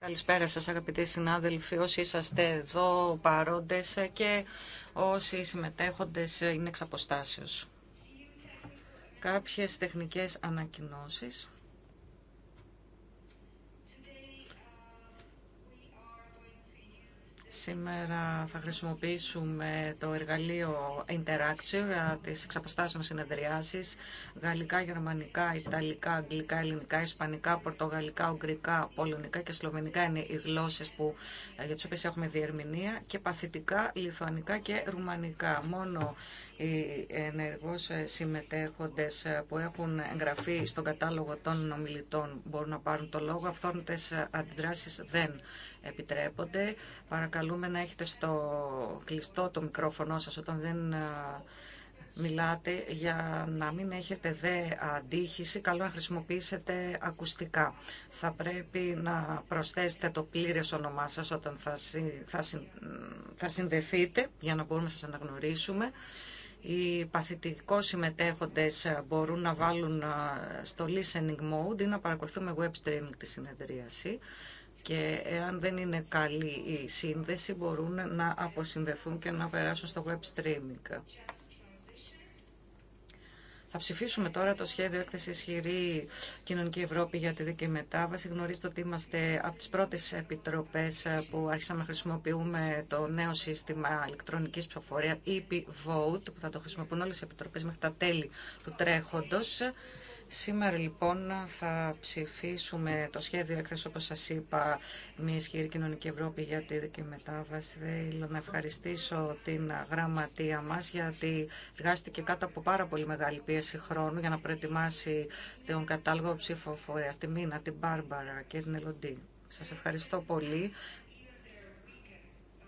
Καλησπέρα σας αγαπητοί συνάδελφοι, όσοι είσαστε εδώ παρόντες και όσοι συμμετέχοντες είναι εξ αποστάσεως. Κάποιες τεχνικές ανακοινώσεις. Σήμερα θα χρησιμοποιήσουμε το εργαλείο Interactio για τις εξαποστάσεων συνεδριάσεις. Γαλλικά, γερμανικά, ιταλικά, αγγλικά, ελληνικά, ισπανικά, πορτογαλικά, ουγγρικά, πολωνικά και σλοβενικά είναι οι γλώσσες που, ε, για τις οποίες έχουμε διερμηνία και παθητικά, λιθουανικά και ρουμανικά. Μόνο οι ενεργώς ε, συμμετέχοντες ε, που έχουν εγγραφεί στον κατάλογο των ομιλητών μπορούν να πάρουν το λόγο. Αυθόρμητες αντιδράσεις δεν επιτρέπονται. Παρακαλούμε να έχετε στο κλειστό το μικρόφωνο σας όταν δεν ε, μιλάτε για να μην έχετε δε αντίχηση, καλό να χρησιμοποιήσετε ακουστικά. Θα πρέπει να προσθέσετε το πλήρες όνομά σας όταν θα, συνδεθείτε για να μπορούμε να σας αναγνωρίσουμε. Οι παθητικοί συμμετέχοντες μπορούν να βάλουν ε, στο listening mode ή να παρακολουθούμε web streaming τη συνεδρίαση και εάν δεν είναι καλή η σύνδεση μπορούν να αποσυνδεθούν και να περάσουν στο web streaming. Θα ψηφίσουμε τώρα το σχέδιο έκθεση ισχυρή Κοινωνική Ευρώπη για τη δίκαιη μετάβαση. Γνωρίζετε ότι είμαστε από τι πρώτε επιτροπέ που άρχισαμε να χρησιμοποιούμε το νέο σύστημα ηλεκτρονική ψηφοφορία EP Vote, που θα το χρησιμοποιούν όλε οι επιτροπέ μέχρι τα τέλη του τρέχοντο. Σήμερα λοιπόν θα ψηφίσουμε το σχέδιο έκθεση όπως σας είπα μια ισχυρή κοινωνική Ευρώπη για τη δική μετάβαση. Θέλω να ευχαριστήσω την γραμματεία μας γιατί εργάστηκε κάτω από πάρα πολύ μεγάλη πίεση χρόνου για να προετοιμάσει τον κατάλογο ψηφοφορία. Τη Μίνα, την Μπάρμπαρα και την Ελοντή. Σας ευχαριστώ πολύ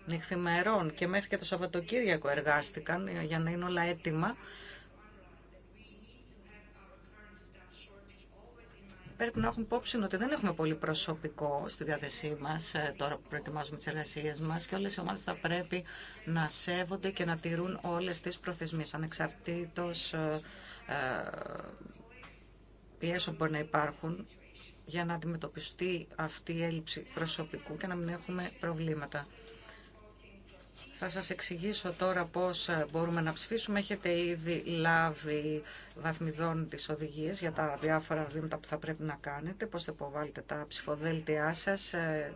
νυχθημερών και μέχρι και το Σαββατοκύριακο εργάστηκαν για να είναι όλα έτοιμα πρέπει να έχουμε υπόψη ότι δεν έχουμε πολύ προσωπικό στη διάθεσή μας ε, τώρα που προετοιμάζουμε τι εργασίε μας και όλες οι ομάδες θα πρέπει να σέβονται και να τηρούν όλες τις προθεσμίες ανεξαρτήτως ε, ε, πιέσεων μπορεί να υπάρχουν για να αντιμετωπιστεί αυτή η έλλειψη προσωπικού και να μην έχουμε προβλήματα. Θα σας εξηγήσω τώρα πώς ε, μπορούμε να ψηφίσουμε. Έχετε ήδη λάβει βαθμιδών τις οδηγίες για τα διάφορα βήματα που θα πρέπει να κάνετε, πώς θα υποβάλλετε τα ψηφοδέλτιά σας. Ε,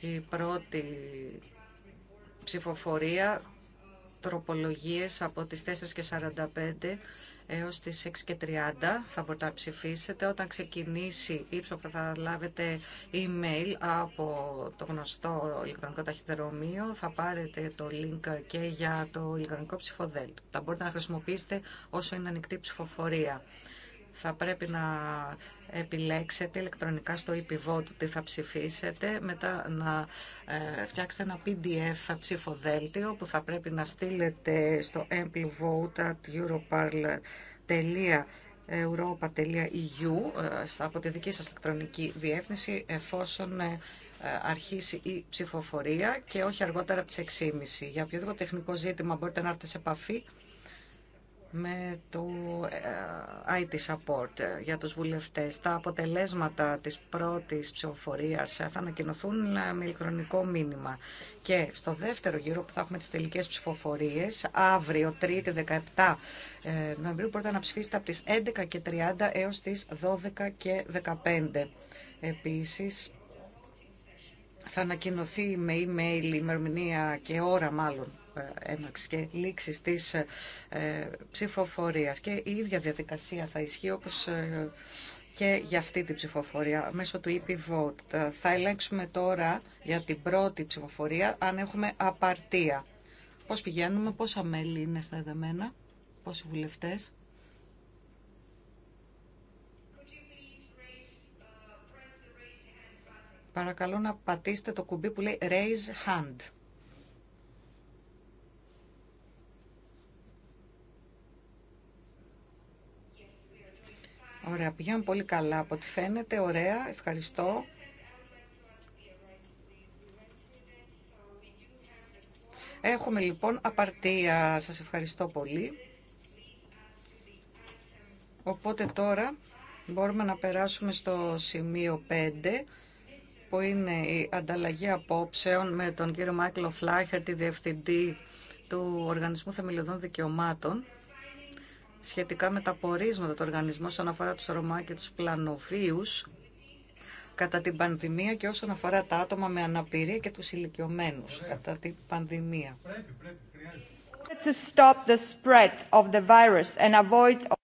η πρώτη ψηφοφορία, τροπολογίες από τις 4 και 45 έως τις 6:30 θα μπορείτε να ψηφίσετε. Όταν ξεκινήσει η θα λάβετε email από το γνωστό ηλεκτρονικό ταχυδρομείο. Θα πάρετε το link και για το ηλεκτρονικό ψηφοδέλτιο. Θα μπορείτε να χρησιμοποιήσετε όσο είναι ανοιχτή ψηφοφορία θα πρέπει να επιλέξετε ηλεκτρονικά στο e του τι θα ψηφίσετε, μετά να ε, φτιάξετε ένα PDF ψηφοδέλτιο που θα πρέπει να στείλετε στο amplevote.europarl.europa.eu ε, από τη δική σας ηλεκτρονική διεύθυνση εφόσον ε, αρχίσει η ψηφοφορία και όχι αργότερα από τις 6.30. Για οποιοδήποτε τεχνικό ζήτημα μπορείτε να έρθετε σε επαφή με το ε, IT support ε, για τους βουλευτές. Τα αποτελέσματα της πρώτης ψηφοφορίας ε, θα ανακοινωθούν με ηλεκτρονικό μήνυμα. Και στο δεύτερο γύρο που θα έχουμε τις τελικές ψηφοφορίες, αύριο 3η 17 Νοεμβρίου, μπορείτε να ψηφίσετε από τις 11.30 έως τις 12.15. Επίσης, θα ανακοινωθεί με email ημερομηνία και ώρα μάλλον έναρξη και λήξης της ε, ψηφοφορίας. Και η ίδια διαδικασία θα ισχύει όπως ε, και για αυτή την ψηφοφορία μέσω του EP Vote. Ε, θα ελέγξουμε τώρα για την πρώτη ψηφοφορία αν έχουμε απαρτία. Πώς πηγαίνουμε, πόσα μέλη είναι στα δεδομένα, πόσοι βουλευτές. Παρακαλώ να πατήσετε το κουμπί που λέει Raise Hand. Ωραία, πηγαίνουν πολύ καλά από ό,τι φαίνεται. Ωραία, ευχαριστώ. Έχουμε λοιπόν απαρτία. Σας ευχαριστώ πολύ. Οπότε τώρα μπορούμε να περάσουμε στο σημείο 5 που είναι η ανταλλαγή απόψεων με τον κύριο Μάικλο Φλάχερ, τη Διευθυντή του Οργανισμού Θεμελιωδών Δικαιωμάτων σχετικά με τα πορίσματα του οργανισμού όσον αφορά τους Ρωμά και τους πλανοφίους κατά την πανδημία και όσον αφορά τα άτομα με αναπηρία και τους ηλικιωμένου κατά την πανδημία. Πρέπει, πρέπει, to stop the spread of the virus and avoid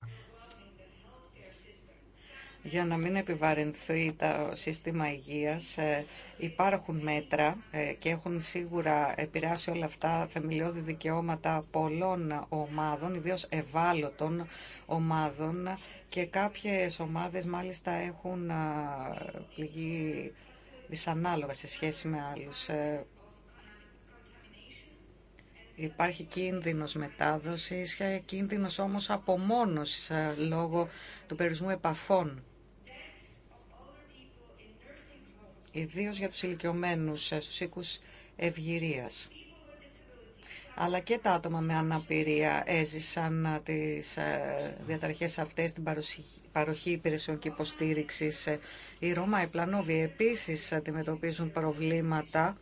για να μην επιβαρυνθεί το σύστημα υγείας. Ε, υπάρχουν μέτρα ε, και έχουν σίγουρα επηρεάσει όλα αυτά θεμελιώδη δικαιώματα πολλών ομάδων, ιδίως ευάλωτων ομάδων και κάποιες ομάδες μάλιστα έχουν πληγεί δυσανάλογα σε σχέση με άλλους. Ε, υπάρχει κίνδυνος μετάδοσης, κίνδυνος όμως απομόνωσης λόγω του περιορισμού επαφών ιδίως για τους ηλικιωμένους ε, στους οίκους ευγυρίας. Αλλά και τα άτομα με αναπηρία έζησαν ε, τις ε, διαταραχές αυτές στην παροχή υπηρεσιών και υποστήριξης. Οι Ρώμα, οι επίσης αντιμετωπίζουν προβλήματα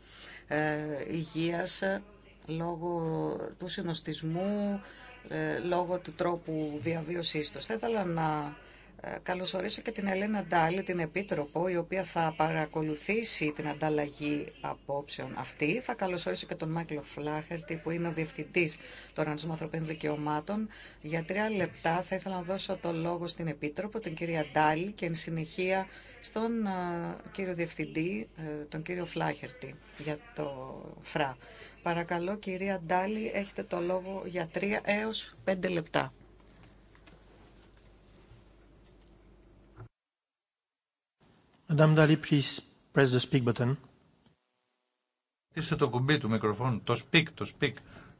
υγείας λόγω του συνοστισμού, λόγω του τρόπου διαβίωσής τους. Θα να ε, καλωσορίσω και την Ελένα Ντάλη, την Επίτροπο, η οποία θα παρακολουθήσει την ανταλλαγή απόψεων αυτή. Θα καλωσορίσω και τον Μάγκλο Φλάχερτη, που είναι ο Διευθυντή του Οργανισμού Ανθρωπίνων Δικαιωμάτων. Για τρία λεπτά θα ήθελα να δώσω το λόγο στην Επίτροπο, την κυρία Ντάλη, και εν συνεχεία στον ε, κύριο Διευθυντή, ε, τον κύριο Φλάχερτη, για το ΦΡΑ. Παρακαλώ, κυρία Ντάλη, έχετε το λόγο για τρία έως πέντε λεπτά. Madame Dali, please press the speak button. Είστε το κουμπί του μικροφώνου, το speak, το speak,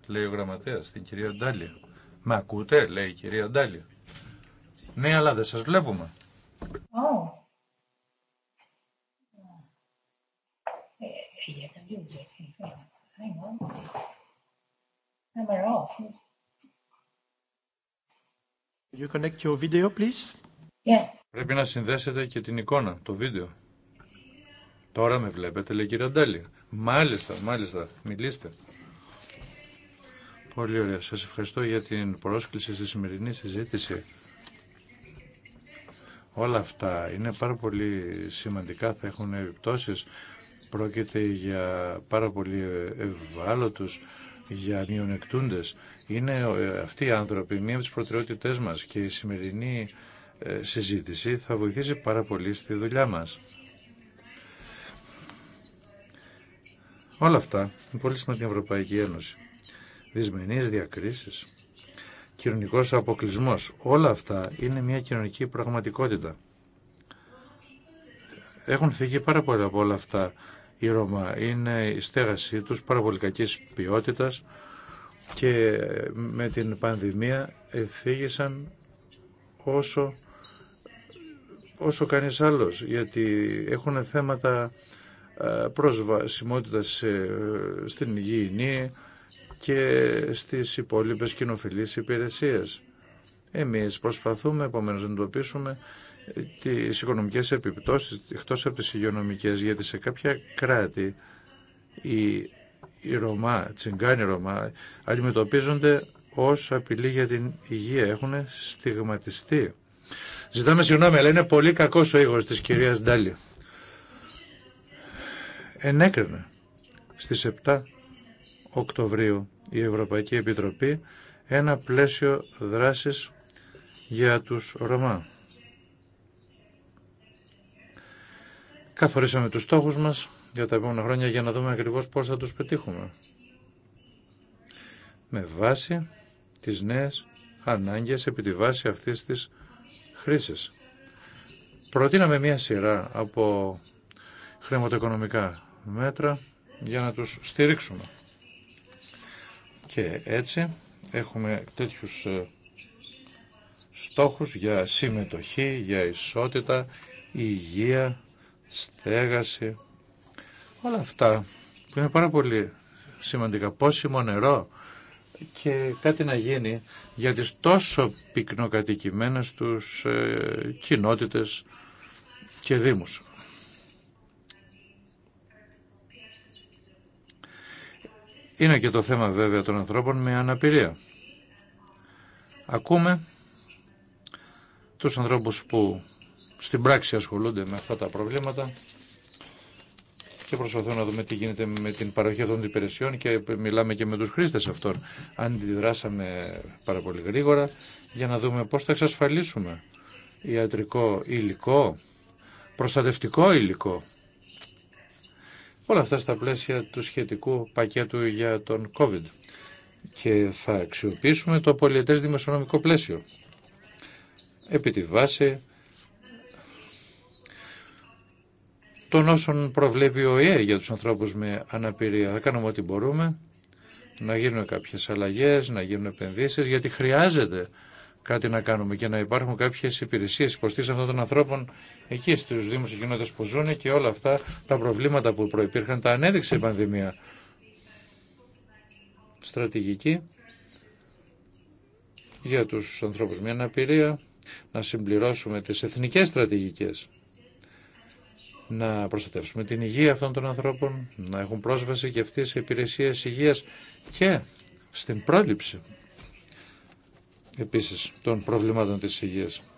λέει ο γραμματέας στην κυρία Ντάλη. Με ακούτε, λέει η κυρία Ντάλη. Ναι, αλλά δεν σας βλέπουμε. Oh. You connect your video, please. Πρέπει να συνδέσετε και την εικόνα, το βίντεο. Τώρα με βλέπετε, λέει κύριε Αντάλη. Μάλιστα, μάλιστα, μιλήστε. Πολύ ωραία. Σας ευχαριστώ για την πρόσκληση στη σημερινή συζήτηση. Όλα αυτά είναι πάρα πολύ σημαντικά, θα έχουν επιπτώσεις. Πρόκειται για πάρα πολύ ευάλωτους, για μειονεκτούντες. Είναι ε, αυτοί οι άνθρωποι μία από τις προτεραιότητές μας και η σημερινή ε, συζήτηση θα βοηθήσει πάρα πολύ στη δουλειά μας. Όλα αυτά είναι πολύ σημαντική Ευρωπαϊκή Ένωση. Δυσμενείς διακρίσεις, κοινωνικός αποκλεισμός. Όλα αυτά είναι μια κοινωνική πραγματικότητα. Έχουν φύγει πάρα πολλά από όλα αυτά η Ρώμα. Είναι η στέγασή τους πάρα πολύ κακής ποιότητας και με την πανδημία εφήγησαν όσο όσο κανείς άλλος, γιατί έχουν θέματα ε, προσβασιμότητας ε, στην υγιεινή και στις υπόλοιπες κοινοφιλείς υπηρεσίες. Εμείς προσπαθούμε επομένως να εντοπίσουμε ε, τις οικονομικές επιπτώσεις εκτός από τις υγειονομικές, γιατί σε κάποια κράτη οι, οι Ρωμά, τσιγκάνοι Ρωμά, αντιμετωπίζονται ως απειλή για την υγεία, έχουν στιγματιστεί. Ζητάμε συγγνώμη, αλλά είναι πολύ κακό ο ήχο τη κυρία Ντάλη. Ενέκρινε στι 7 Οκτωβρίου η Ευρωπαϊκή Επιτροπή ένα πλαίσιο δράση για τους Ρωμά. Καθορίσαμε τους στόχους μας για τα επόμενα χρόνια για να δούμε ακριβώς πώς θα τους πετύχουμε. Με βάση τις νέες ανάγκες επί τη βάση αυτής της Προτείναμε μία σειρά από χρηματοοικονομικά μέτρα για να τους στηρίξουμε. Και έτσι έχουμε τέτοιους ε, στόχους για συμμετοχή, για ισότητα, υγεία, στέγαση. Όλα αυτά που είναι πάρα πολύ σημαντικά. Πόσιμο νερό, και κάτι να γίνει για τις τόσο πυκνοκατοικημένες τους ε, κοινότητες και δήμους. Είναι και το θέμα βέβαια των ανθρώπων με αναπηρία. Ακούμε τους ανθρώπους που στην πράξη ασχολούνται με αυτά τα προβλήματα και προσπαθούμε να δούμε τι γίνεται με την παροχή αυτών των υπηρεσιών και μιλάμε και με τους χρήστες αυτών. Αντιδράσαμε πάρα πολύ γρήγορα για να δούμε πώς θα εξασφαλίσουμε ιατρικό υλικό, προστατευτικό υλικό. Όλα αυτά στα πλαίσια του σχετικού πακέτου για τον COVID. Και θα αξιοποιήσουμε το πολιετές δημοσιονομικό πλαίσιο επί τη βάση των όσων προβλέπει ο ΕΕ για τους ανθρώπους με αναπηρία. Θα κάνουμε ό,τι μπορούμε, να γίνουν κάποιες αλλαγές, να γίνουν επενδύσεις, γιατί χρειάζεται κάτι να κάνουμε και να υπάρχουν κάποιες υπηρεσίες υποστήριξη αυτών των ανθρώπων εκεί στους Δήμους και που ζουν και όλα αυτά τα προβλήματα που προϋπήρχαν τα ανέδειξε η πανδημία. Στρατηγική για τους ανθρώπους με αναπηρία, να συμπληρώσουμε τις εθνικές στρατηγικές να προστατεύσουμε την υγεία αυτών των ανθρώπων, να έχουν πρόσβαση και αυτοί σε υπηρεσίες υγείας και στην πρόληψη επίσης των προβλημάτων της υγείας.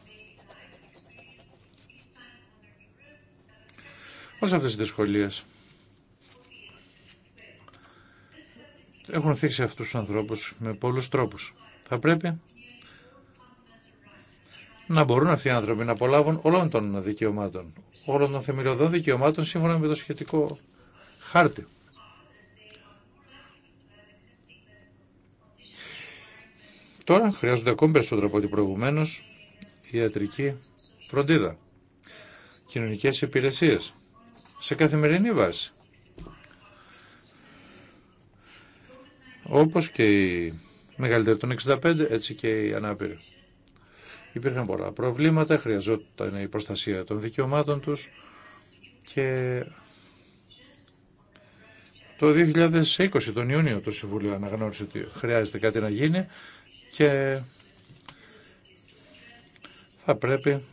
Όλες αυτές οι δυσκολίες έχουν θίξει αυτούς τους ανθρώπους με πολλούς τρόπους. Θα πρέπει να μπορούν αυτοί οι άνθρωποι να απολάβουν όλων των δικαιωμάτων, όλων των θεμελιωδών δικαιωμάτων σύμφωνα με το σχετικό χάρτη. Τώρα χρειάζονται ακόμη περισσότερο από ό,τι προηγουμένω ιατρική φροντίδα, Κοινωνικέ υπηρεσίε. σε καθημερινή βάση. Όπως και οι μεγαλύτεροι των 65, έτσι και οι ανάπηροι υπήρχαν πολλά προβλήματα, χρειαζόταν η προστασία των δικαιωμάτων τους και το 2020, τον Ιούνιο, το Συμβούλιο αναγνώρισε ότι χρειάζεται κάτι να γίνει και θα πρέπει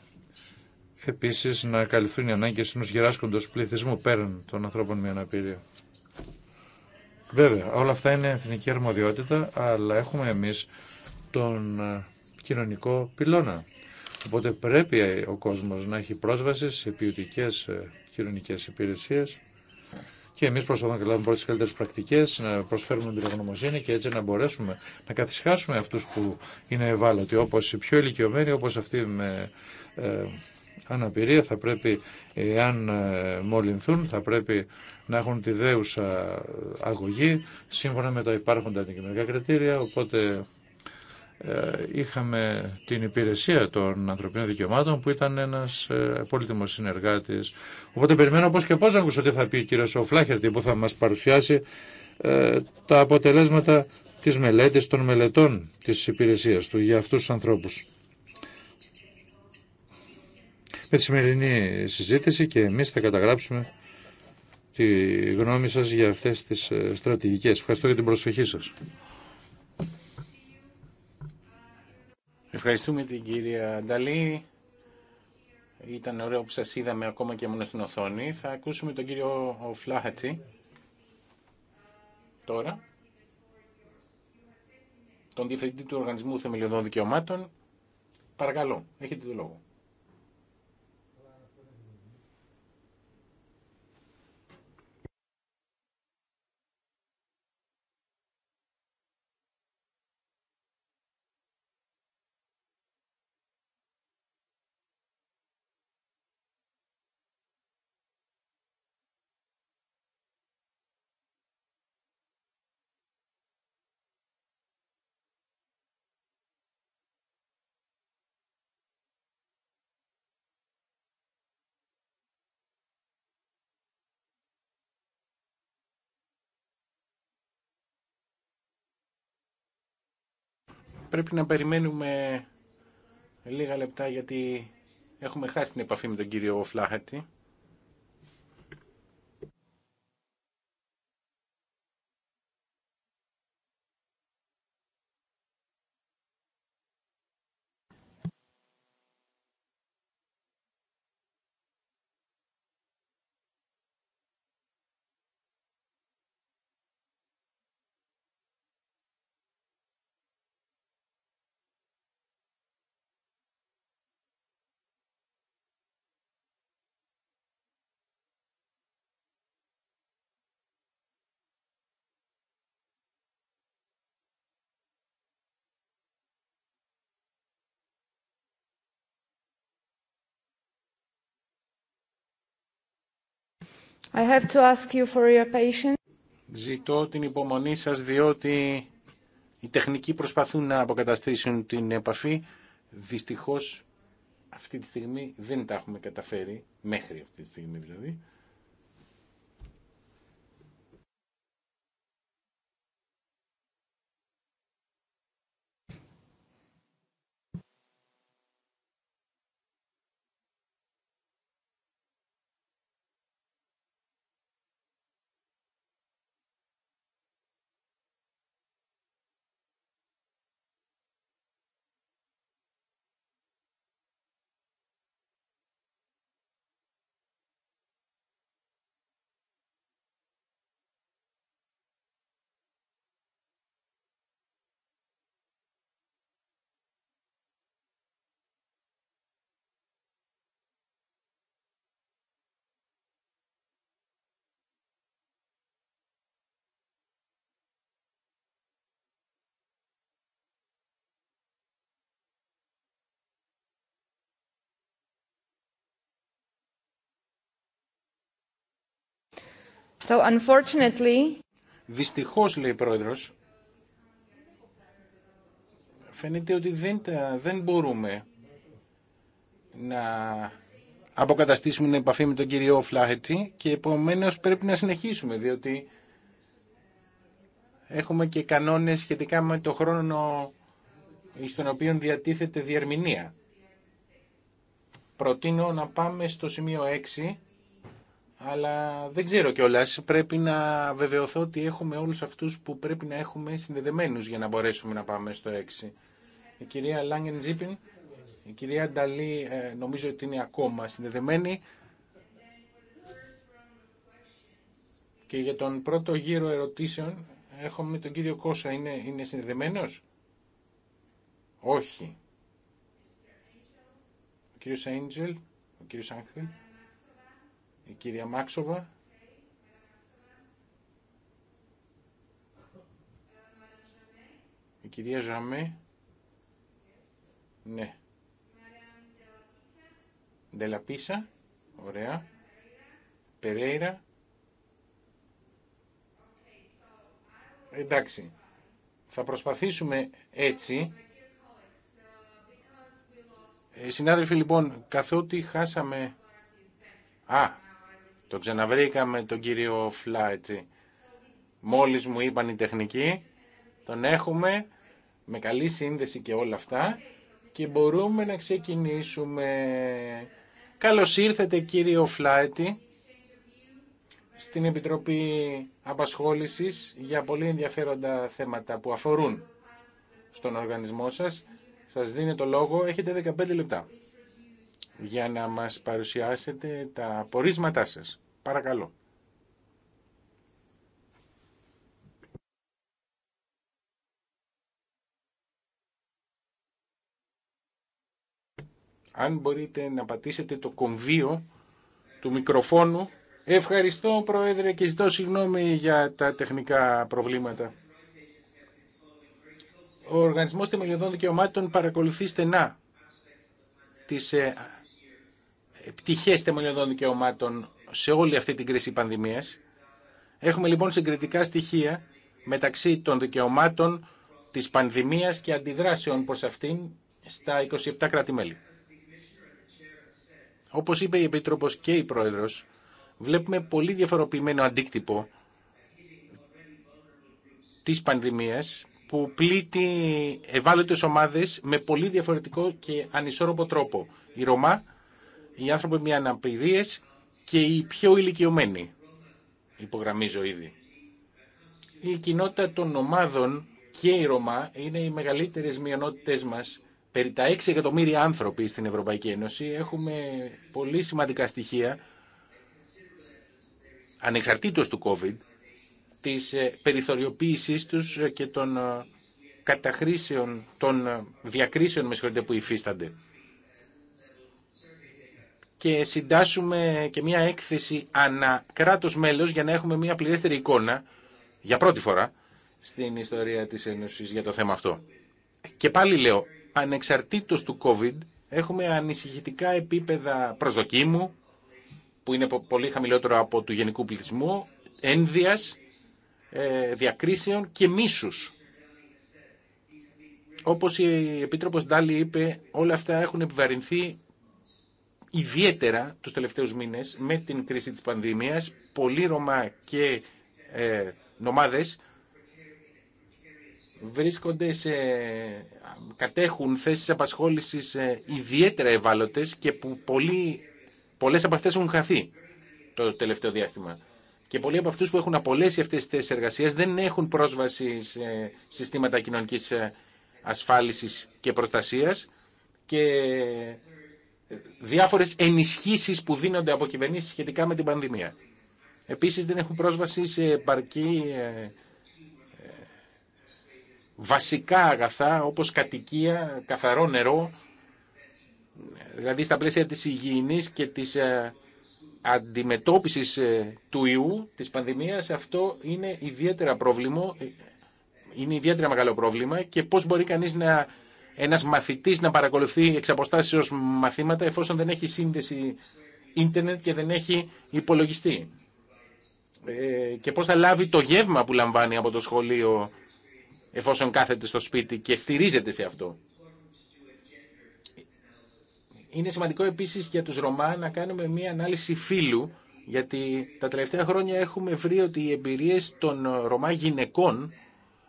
επίσης να καλυφθούν οι ανάγκες ενός γεράσκοντος πληθυσμού πέραν των ανθρώπων με αναπηρία. Βέβαια, όλα αυτά είναι εθνική αρμοδιότητα, αλλά έχουμε εμείς τον κοινωνικό πυλώνα. Οπότε πρέπει ο κόσμος να έχει πρόσβαση σε ποιοτικέ ε, κοινωνικέ υπηρεσίε και εμεί προσπαθούμε να καταλάβουμε πρώτε καλύτερε πρακτικέ, να προσφέρουμε την ευγνωμοσύνη και έτσι να μπορέσουμε να καθισχάσουμε αυτού που είναι ευάλωτοι, όπω οι πιο ηλικιωμένοι, όπω αυτοί με ε, αναπηρία, θα πρέπει, εάν ε, μολυνθούν, θα πρέπει να έχουν τη δέουσα αγωγή σύμφωνα με τα υπάρχοντα αντικειμενικά κριτήρια, οπότε ε, είχαμε την υπηρεσία των ανθρωπίνων δικαιωμάτων που ήταν ένας ε, πολύτιμος συνεργάτης. Οπότε περιμένω πώς και πώς να ακούσω τι θα πει η κυρία Σοφλάχερτη που θα μας παρουσιάσει ε, τα αποτελέσματα της μελέτης των μελετών της υπηρεσίας του για αυτούς τους ανθρώπους. Με τη σημερινή συζήτηση και εμείς θα καταγράψουμε τη γνώμη σας για αυτές τις στρατηγικές. Ευχαριστώ για την προσοχή σας. Ευχαριστούμε την κυρία Νταλή. Ήταν ωραίο που σας είδαμε ακόμα και μόνο στην οθόνη. Θα ακούσουμε τον κύριο Φλάχατσι τώρα, τον Διευθυντή του Οργανισμού Θεμελιωδών Δικαιωμάτων. Παρακαλώ, έχετε το λόγο. Πρέπει να περιμένουμε λίγα λεπτά γιατί έχουμε χάσει την επαφή με τον κύριο Φλάχατη. I ask you Ζητώ την υπομονή σας διότι οι τεχνικοί προσπαθούν να αποκαταστήσουν την επαφή. Δυστυχώς αυτή τη στιγμή δεν τα έχουμε καταφέρει, μέχρι αυτή τη στιγμή δηλαδή. So, unfortunately... Δυστυχώς, λέει η πρόεδρος, φαίνεται ότι δεν, δεν μπορούμε να αποκαταστήσουμε την επαφή με τον κύριο Φλάχετη και επομένως πρέπει να συνεχίσουμε διότι έχουμε και κανόνες σχετικά με το χρόνο στον οποίο διατίθεται διερμηνία. Προτείνω να πάμε στο σημείο 6 αλλά δεν ξέρω κιόλα. Πρέπει να βεβαιωθώ ότι έχουμε όλους αυτούς που πρέπει να έχουμε συνδεδεμένου για να μπορέσουμε να πάμε στο 6. Η κυρία Λάγκεν Ζήπιν, η κυρία Νταλή ε, νομίζω ότι είναι ακόμα συνδεδεμένη. Και για τον πρώτο γύρο ερωτήσεων έχουμε τον κύριο Κώσα. Είναι, είναι Όχι. Ο κύριο Έιντζελ, ο κύριο Άγχελ η κυρία Μάξοβα. Η κυρία Ζαμέ. Ναι. Ντελαπίσα. Ωραία. Περέιρα. Εντάξει. Θα προσπαθήσουμε έτσι. Ε, συνάδελφοι, λοιπόν, καθότι χάσαμε... Α, το ξαναβρήκαμε τον κύριο έτσι. Μόλις μου είπαν οι τεχνικοί, τον έχουμε με καλή σύνδεση και όλα αυτά και μπορούμε να ξεκινήσουμε. Καλώς ήρθετε κύριο Φλάιτι στην Επιτροπή Απασχόλησης για πολύ ενδιαφέροντα θέματα που αφορούν στον οργανισμό σας. Σας δίνει το λόγο. Έχετε 15 λεπτά για να μας παρουσιάσετε τα πορίσματά σας. Παρακαλώ. Αν μπορείτε να πατήσετε το κομβίο του μικροφόνου. Ευχαριστώ Πρόεδρε και ζητώ συγγνώμη για τα τεχνικά προβλήματα. Ο Οργανισμός Τεμελιωδών Δικαιωμάτων παρακολουθεί στενά τις ε, πτυχές θεμελιωδών δικαιωμάτων σε όλη αυτή την κρίση πανδημίας. Έχουμε λοιπόν συγκριτικά στοιχεία μεταξύ των δικαιωμάτων της πανδημίας και αντιδράσεων προς αυτήν στα 27 κράτη-μέλη. Όπως είπε η Επίτροπος και η Πρόεδρος, βλέπουμε πολύ διαφοροποιημένο αντίκτυπο της πανδημίας που πλήττει ευάλωτες ομάδες με πολύ διαφορετικό και ανισόρροπο τρόπο. Η Ρωμά οι άνθρωποι με αναπηρίε και οι πιο ηλικιωμένοι, υπογραμμίζω ήδη. Η κοινότητα των ομάδων και η Ρωμά είναι οι μεγαλύτερες μειονότητες μας. Περί τα 6 εκατομμύρια άνθρωποι στην Ευρωπαϊκή Ένωση έχουμε πολύ σημαντικά στοιχεία, ανεξαρτήτως του COVID, της ε, περιθωριοποίησής τους ε, και των ε, καταχρήσεων, των διακρίσεων με που υφίστανται και συντάσσουμε και μια έκθεση ανά κράτος μέλος για να έχουμε μια πληρέστερη εικόνα για πρώτη φορά στην ιστορία της Ένωσης για το θέμα αυτό. Και πάλι λέω, ανεξαρτήτως του COVID έχουμε ανησυχητικά επίπεδα προσδοκίμου που είναι πολύ χαμηλότερο από του γενικού πληθυσμού, ένδυας, ε, διακρίσεων και μίσους. Όπως η Επίτροπος Ντάλι είπε, όλα αυτά έχουν επιβαρυνθεί ιδιαίτερα τους τελευταίους μήνες με την κρίση της πανδημίας. Πολλοί Ρωμά και ε, νομάδες βρίσκονται σε, κατέχουν θέσεις απασχόλησης ε, ιδιαίτερα ευάλωτες και που πολλοί, πολλές από αυτές έχουν χαθεί το τελευταίο διάστημα. Και πολλοί από αυτούς που έχουν απολέσει αυτές τις θέσεις εργασίας δεν έχουν πρόσβαση σε συστήματα κοινωνικής ε, ασφάλισης και προστασίας και διάφορες ενισχύσεις που δίνονται από κυβερνήσεις σχετικά με την πανδημία. Επίσης δεν έχουν πρόσβαση σε επαρκή ε, ε, βασικά αγαθά όπως κατοικία, καθαρό νερό, δηλαδή στα πλαίσια της υγιεινής και της ε, αντιμετώπισης του ιού, της πανδημίας, αυτό είναι ιδιαίτερα πρόβλημα, είναι ιδιαίτερα μεγάλο πρόβλημα και πώς μπορεί κανείς να ένα μαθητής να παρακολουθεί εξ αποστάσεω μαθήματα εφόσον δεν έχει σύνδεση ίντερνετ και δεν έχει υπολογιστή. Ε, και πώς θα λάβει το γεύμα που λαμβάνει από το σχολείο εφόσον κάθεται στο σπίτι και στηρίζεται σε αυτό. Είναι σημαντικό επίσης για τους Ρωμά να κάνουμε μία ανάλυση φύλου, γιατί τα τελευταία χρόνια έχουμε βρει ότι οι εμπειρίες των Ρωμά γυναικών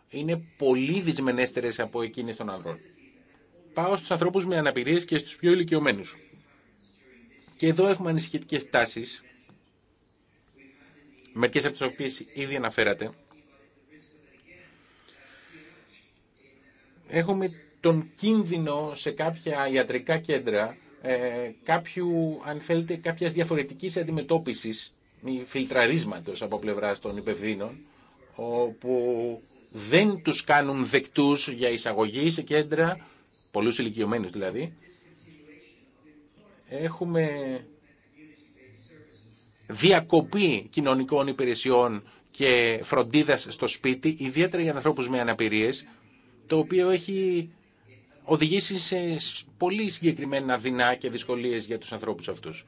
είναι πολύ δυσμενέστερες από εκείνες των ανδρών πάω στους ανθρώπους με αναπηρίες και στους πιο ηλικιωμένου. Και εδώ έχουμε ανησυχητικές τάσεις, μερικές από τις οποίες ήδη αναφέρατε. Έχουμε τον κίνδυνο σε κάποια ιατρικά κέντρα ε, κάποιου, αν θέλετε, κάποιας διαφορετικής αντιμετώπισης ή φιλτραρίσματος από πλευράς των υπευθύνων, όπου δεν τους κάνουν δεκτούς για εισαγωγή σε κέντρα πολλούς ηλικιωμένους δηλαδή, έχουμε διακοπή κοινωνικών υπηρεσιών και φροντίδας στο σπίτι, ιδιαίτερα για ανθρώπους με αναπηρίες, το οποίο έχει οδηγήσει σε πολύ συγκεκριμένα δεινά και δυσκολίες για τους ανθρώπους αυτούς.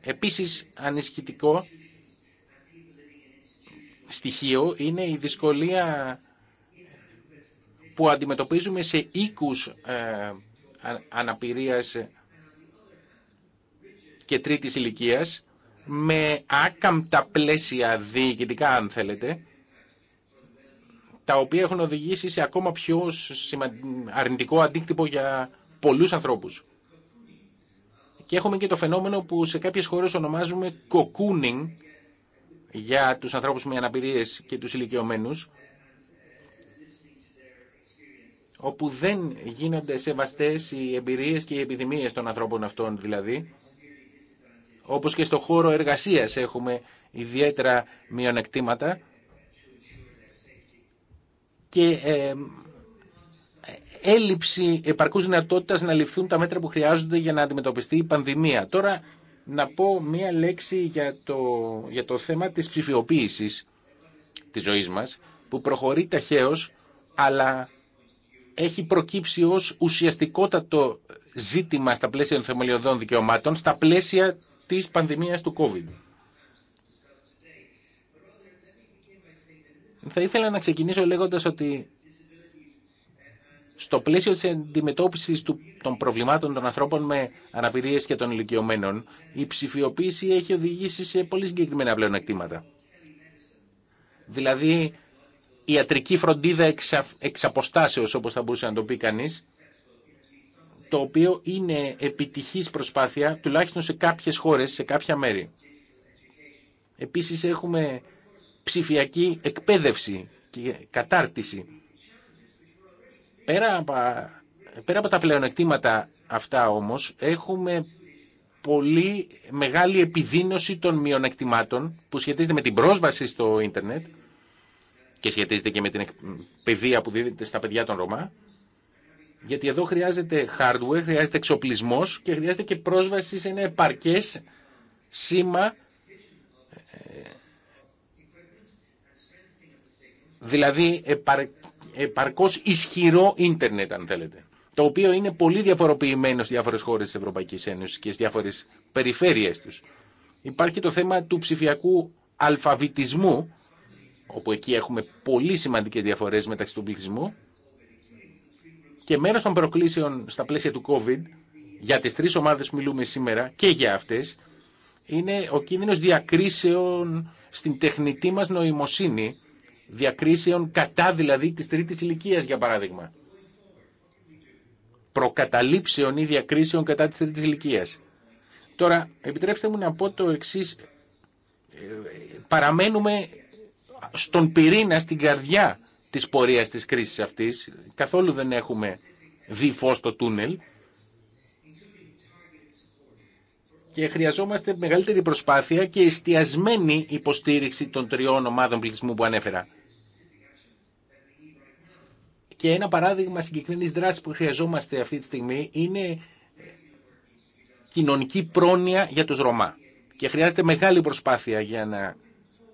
Επίσης ανισχυτικό στοιχείο είναι η δυσκολία που αντιμετωπίζουμε σε οίκους ε, αναπηρίας και τρίτης ηλικίας με άκαμπτα πλαίσια διοικητικά αν θέλετε τα οποία έχουν οδηγήσει σε ακόμα πιο αρνητικό αντίκτυπο για πολλούς ανθρώπους. Και έχουμε και το φαινόμενο που σε κάποιες χώρες ονομάζουμε κοκούνινγκ για τους ανθρώπους με αναπηρίες και τους ηλικιωμένους όπου δεν γίνονται σεβαστές οι εμπειρίες και οι επιδημίες των ανθρώπων αυτών δηλαδή. Όπως και στο χώρο εργασίας έχουμε ιδιαίτερα μειονεκτήματα και ε, έλλειψη επαρκούς δυνατότητας να ληφθούν τα μέτρα που χρειάζονται για να αντιμετωπιστεί η πανδημία. Τώρα να πω μία λέξη για το, για το θέμα της ψηφιοποίησης της ζωής μας που προχωρεί ταχαίως αλλά έχει προκύψει ως ουσιαστικότατο ζήτημα στα πλαίσια των θεμελιωδών δικαιωμάτων, στα πλαίσια της πανδημίας του COVID. Θα ήθελα να ξεκινήσω λέγοντας ότι στο πλαίσιο της αντιμετώπισης των προβλημάτων των ανθρώπων με αναπηρίες και των ηλικιωμένων, η ψηφιοποίηση έχει οδηγήσει σε πολύ συγκεκριμένα εκτήματα. Δηλαδή, ιατρική φροντίδα εξ, εξ αποστάσεως, όπως θα μπορούσε να το πει κανείς, το οποίο είναι επιτυχής προσπάθεια, τουλάχιστον σε κάποιες χώρες, σε κάποια μέρη. Επίσης έχουμε ψηφιακή εκπαίδευση και κατάρτιση. Πέρα από, τα πλεονεκτήματα αυτά όμως, έχουμε πολύ μεγάλη επιδείνωση των μειονεκτημάτων που σχετίζεται με την πρόσβαση στο ίντερνετ, και σχετίζεται και με την παιδεία που δίδεται στα παιδιά των Ρωμά. Γιατί εδώ χρειάζεται hardware, χρειάζεται εξοπλισμό και χρειάζεται και πρόσβαση σε ένα επαρκέ σήμα. Ε, δηλαδή επαρκώς ισχυρό ίντερνετ αν θέλετε το οποίο είναι πολύ διαφοροποιημένο στις διάφορες χώρες τη Ευρωπαϊκής Ένωση και στις διάφορες περιφέρειες του. Υπάρχει το θέμα του ψηφιακού αλφαβητισμού όπου εκεί έχουμε πολύ σημαντικές διαφορές μεταξύ του πληθυσμού και μέρος των προκλήσεων στα πλαίσια του COVID για τις τρεις ομάδες που μιλούμε σήμερα και για αυτές είναι ο κίνδυνος διακρίσεων στην τεχνητή μας νοημοσύνη διακρίσεων κατά δηλαδή της τρίτης ηλικίας για παράδειγμα προκαταλήψεων ή διακρίσεων κατά της τρίτης ηλικίας τώρα επιτρέψτε μου να πω το εξής ε, παραμένουμε στον πυρήνα, στην καρδιά της πορείας της κρίσης αυτής. Καθόλου δεν έχουμε δει φως στο τούνελ. Και χρειαζόμαστε μεγαλύτερη προσπάθεια και εστιασμένη υποστήριξη των τριών ομάδων πληθυσμού που ανέφερα. Και ένα παράδειγμα συγκεκριμένη δράση που χρειαζόμαστε αυτή τη στιγμή είναι κοινωνική πρόνοια για τους Ρωμά. Και χρειάζεται μεγάλη προσπάθεια για να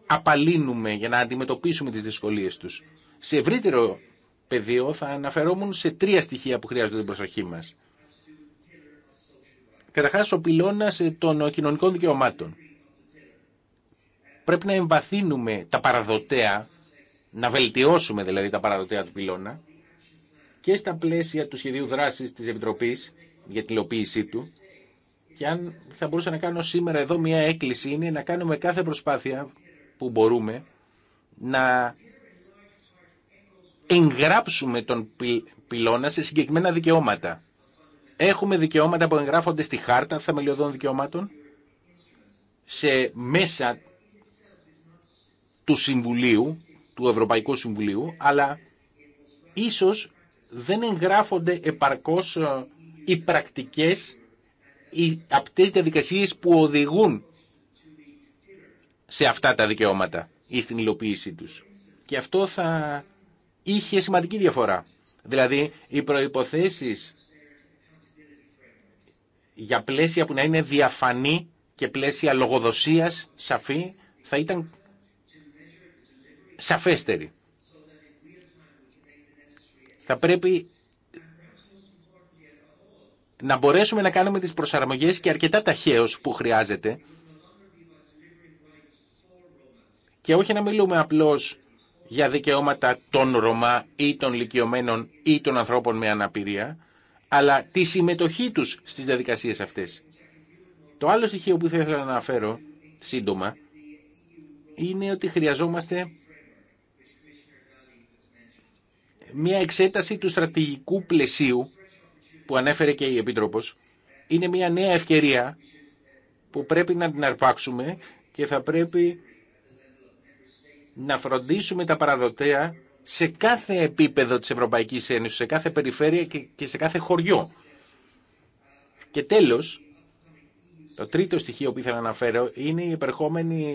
απαλύνουμε, για να αντιμετωπίσουμε τις δυσκολίες τους. Σε ευρύτερο πεδίο θα αναφερόμουν σε τρία στοιχεία που χρειάζονται την προσοχή μας. Καταρχά ο πυλώνας ε, των κοινωνικών δικαιωμάτων. Πρέπει να εμβαθύνουμε τα παραδοτέα, να βελτιώσουμε δηλαδή τα παραδοτέα του πυλώνα και στα πλαίσια του σχεδίου δράσης της Επιτροπής για την υλοποίησή του και αν θα μπορούσα να κάνω σήμερα εδώ μια έκκληση είναι να κάνουμε κάθε προσπάθεια που μπορούμε να εγγράψουμε τον πυλώνα σε συγκεκριμένα δικαιώματα. Έχουμε δικαιώματα που εγγράφονται στη χάρτα θεμελιωδών δικαιωμάτων, σε μέσα του Συμβουλίου, του Ευρωπαϊκού Συμβουλίου, αλλά ίσως δεν εγγράφονται επαρκώς ε, οι πρακτικές, οι απτές διαδικασίες που οδηγούν σε αυτά τα δικαιώματα ή στην υλοποίησή τους. Και αυτό θα είχε σημαντική διαφορά. Δηλαδή, οι προϋποθέσεις για πλαίσια που να είναι διαφανή και πλαίσια λογοδοσίας σαφή θα ήταν σαφέστερη. Θα πρέπει να μπορέσουμε να κάνουμε τις προσαρμογές και αρκετά ταχαίως που χρειάζεται και όχι να μιλούμε απλώς για δικαιώματα των Ρωμά ή των λυκειωμένων ή των ανθρώπων με αναπηρία, αλλά τη συμμετοχή τους στις διαδικασίες αυτές. Το άλλο στοιχείο που θα ήθελα να αναφέρω σύντομα είναι ότι χρειαζόμαστε μια εξέταση του στρατηγικού πλαισίου που ανέφερε και η Επίτροπος. Είναι μια νέα ευκαιρία που πρέπει να την αρπάξουμε και θα πρέπει να φροντίσουμε τα παραδοτέα σε κάθε επίπεδο της Ευρωπαϊκής Ένωσης, σε κάθε περιφέρεια και σε κάθε χωριό. Και τέλος, το τρίτο στοιχείο που ήθελα να αναφέρω είναι η επερχόμενη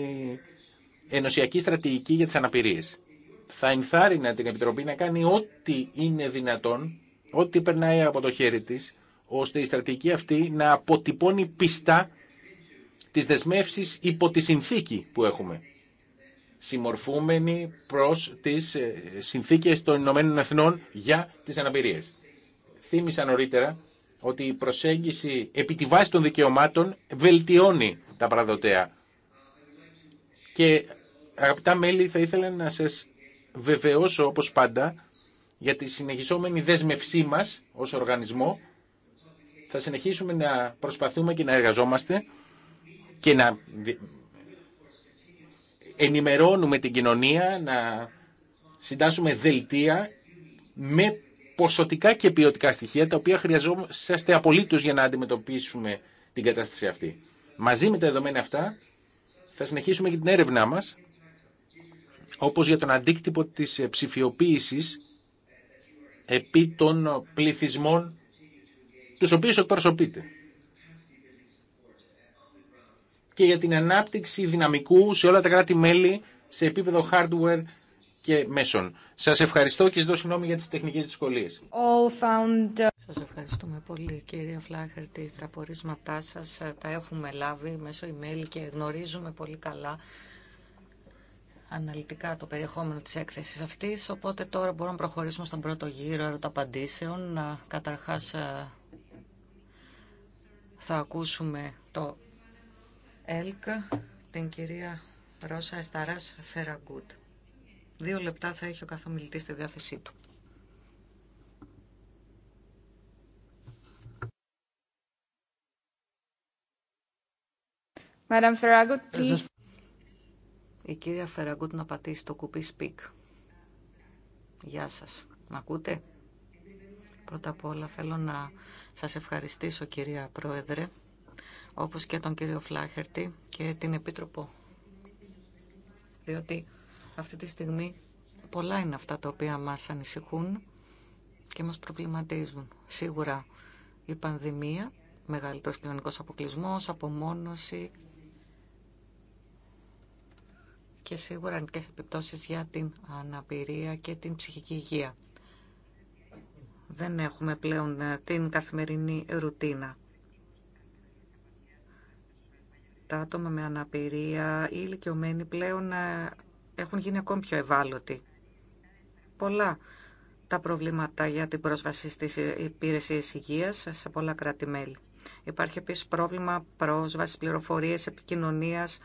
ενωσιακή στρατηγική για τις αναπηρίες. Θα ενθάρρυνα την Επιτροπή να κάνει ό,τι είναι δυνατόν, ό,τι περνάει από το χέρι της, ώστε η στρατηγική αυτή να αποτυπώνει πιστά τις δεσμεύσεις υπό τη συνθήκη που έχουμε συμμορφούμενοι προς τις ε, συνθήκες των Ηνωμένων Εθνών για τις αναπηρίες. Θύμισα νωρίτερα ότι η προσέγγιση επί τη βάση των δικαιωμάτων βελτιώνει τα παραδοτέα. Και αγαπητά μέλη θα ήθελα να σας βεβαιώσω όπως πάντα για τη συνεχισόμενη δέσμευσή μας ως οργανισμό. Θα συνεχίσουμε να προσπαθούμε και να εργαζόμαστε και να ενημερώνουμε την κοινωνία, να συντάσσουμε δελτία με ποσοτικά και ποιοτικά στοιχεία τα οποία χρειαζόμαστε απολύτω για να αντιμετωπίσουμε την κατάσταση αυτή. Μαζί με τα δεδομένα αυτά θα συνεχίσουμε και την έρευνά μας όπως για τον αντίκτυπο της ψηφιοποίησης επί των πληθυσμών τους οποίους εκπροσωπείτε και για την ανάπτυξη δυναμικού σε όλα τα κράτη-μέλη σε επίπεδο hardware και μέσων. Σας ευχαριστώ και ζητώ συγγνώμη για τις τεχνικές δυσκολίες. found... Σας ευχαριστούμε πολύ κύριε Φλάχερτη. Τα πορίσματά σας ε, τα έχουμε λάβει μέσω email και γνωρίζουμε πολύ καλά αναλυτικά το περιεχόμενο της έκθεσης αυτής. Οπότε τώρα μπορούμε να προχωρήσουμε στον πρώτο γύρο ερωταπαντήσεων. Καταρχάς ε, θα ακούσουμε το Ελκα, την κυρία Ρώσα Εσταράς Φεραγκούτ. Δύο λεπτά θα έχει ο καθομιλητή στη διάθεσή του. Ε, Η κυρία Φεραγκούτ να πατήσει το κουπί speak. Γεια σας. Μ' ακούτε? Πρώτα απ' όλα θέλω να σας ευχαριστήσω κυρία Πρόεδρε όπως και τον κύριο Φλάχερτη και την Επίτροπο. Διότι αυτή τη στιγμή πολλά είναι αυτά τα οποία μας ανησυχούν και μας προβληματίζουν. Σίγουρα η πανδημία, μεγαλύτερος κοινωνικός αποκλεισμός, απομόνωση και σίγουρα αρνητικές επιπτώσεις για την αναπηρία και την ψυχική υγεία. Δεν έχουμε πλέον ε, την καθημερινή ρουτίνα τα άτομα με αναπηρία ή ηλικιωμένοι πλέον ε, έχουν γίνει ακόμη πιο ευάλωτοι. Πολλά τα προβλήματα για την πρόσβαση στις υπηρεσίες υγείας σε πολλά κράτη-μέλη. Υπάρχει επίσης πρόβλημα πρόσβασης, πληροφορίες, επικοινωνίας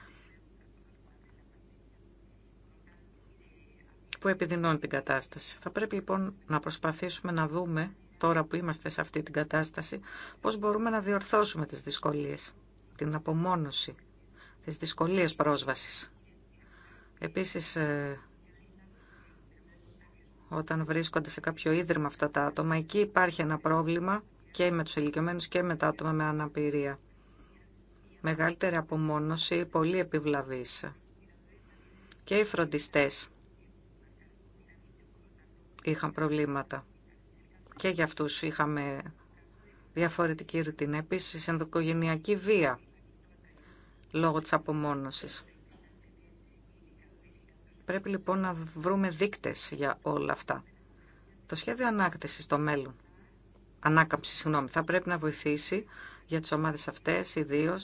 που επιδεινώνει την κατάσταση. Θα πρέπει λοιπόν να προσπαθήσουμε να δούμε τώρα που είμαστε σε αυτή την κατάσταση πώς μπορούμε να διορθώσουμε τις δυσκολίες την απομόνωση, τις δυσκολίες πρόσβασης. Επίσης, ε, όταν βρίσκονται σε κάποιο ίδρυμα αυτά τα άτομα, εκεί υπάρχει ένα πρόβλημα και με τους ηλικιωμένους και με τα άτομα με αναπηρία. Μεγαλύτερη απομόνωση, πολύ επιβλαβής. Και οι φροντιστές είχαν προβλήματα. Και για αυτούς είχαμε διαφορετική ρουτίνα. Επίσης, ενδοκογενειακή βία λόγω της απομόνωσης. Πρέπει λοιπόν να βρούμε δείκτες για όλα αυτά. Το σχέδιο ανάκτησης στο μέλλον, ανάκαμψη, συγγνώμη, θα πρέπει να βοηθήσει για τις ομάδες αυτές, ιδίω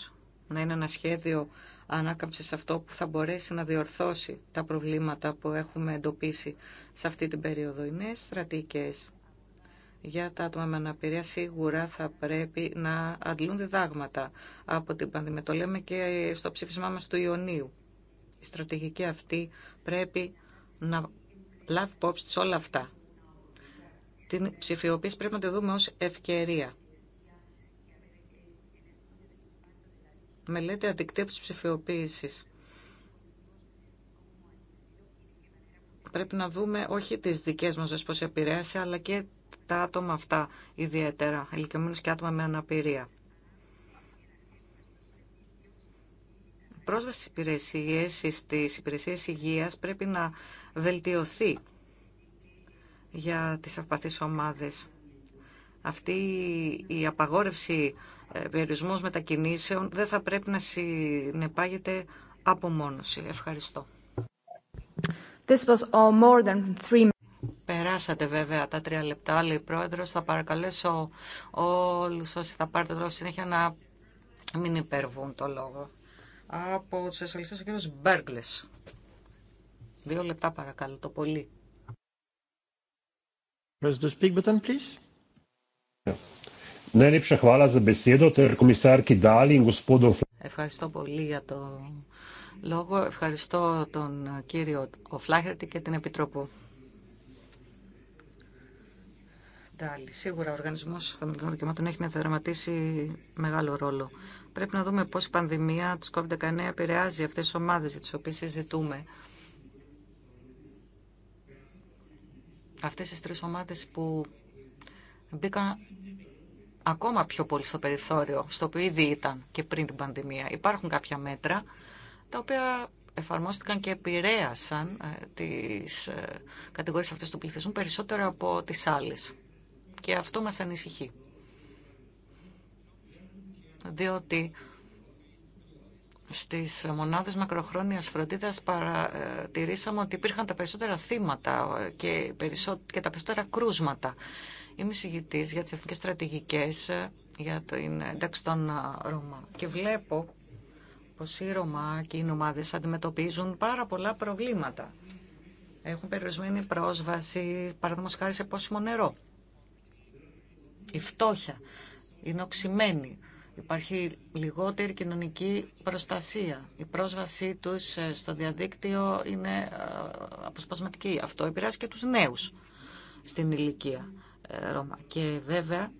να είναι ένα σχέδιο ανάκαμψης αυτό που θα μπορέσει να διορθώσει τα προβλήματα που έχουμε εντοπίσει σε αυτή την περίοδο. Οι στρατηγικές για τα άτομα με αναπηρία σίγουρα θα πρέπει να αντλούν διδάγματα από την πανδημία. Το λέμε και στο ψήφισμά μας του Ιωνίου. Η στρατηγική αυτή πρέπει να λάβει υπόψη σε όλα αυτά. Την ψηφιοποίηση πρέπει να τη δούμε ως ευκαιρία. Μελέτη αντικτύπου ψηφιοποίησης. Πρέπει να δούμε όχι τις δικές μας ζωές πώς επηρέασε, αλλά και τα άτομα αυτά ιδιαίτερα, ηλικιωμένους και άτομα με αναπηρία. πρόσβαση υπηρεσίες, στις υπηρεσίες υγείας πρέπει να βελτιωθεί για τις αυπαθείς ομάδες. Αυτή η απαγόρευση ε, περιορισμός μετακινήσεων δεν θα πρέπει να συνεπάγεται απομόνωση. Ευχαριστώ. This Περάσατε βέβαια τα τρία λεπτά, λέει η Πρόεδρος. Θα παρακαλέσω όλους όσοι θα πάρετε το συνέχεια να μην υπερβούν το λόγο. Από τους σοσιαλιστές ο κύριος Μπέργλες. Δύο λεπτά παρακαλώ, το πολύ. Ευχαριστώ πολύ για το λόγο. Ευχαριστώ τον κύριο Φλάχερτη και την Επιτροπή. Σίγουρα ο Οργανισμό των Δικαιωμάτων έχει να δραματίσει μεγάλο ρόλο. Πρέπει να δούμε πώ η πανδημία τη COVID-19 επηρεάζει αυτέ τι ομάδε για τι οποίε συζητούμε. αυτέ τι τρει ομάδε που μπήκαν ακόμα πιο πολύ στο περιθώριο, στο οποίο ήδη ήταν και πριν την πανδημία. Υπάρχουν κάποια μέτρα τα οποία εφαρμόστηκαν και επηρέασαν ε, τις ε, κατηγορίες αυτές του πληθυσμού περισσότερο από τις άλλες και αυτό μας ανησυχεί. Διότι στις μονάδες μακροχρόνιας φροντίδας παρατηρήσαμε ότι υπήρχαν τα περισσότερα θύματα και, τα περισσότερα κρούσματα. Είμαι συγητής για τις εθνικές στρατηγικές για την εντάξει των Ρωμά και βλέπω πως οι Ρωμά και οι νομάδες αντιμετωπίζουν πάρα πολλά προβλήματα. Έχουν περιορισμένη πρόσβαση, παραδείγματος χάρη σε πόσιμο νερό. Η φτώχεια είναι οξυμένη. Υπάρχει λιγότερη κοινωνική προστασία. Η πρόσβασή τους ε, στο διαδίκτυο είναι ε, αποσπασματική. Αυτό επηρεάζει και τους νέους στην ηλικία ε, Ρώμα. Και βέβαια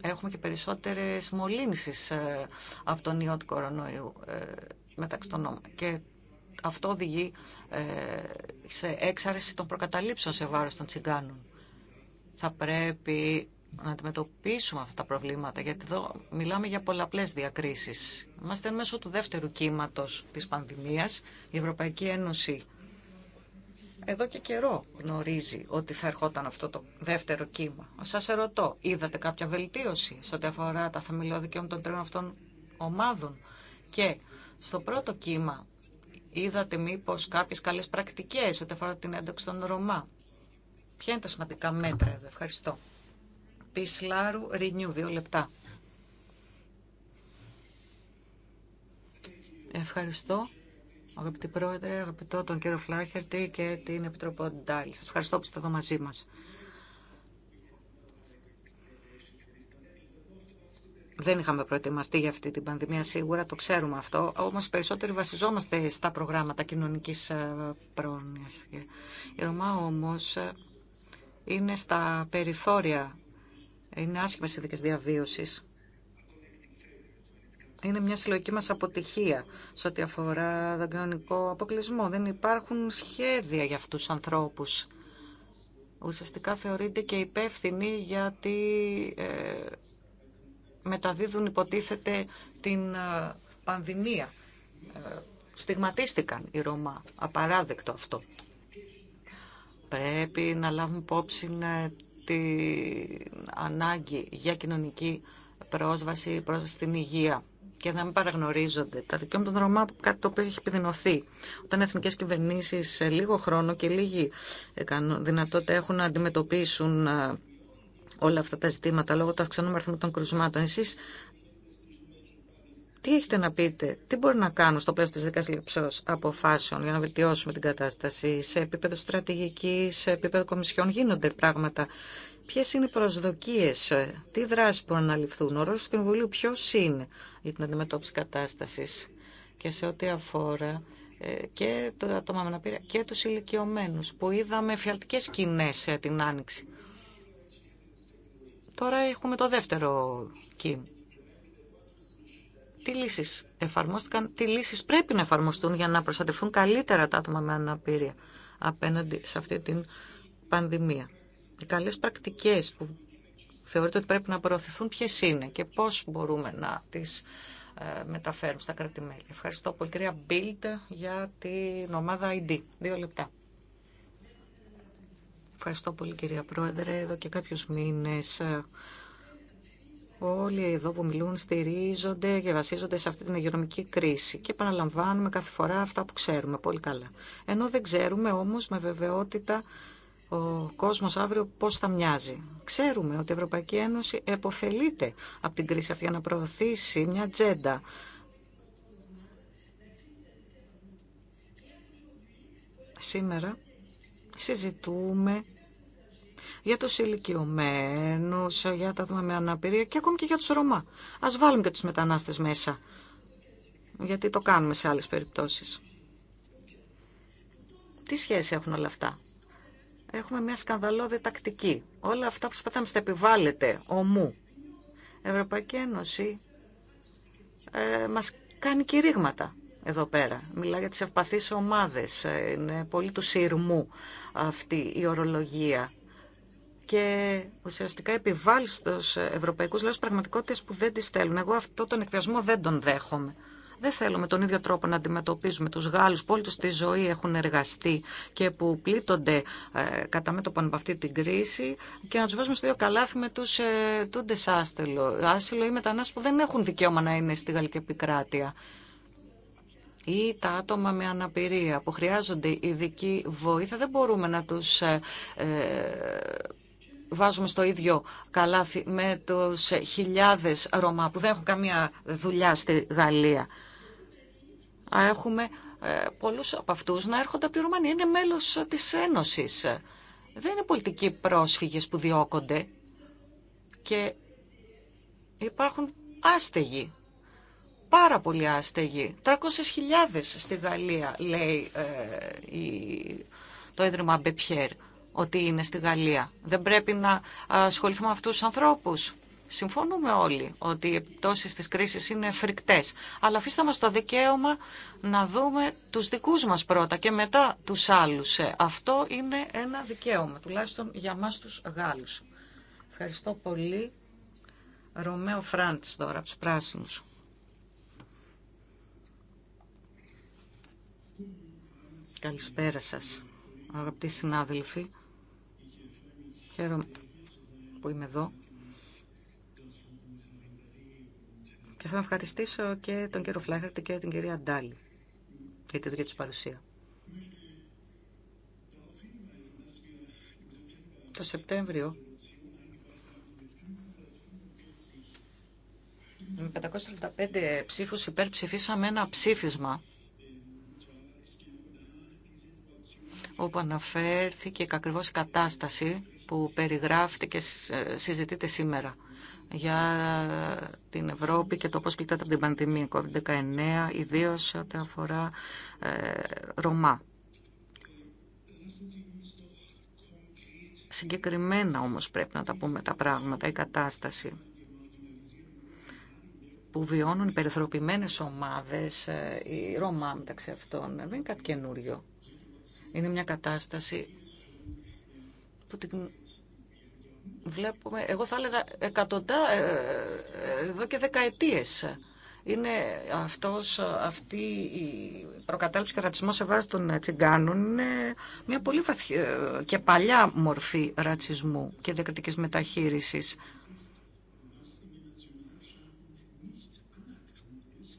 έχουμε και περισσότερες μολύνσεις από τον ιό του κορονοϊού μεταξύ των νόμων. Και αυτό οδηγεί σε έξαρση των προκαταλήψεων σε βάρος των τσιγκάνων θα πρέπει να αντιμετωπίσουμε αυτά τα προβλήματα, γιατί εδώ μιλάμε για πολλαπλές διακρίσεις. Είμαστε μέσω του δεύτερου κύματος της πανδημίας. Η Ευρωπαϊκή Ένωση εδώ και καιρό γνωρίζει ότι θα ερχόταν αυτό το δεύτερο κύμα. Σας ερωτώ, είδατε κάποια βελτίωση στο ό,τι αφορά τα θεμελιώδη δικαιώματα των τριών αυτών ομάδων και στο πρώτο κύμα είδατε μήπως κάποιες καλές πρακτικές ό,τι αφορά την ένταξη των Ρωμά. Ποια είναι τα σημαντικά μέτρα εδώ. Ευχαριστώ. Πισλάρου Ρινιού, δύο λεπτά. Ευχαριστώ. Αγαπητή Πρόεδρε, αγαπητό τον κύριο Φλάχερτη και την Επιτροπή Ντάλη. Σας ευχαριστώ που είστε εδώ μαζί μας. Δεν είχαμε προετοιμαστεί για αυτή την πανδημία σίγουρα, το ξέρουμε αυτό. Όμως περισσότεροι βασιζόμαστε στα προγράμματα κοινωνικής ε, πρόνοιας. Η Ρωμά όμως ε, είναι στα περιθώρια, είναι άσχημα συνθήκε διαβίωσης. Είναι μια συλλογική μας αποτυχία σε ό,τι αφορά τον κοινωνικό αποκλεισμό. Δεν υπάρχουν σχέδια για αυτούς τους ανθρώπους. Ουσιαστικά θεωρείται και υπεύθυνοι γιατί ε, μεταδίδουν υποτίθεται την ε, πανδημία. Ε, στιγματίστηκαν οι Ρωμά. Απαράδεκτο αυτό πρέπει να λάβουμε υπόψη ε, την ανάγκη για κοινωνική πρόσβαση, πρόσβαση στην υγεία και να μην παραγνωρίζονται τα δικαιώματα των Ρωμά, κάτι το οποίο έχει επιδεινωθεί. Όταν οι εθνικέ κυβερνήσει σε λίγο χρόνο και λίγη ε, δυνατότητα έχουν να αντιμετωπίσουν ε, όλα αυτά τα ζητήματα λόγω του αυξανόμενου αριθμού των κρουσμάτων. Τι έχετε να πείτε, τι μπορεί να κάνω στο πλαίσιο της δίκας λήψεως αποφάσεων για να βελτιώσουμε την κατάσταση. Σε επίπεδο στρατηγικής, σε επίπεδο κομισιών γίνονται πράγματα. Ποιε είναι οι προσδοκίε, τι δράσει μπορούν να ληφθούν, ο ρόλο του Κοινοβουλίου ποιο είναι για την αντιμετώπιση κατάσταση και σε ό,τι αφορά ε, και το άτομα με αναπηρία και του ηλικιωμένου που είδαμε φιαλτικέ σκηνέ την άνοιξη. Τώρα έχουμε το δεύτερο κύμα τι λύσεις εφαρμόστηκαν, τι λύσεις πρέπει να εφαρμοστούν για να προστατευτούν καλύτερα τα άτομα με αναπηρία απέναντι σε αυτή την πανδημία. Οι καλές πρακτικές που θεωρείται ότι πρέπει να προωθηθούν ποιε είναι και πώς μπορούμε να τις ε, μεταφέρουμε στα κράτη-μέλη. Ευχαριστώ πολύ κυρία Μπίλτ για την ομάδα ID. Δύο λεπτά. Ευχαριστώ πολύ κυρία Πρόεδρε. Εδώ και κάποιου μήνε. Ε, Όλοι εδώ που μιλούν στηρίζονται και βασίζονται σε αυτή την υγειονομική κρίση και επαναλαμβάνουμε κάθε φορά αυτά που ξέρουμε πολύ καλά. Ενώ δεν ξέρουμε όμως με βεβαιότητα ο κόσμος αύριο πώς θα μοιάζει. Ξέρουμε ότι η Ευρωπαϊκή Ένωση επωφελείται από την κρίση αυτή για να προωθήσει μια τζέντα. σήμερα συζητούμε για τους ηλικιωμένους, για τα άτομα με αναπηρία και ακόμη και για τους Ρωμά. Ας βάλουμε και τους μετανάστες μέσα, γιατί το κάνουμε σε άλλες περιπτώσεις. Τι σχέση έχουν όλα αυτά. Έχουμε μια σκανδαλώδη τακτική. Όλα αυτά που σπαθάμε στα επιβάλλεται ομού. Η Ευρωπαϊκή Ένωση ε, μας κάνει κηρύγματα εδώ πέρα. Μιλά για τις ευπαθείς ομάδες. Ε, είναι πολύ του σειρμού αυτή η ορολογία και ουσιαστικά επιβάλλει στου Ευρωπαϊκού λαού πραγματικότητες που δεν τι θέλουν. Εγώ αυτό τον εκβιασμό δεν τον δέχομαι. Δεν θέλω με τον ίδιο τρόπο να αντιμετωπίζουμε του Γάλλους που όλη τους τη ζωή έχουν εργαστεί και που πλήττονται ε, κατά μέτωπον από αυτή την κρίση και να του βάζουμε στο ίδιο καλάθι με του ε, τούντε άστελο, άσυλο ή μετανάστε που δεν έχουν δικαίωμα να είναι στη Γαλλική επικράτεια ή τα άτομα με αναπηρία που χρειάζονται ειδική βοήθεια δεν μπορούμε να του. Ε, ε, βάζουμε στο ίδιο καλάθι με τους χιλιάδες Ρωμά που δεν έχουν καμία δουλειά στη Γαλλία. Έχουμε ε, πολλούς από αυτούς να έρχονται από τη Ρουμανία. Είναι μέλος της Ένωσης. Δεν είναι πολιτικοί πρόσφυγες που διώκονται και υπάρχουν άστεγοι. Πάρα πολλοί άστεγοι. 300.000 στη Γαλλία, λέει ε, το Ίδρυμα Μπεπιέρ ότι είναι στη Γαλλία. Δεν πρέπει να ασχοληθούμε με αυτούς τους ανθρώπους. Συμφωνούμε όλοι ότι οι επιπτώσεις της κρίσης είναι φρικτές. Αλλά αφήστε μας το δικαίωμα να δούμε τους δικούς μας πρώτα και μετά τους άλλους. Ε, αυτό είναι ένα δικαίωμα, τουλάχιστον για μας τους Γάλλους. Ευχαριστώ πολύ. Ρωμαίο Φράντς τώρα, από τους Πράσινους. Καλησπέρα σας αγαπητοί συνάδελφοι. Χαίρομαι που είμαι εδώ. Και θα ευχαριστήσω και τον κύριο Φλάχαρτη και την κυρία Ντάλη για τη δική του παρουσία. Το Σεπτέμβριο με 575 ψήφους υπέρ ένα ψήφισμα όπου αναφέρθηκε ακριβώς η κατάσταση που περιγράφεται και ε, συζητείται σήμερα για την Ευρώπη και το πώς κλειτάται από την πανδημία COVID-19, ιδίως ό,τι αφορά ε, Ρωμά. Συγκεκριμένα όμως πρέπει να τα πούμε τα πράγματα, η κατάσταση που βιώνουν οι περιθροπημένες ομάδες, η ε, Ρωμά μεταξύ αυτών, δεν είναι κάτι καινούριο. Είναι μια κατάσταση που την βλέπουμε, εγώ θα έλεγα εκατοντά, ε, ε, εδώ και δεκαετίες. Είναι αυτός, αυτή η προκατάληψη και ρατσισμός σε βάση των ε, τσιγκάνων είναι μια πολύ βαθιά και παλιά μορφή ρατσισμού και διακριτικής μεταχείρισης.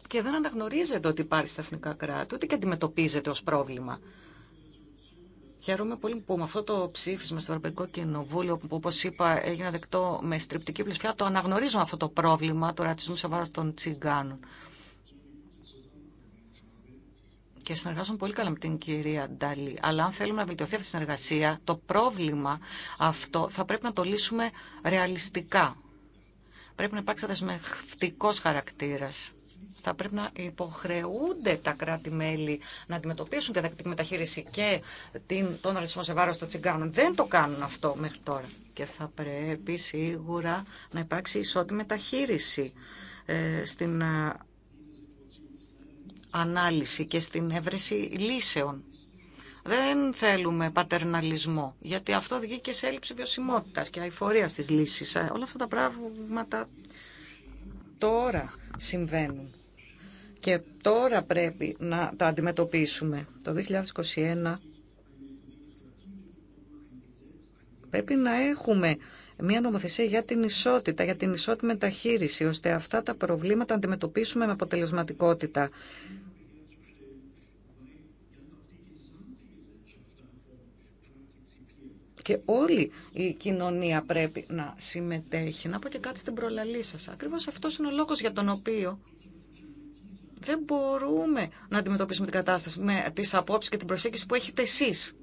Και δεν αναγνωρίζεται ότι υπάρχει στα εθνικά κράτη, ούτε και αντιμετωπίζεται ως πρόβλημα. Χαίρομαι πολύ που με αυτό το ψήφισμα στο Ευρωπαϊκό Κοινοβούλιο, που όπω είπα έγινε δεκτό με στριπτική πλησφιά, το αναγνωρίζουμε αυτό το πρόβλημα του ρατσισμού σε βάρο των τσιγκάνων. Και συνεργάζομαι πολύ καλά με την κυρία Νταλή. Αλλά αν θέλουμε να βελτιωθεί αυτή η συνεργασία, το πρόβλημα αυτό θα πρέπει να το λύσουμε ρεαλιστικά. Πρέπει να υπάρξει δεσμευτικό χαρακτήρα θα πρέπει να υποχρεούνται τα κράτη-μέλη να αντιμετωπίσουν τη δεκτική μεταχείριση και την, τον αριθμό σε βάρος των τσιγκάνων. Δεν το κάνουν αυτό μέχρι τώρα. Και θα πρέπει σίγουρα να υπάρξει ισότιμη μεταχείριση ε, στην ε, ανάλυση και στην έβρεση λύσεων. Δεν θέλουμε πατερναλισμό, γιατί αυτό βγήκε και σε έλλειψη βιωσιμότητας και αηφορία στις λύσεις. Ε, όλα αυτά τα πράγματα τώρα συμβαίνουν και τώρα πρέπει να τα αντιμετωπίσουμε. Το 2021 πρέπει να έχουμε μια νομοθεσία για την ισότητα, για την ισότητα μεταχείριση, ώστε αυτά τα προβλήματα να αντιμετωπίσουμε με αποτελεσματικότητα. και όλη η κοινωνία πρέπει να συμμετέχει. Να πω και κάτι στην προλαλή σας. Ακριβώς αυτός είναι ο λόγος για τον οποίο δεν μπορούμε να αντιμετωπίσουμε την κατάσταση με τις απόψεις και την προσέγγιση που έχετε εσείς.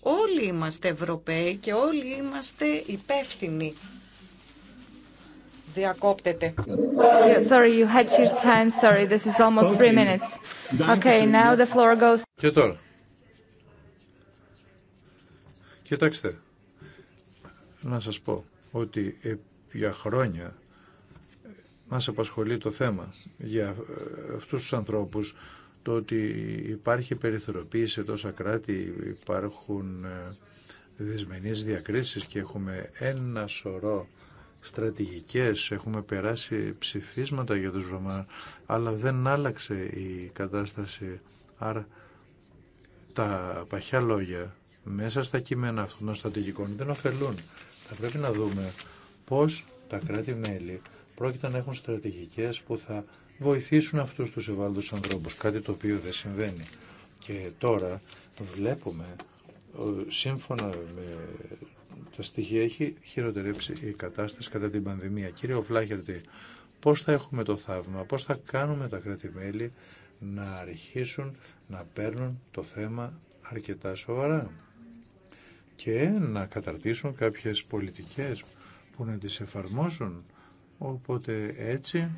Όλοι είμαστε Ευρωπαίοι και όλοι είμαστε υπεύθυνοι. Διακόπτεται. Sorry, you had your time. Sorry, this is almost three minutes. Okay, now the floor goes. Και τώρα. Κοιτάξτε, να σας πω ότι για χρόνια μας απασχολεί το θέμα για αυτούς τους ανθρώπους το ότι υπάρχει περιθωριοποίηση σε τόσα κράτη, υπάρχουν ε, δεσμενείς διακρίσεις και έχουμε ένα σωρό στρατηγικές, έχουμε περάσει ψηφίσματα για τους Ρωμά, αλλά δεν άλλαξε η κατάσταση. Άρα τα παχιά λόγια μέσα στα κείμενα αυτών των στρατηγικών δεν ωφελούν. Θα πρέπει να δούμε πώς τα κράτη-μέλη πρόκειται να έχουν στρατηγικές που θα βοηθήσουν αυτούς τους ευάλωτους ανθρώπους, κάτι το οποίο δεν συμβαίνει. Και τώρα βλέπουμε, σύμφωνα με τα στοιχεία, έχει χειροτερέψει η κατάσταση κατά την πανδημία. Κύριε Φλάχερτη, πώς θα έχουμε το θαύμα, πώς θα κάνουμε τα κράτη-μέλη να αρχίσουν να παίρνουν το θέμα αρκετά σοβαρά και να καταρτήσουν κάποιες πολιτικές που να τις εφαρμόσουν. Οπότε έτσι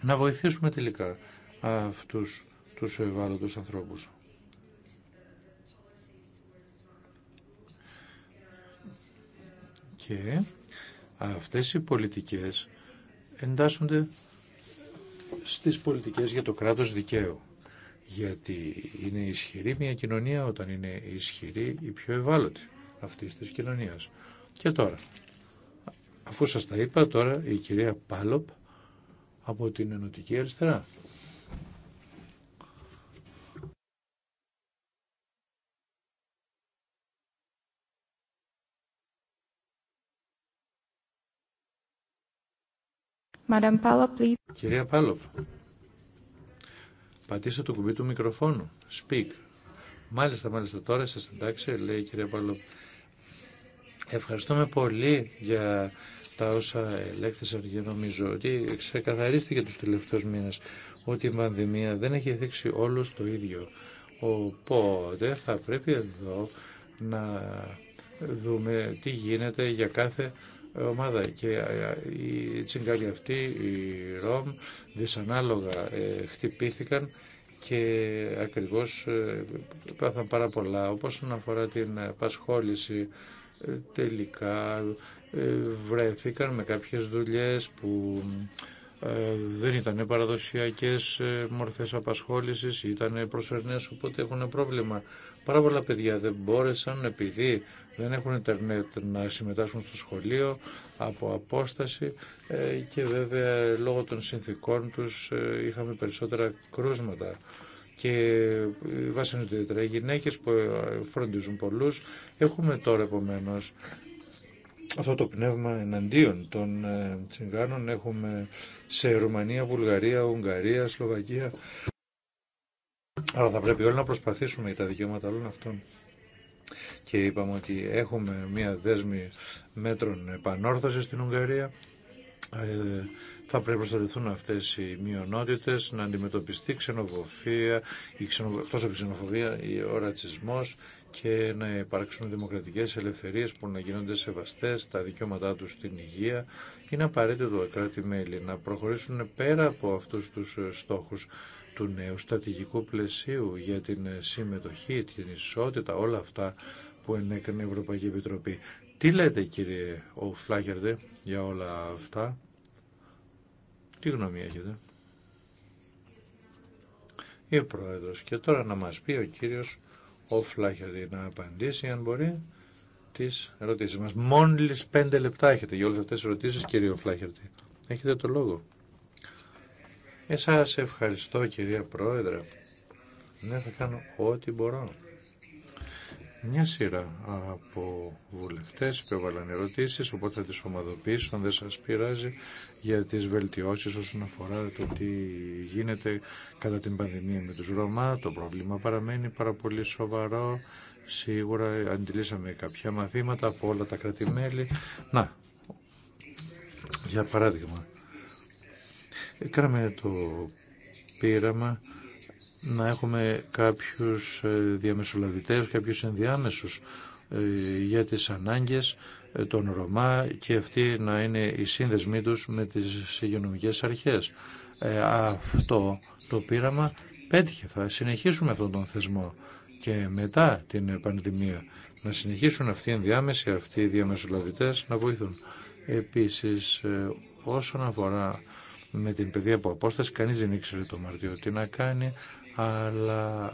να βοηθήσουμε τελικά αυτούς τους ευάλωτους ανθρώπους. Και αυτές οι πολιτικές εντάσσονται στις πολιτικές για το κράτος δικαίου. Γιατί είναι ισχυρή μια κοινωνία όταν είναι ισχυρή η πιο ευάλωτη αυτής της κοινωνίας. Και τώρα, αφού σας τα είπα, τώρα η κυρία Πάλοπ από την Ενωτική Αριστερά. Κυρία Πάλοπ, πατήστε το κουμπί του μικροφόνου. Speak. Μάλιστα, μάλιστα, τώρα σας εντάξει, λέει η κυρία Πάλοπ. Ευχαριστούμε πολύ για τα όσα ελέγχθησαν και νομίζω ότι ξεκαθαρίστηκε τους τελευταίους μήνες ότι η πανδημία δεν έχει δείξει όλο το ίδιο. Οπότε θα πρέπει εδώ να δούμε τι γίνεται για κάθε ομάδα και οι τσιγκάλοι αυτοί, οι ΡΟΜ δυσανάλογα ε, χτυπήθηκαν και ακριβώς ε, πάθαν πάρα πολλά όπως αφορά την απασχόληση ε, τελικά ε, βρέθηκαν με κάποιες δουλειές που ε, δεν ήταν παραδοσιακές μορφές απασχόλησης, ήταν προσωρινές, οπότε έχουν πρόβλημα. Πάρα πολλά παιδιά δεν μπόρεσαν επειδή δεν έχουν ίντερνετ να συμμετάσχουν στο σχολείο από απόσταση και βέβαια λόγω των συνθήκων τους είχαμε περισσότερα κρούσματα και ε, βασανίζονται ιδιαίτερα οι γυναίκες που ε, φροντίζουν πολλούς. Έχουμε τώρα επομένω αυτό το πνεύμα εναντίον των ε, τσιγκάνων. Έχουμε σε Ρουμανία, Βουλγαρία, Ουγγαρία, Σλοβακία. Αλλά θα πρέπει όλοι να προσπαθήσουμε για τα δικαιώματα όλων αυτών. Και είπαμε ότι έχουμε μία δέσμη μέτρων επανόρθωσης στην Ουγγαρία θα πρέπει να προστατευτούν αυτές οι μειονότητες, να αντιμετωπιστεί η ξενο... ξενοφοβία, ο ρατσισμό και να υπάρξουν δημοκρατικέ ελευθερίε που να γίνονται σεβαστέ, τα δικαιώματά του στην υγεία. Είναι απαραίτητο τα κράτη-μέλη να προχωρήσουν πέρα από αυτούς τους στόχους του νέου στρατηγικού πλαισίου για την συμμετοχή, την ισότητα, όλα αυτά που ενέκρινε η Ευρωπαϊκή Επιτροπή. Τι λέτε κύριε Οφλάχερδε για όλα αυτά. Τι γνώμη έχετε. Ή ο Πρόεδρος. Και τώρα να μας πει ο κύριος ο Φλάχερτη να απαντήσει, αν μπορεί, τις ερωτήσεις μας. Μόλις πέντε λεπτά έχετε για όλες αυτές τις ερωτήσεις, κύριο Φλάχερτη. Έχετε το λόγο. Εσάς ευχαριστώ, κυρία Πρόεδρε. Ναι, θα κάνω ό,τι μπορώ. Μια σειρά από βουλευτές που έβαλαν ερωτήσεις, οπότε θα τις ομαδοποιήσω αν δεν σας πειράζει για τις βελτιώσεις όσον αφορά το τι γίνεται κατά την πανδημία με τους Ρωμά. Το πρόβλημα παραμένει πάρα πολύ σοβαρό. Σίγουρα αντιλήσαμε κάποια μαθήματα από όλα τα κρατημέλη. Να, για παράδειγμα, κάναμε το πείραμα να έχουμε κάποιους ε, διαμεσολαβητές, κάποιους ενδιάμεσους ε, για τις ανάγκες ε, των Ρωμά και αυτοί να είναι οι σύνδεσμοί τους με τις υγειονομικές αρχές. Αυτό το πείραμα πέτυχε. Θα συνεχίσουμε αυτόν τον θεσμό και μετά την πανδημία να συνεχίσουν αυτοί οι ενδιάμεσοι, αυτοί οι διαμεσολαβητές να βοηθούν. Επίσης, όσον αφορά με την παιδεία από απόσταση, κανείς δεν ήξερε το Μαρτίο τι να κάνει, αλλά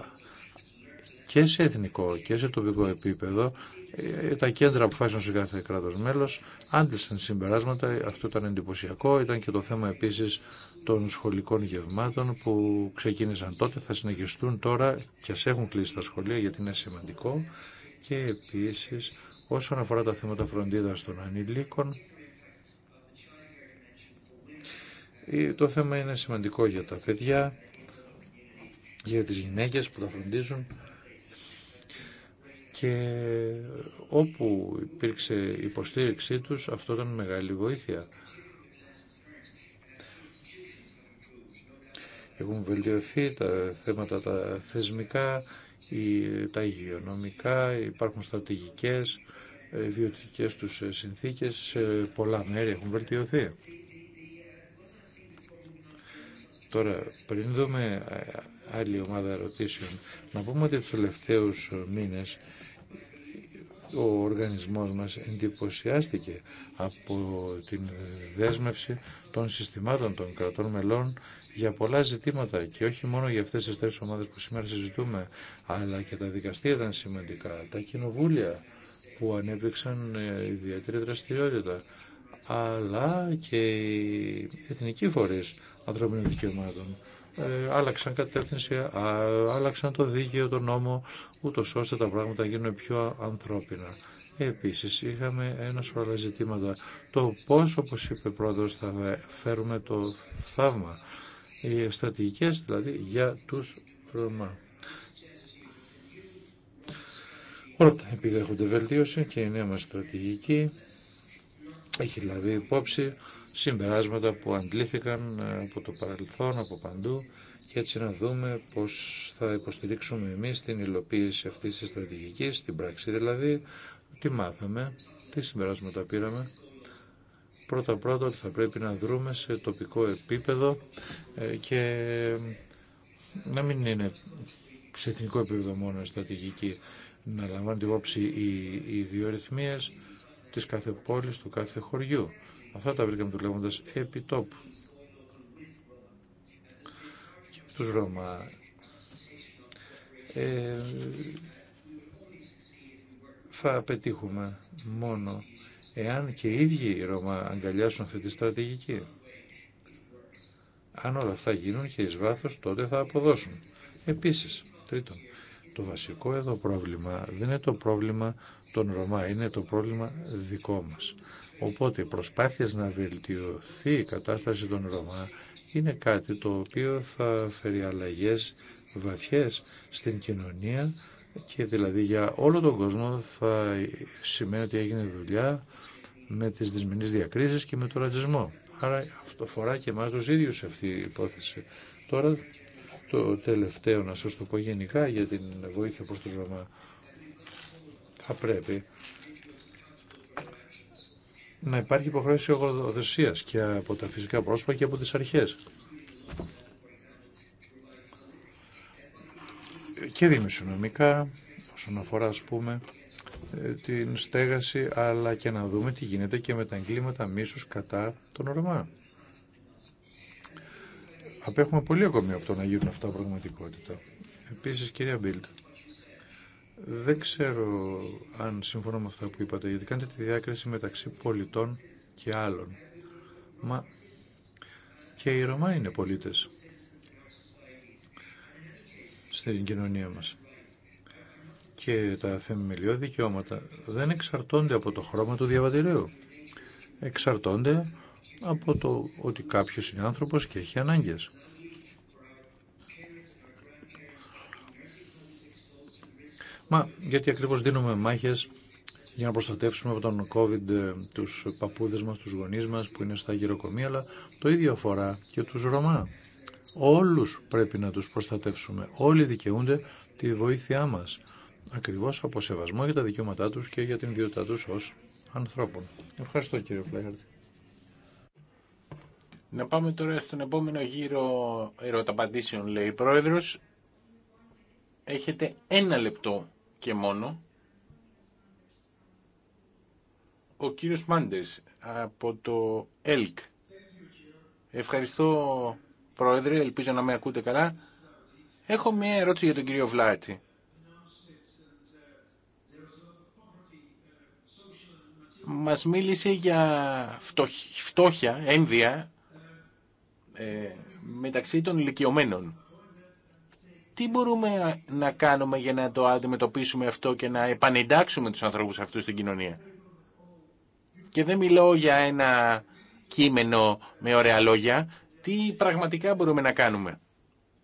και σε εθνικό και σε τοπικό επίπεδο ε, τα κέντρα αποφάσεων σε κάθε κράτος μέλος άντλησαν συμπεράσματα, αυτό ήταν εντυπωσιακό, ήταν και το θέμα επίσης των σχολικών γευμάτων που ξεκίνησαν τότε, θα συνεχιστούν τώρα και α έχουν κλείσει τα σχολεία γιατί είναι σημαντικό και επίσης όσον αφορά τα θέματα φροντίδα των ανηλίκων ε, το θέμα είναι σημαντικό για τα παιδιά για τις γυναίκες που τα φροντίζουν και όπου υπήρξε υποστήριξή τους αυτό ήταν μεγάλη βοήθεια. Έχουν βελτιωθεί τα θέματα τα θεσμικά, τα υγειονομικά, υπάρχουν στρατηγικές, βιωτικές ε, τους ε, συνθήκες, σε πολλά μέρη έχουν βελτιωθεί. Τώρα, πριν δούμε ε, άλλη ομάδα ερωτήσεων. Να πούμε ότι τους τελευταίους μήνες ο οργανισμός μας εντυπωσιάστηκε από την δέσμευση των συστημάτων των κρατών μελών για πολλά ζητήματα και όχι μόνο για αυτές τις τέσσερις ομάδες που σήμερα συζητούμε, αλλά και τα δικαστήρια ήταν σημαντικά, τα κοινοβούλια που ανέπτυξαν ε, ιδιαίτερη δραστηριότητα, αλλά και οι εθνικοί φορείς ανθρωπίνων δικαιωμάτων ε, άλλαξαν κατεύθυνση, άλλαξαν το δίκαιο, τον νόμο, ούτω ώστε τα πράγματα να γίνουν πιο ανθρώπινα. Επίση είχαμε ένα σωρό ζητήματα. Το πώς, όπω είπε πρόεδρο, θα φέρουμε το θαύμα. Οι στρατηγικές δηλαδή για τους Ρωμά. Όλα επειδή επιδέχονται βελτίωση και η νέα μας στρατηγική έχει λάβει υπόψη συμπεράσματα που αντλήθηκαν ε, από το παρελθόν, από παντού και έτσι να δούμε πώς θα υποστηρίξουμε εμείς την υλοποίηση αυτής της στρατηγικής, την πράξη δηλαδή, τι μάθαμε, τι συμπεράσματα πήραμε. Πρώτα-πρώτα ότι θα πρέπει να δρούμε σε τοπικό επίπεδο ε, και να μην είναι σε εθνικό επίπεδο μόνο στρατηγική να λαμβάνουν υπόψη οι, οι ρυθμίες της κάθε πόλης, του κάθε χωριού. Αυτά τα βρήκαμε δουλεύοντα επί τόπου. Και τους Ρώμα. Ε, θα πετύχουμε μόνο εάν και οι ίδιοι οι Ρώμα αγκαλιάσουν αυτή τη στρατηγική. Αν όλα αυτά γίνουν και εις βάθος, τότε θα αποδώσουν. Επίσης, τρίτον, το βασικό εδώ πρόβλημα δεν είναι το πρόβλημα των Ρωμά, είναι το πρόβλημα δικό μας. Οπότε οι προσπάθειες να βελτιωθεί η κατάσταση των Ρωμά είναι κάτι το οποίο θα φέρει αλλαγές βαθιές στην κοινωνία και δηλαδή για όλο τον κόσμο θα σημαίνει ότι έγινε δουλειά με τις δυσμενείς διακρίσεις και με τον ρατσισμό. Άρα αυτό φορά και εμάς τους ίδιους αυτή η υπόθεση. Τώρα το τελευταίο να σας το πω γενικά για την βοήθεια προς τους Ρωμά θα πρέπει να υπάρχει υποχρέωση εργοδοσία και από τα φυσικά πρόσωπα και από τις αρχές. Και δημοσιονομικά, όσον αφορά ας πούμε ε, την στέγαση, αλλά και να δούμε τι γίνεται και με τα εγκλήματα μίσους κατά τον Ρωμά. Απέχουμε πολύ ακόμη από το να γίνουν αυτά πραγματικότητα. Επίσης, κυρία Μπίλτ, δεν ξέρω αν συμφωνώ με αυτά που είπατε, γιατί κάνετε τη διάκριση μεταξύ πολιτών και άλλων. Μα και οι Ρωμά είναι πολίτες στην κοινωνία μας. Και τα θεμελιώδη δικαιώματα δεν εξαρτώνται από το χρώμα του διαβατηρίου. Εξαρτώνται από το ότι κάποιος είναι άνθρωπος και έχει ανάγκες. Μα γιατί ακριβώς δίνουμε μάχες για να προστατεύσουμε από τον COVID ε, τους παππούδες μας, τους γονείς μας που είναι στα γυροκομεία, αλλά το ίδιο αφορά και τους Ρωμά. Όλους πρέπει να τους προστατεύσουμε. Όλοι δικαιούνται τη βοήθειά μας. Ακριβώς από σεβασμό για τα δικαιώματά τους και για την ιδιότητά τους ως ανθρώπων. Ευχαριστώ κύριε Να πάμε τώρα στον επόμενο γύρο ερωταπαντήσεων, λέει η Πρόεδρος. Έχετε ένα λεπτό και μόνο ο κύριος Μάντες από το ΕΛΚ. Ευχαριστώ Πρόεδρε, ελπίζω να με ακούτε καλά. Έχω μια ερώτηση για τον κύριο Βλάτη. Μας μίλησε για φτώχεια, ένδια, ε, μεταξύ των ηλικιωμένων. Τι μπορούμε να κάνουμε για να το αντιμετωπίσουμε αυτό και να επανεντάξουμε τους ανθρώπους αυτούς στην κοινωνία. Και δεν μιλώ για ένα κείμενο με ωραία λόγια. Τι πραγματικά μπορούμε να κάνουμε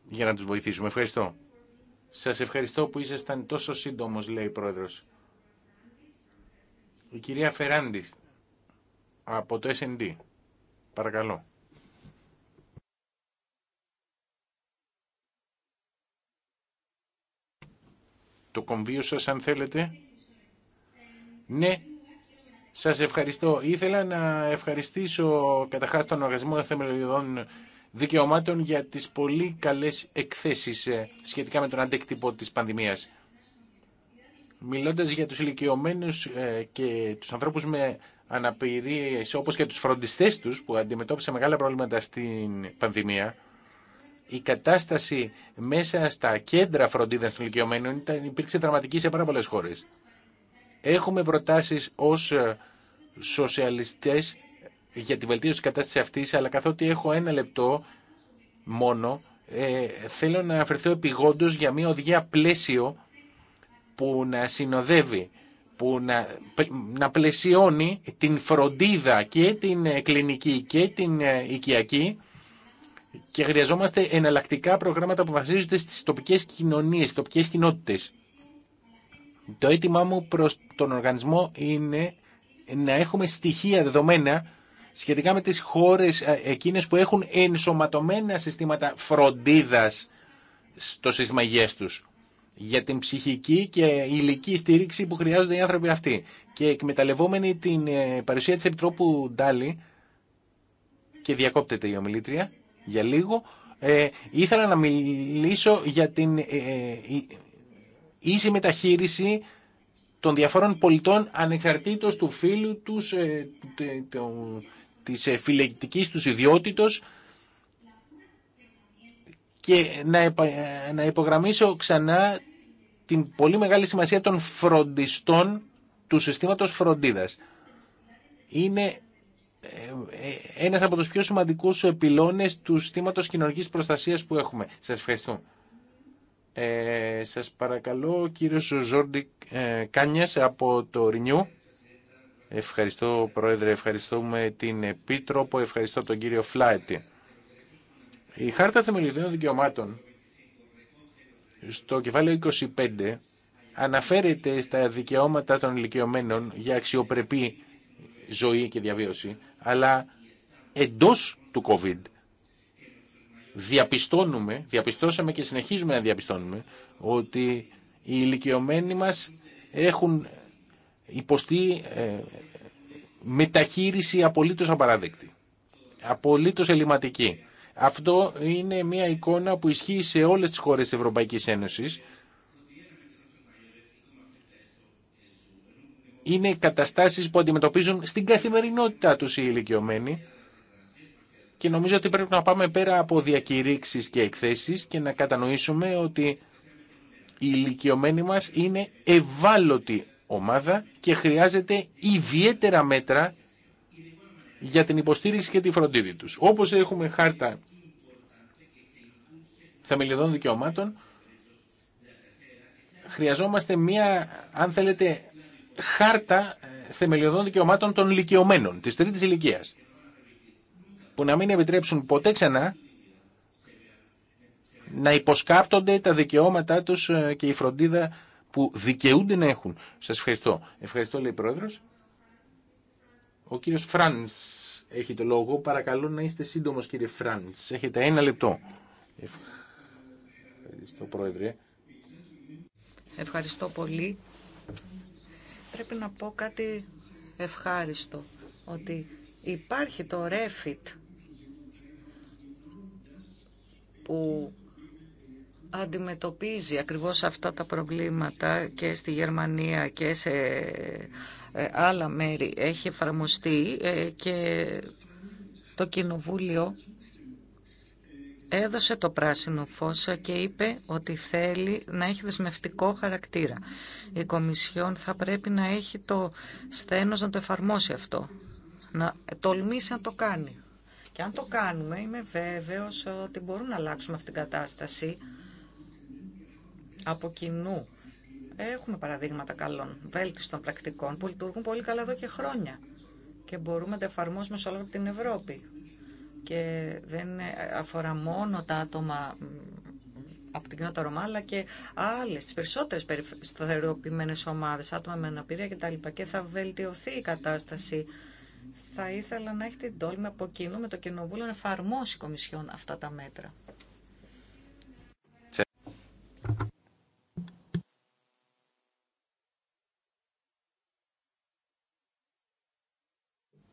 για να τους βοηθήσουμε. Ευχαριστώ. Σας ευχαριστώ που ήσασταν τόσο σύντομος, λέει η Πρόεδρος. Η κυρία Φεράντη από το S&D. Παρακαλώ. το κομβείο σας αν θέλετε. Ναι, σας ευχαριστώ. Ήθελα να ευχαριστήσω καταρχάς τον Οργανισμό Θεμελιωδών Δικαιωμάτων για τις πολύ καλές εκθέσεις ε, σχετικά με τον αντέκτυπο της πανδημίας. Μιλώντας για τους ηλικιωμένους ε, και τους ανθρώπους με αναπηρίες όπως και τους φροντιστές τους που αντιμετώπισαν μεγάλα προβλήματα στην πανδημία, η κατάσταση μέσα στα κέντρα φροντίδας των ηλικιωμένων ήταν, υπήρξε δραματική σε πάρα πολλέ χώρε. Έχουμε προτάσεις ως ε, σοσιαλιστές για τη βελτίωση τη κατάσταση αυτής, αλλά καθότι έχω ένα λεπτό μόνο, ε, θέλω να αναφερθώ επιγόντω για μια οδηγία πλαίσιο που να συνοδεύει, που να, να πλαισιώνει την φροντίδα και την ε, κλινική και την οικιακή, και χρειαζόμαστε εναλλακτικά προγράμματα που βασίζονται στις τοπικές κοινωνίες, στις τοπικές κοινότητες. Το αίτημά μου προς τον οργανισμό είναι να έχουμε στοιχεία δεδομένα σχετικά με τις χώρες ε, εκείνες που έχουν ενσωματωμένα συστήματα φροντίδας στο σύστημα τους για την ψυχική και υλική στήριξη που χρειάζονται οι άνθρωποι αυτοί. Και εκμεταλλευόμενοι την ε, παρουσία της Επιτρόπου Ντάλι και διακόπτεται η ομιλήτρια για λίγο. Ε, ήθελα να μιλήσω για την ε, ε ίση μεταχείριση των διαφόρων πολιτών ανεξαρτήτως του φίλου τους, ε, το, της ε, φιλεκτικής τους ιδιότητος και να, να υπογραμμίσω ξανά την πολύ μεγάλη σημασία των φροντιστών του συστήματος φροντίδας. Είναι ε, ε, Ένα από τους πιο σημαντικούς πυλώνε του συστήματος κοινωνικής προστασίας που έχουμε. Σας ευχαριστώ. Ε, σας παρακαλώ κύριο Ζόρντι ε, από το Ρινιού. Ευχαριστώ Πρόεδρε, ευχαριστούμε την Επίτροπο, ευχαριστώ τον κύριο Φλάιτη. Η Χάρτα Θεμελιωδιών Δικαιωμάτων στο κεφάλαιο 25 αναφέρεται στα δικαιώματα των ηλικιωμένων για αξιοπρεπή ζωή και διαβίωση αλλά εντός του COVID διαπιστώνουμε, διαπιστώσαμε και συνεχίζουμε να διαπιστώνουμε ότι οι ηλικιωμένοι μας έχουν υποστεί ε, μεταχείριση απολύτως απαράδεκτη, απολύτως ελληματική. Αυτό είναι μια εικόνα που ισχύει σε όλες τις χώρες της Ευρωπαϊκής Ένωσης είναι καταστάσεις που αντιμετωπίζουν στην καθημερινότητά τους οι ηλικιωμένοι και νομίζω ότι πρέπει να πάμε πέρα από διακηρύξεις και εκθέσεις και να κατανοήσουμε ότι οι ηλικιωμένοι μας είναι ευάλωτη ομάδα και χρειάζεται ιδιαίτερα μέτρα για την υποστήριξη και τη φροντίδη τους. Όπως έχουμε χάρτα θεμελιωδών δικαιωμάτων, χρειαζόμαστε μία, αν θέλετε, χάρτα ε, θεμελιωδών δικαιωμάτων των ηλικιωμένων, της τρίτης ηλικία. που να μην επιτρέψουν ποτέ ξανά να υποσκάπτονται τα δικαιώματά τους ε, και η φροντίδα που δικαιούνται να έχουν. Σας ευχαριστώ. Ευχαριστώ, λέει η Πρόεδρος. Ο κύριος Φράνς έχει το λόγο. Παρακαλώ να είστε σύντομος, κύριε Φράνς. Έχετε ένα λεπτό. Ευχαριστώ, Πρόεδρε. Ευχαριστώ πολύ πρέπει να πω κάτι ευχάριστο, ότι υπάρχει το REFIT που αντιμετωπίζει ακριβώς αυτά τα προβλήματα και στη Γερμανία και σε ε, άλλα μέρη έχει εφαρμοστεί ε, και το Κοινοβούλιο έδωσε το πράσινο φως και είπε ότι θέλει να έχει δεσμευτικό χαρακτήρα. Η Κομισιόν θα πρέπει να έχει το σθένος να το εφαρμόσει αυτό, να τολμήσει να το κάνει. Και αν το κάνουμε είμαι βέβαιος ότι μπορούμε να αλλάξουμε αυτή την κατάσταση από κοινού. Έχουμε παραδείγματα καλών, βέλτιστων πρακτικών που λειτουργούν πολύ καλά εδώ και χρόνια και μπορούμε να τα εφαρμόσουμε σε όλη την Ευρώπη και δεν αφορά μόνο τα άτομα από την κοινότητα Ρωμά, αλλά και άλλε, τι περισσότερε σταθεροποιημένε ομάδε, άτομα με αναπηρία κτλ. Και θα βελτιωθεί η κατάσταση. Θα ήθελα να έχετε την τόλμη από κοινού με το Κοινοβούλιο να εφαρμόσει η Κομισιόν αυτά τα μέτρα.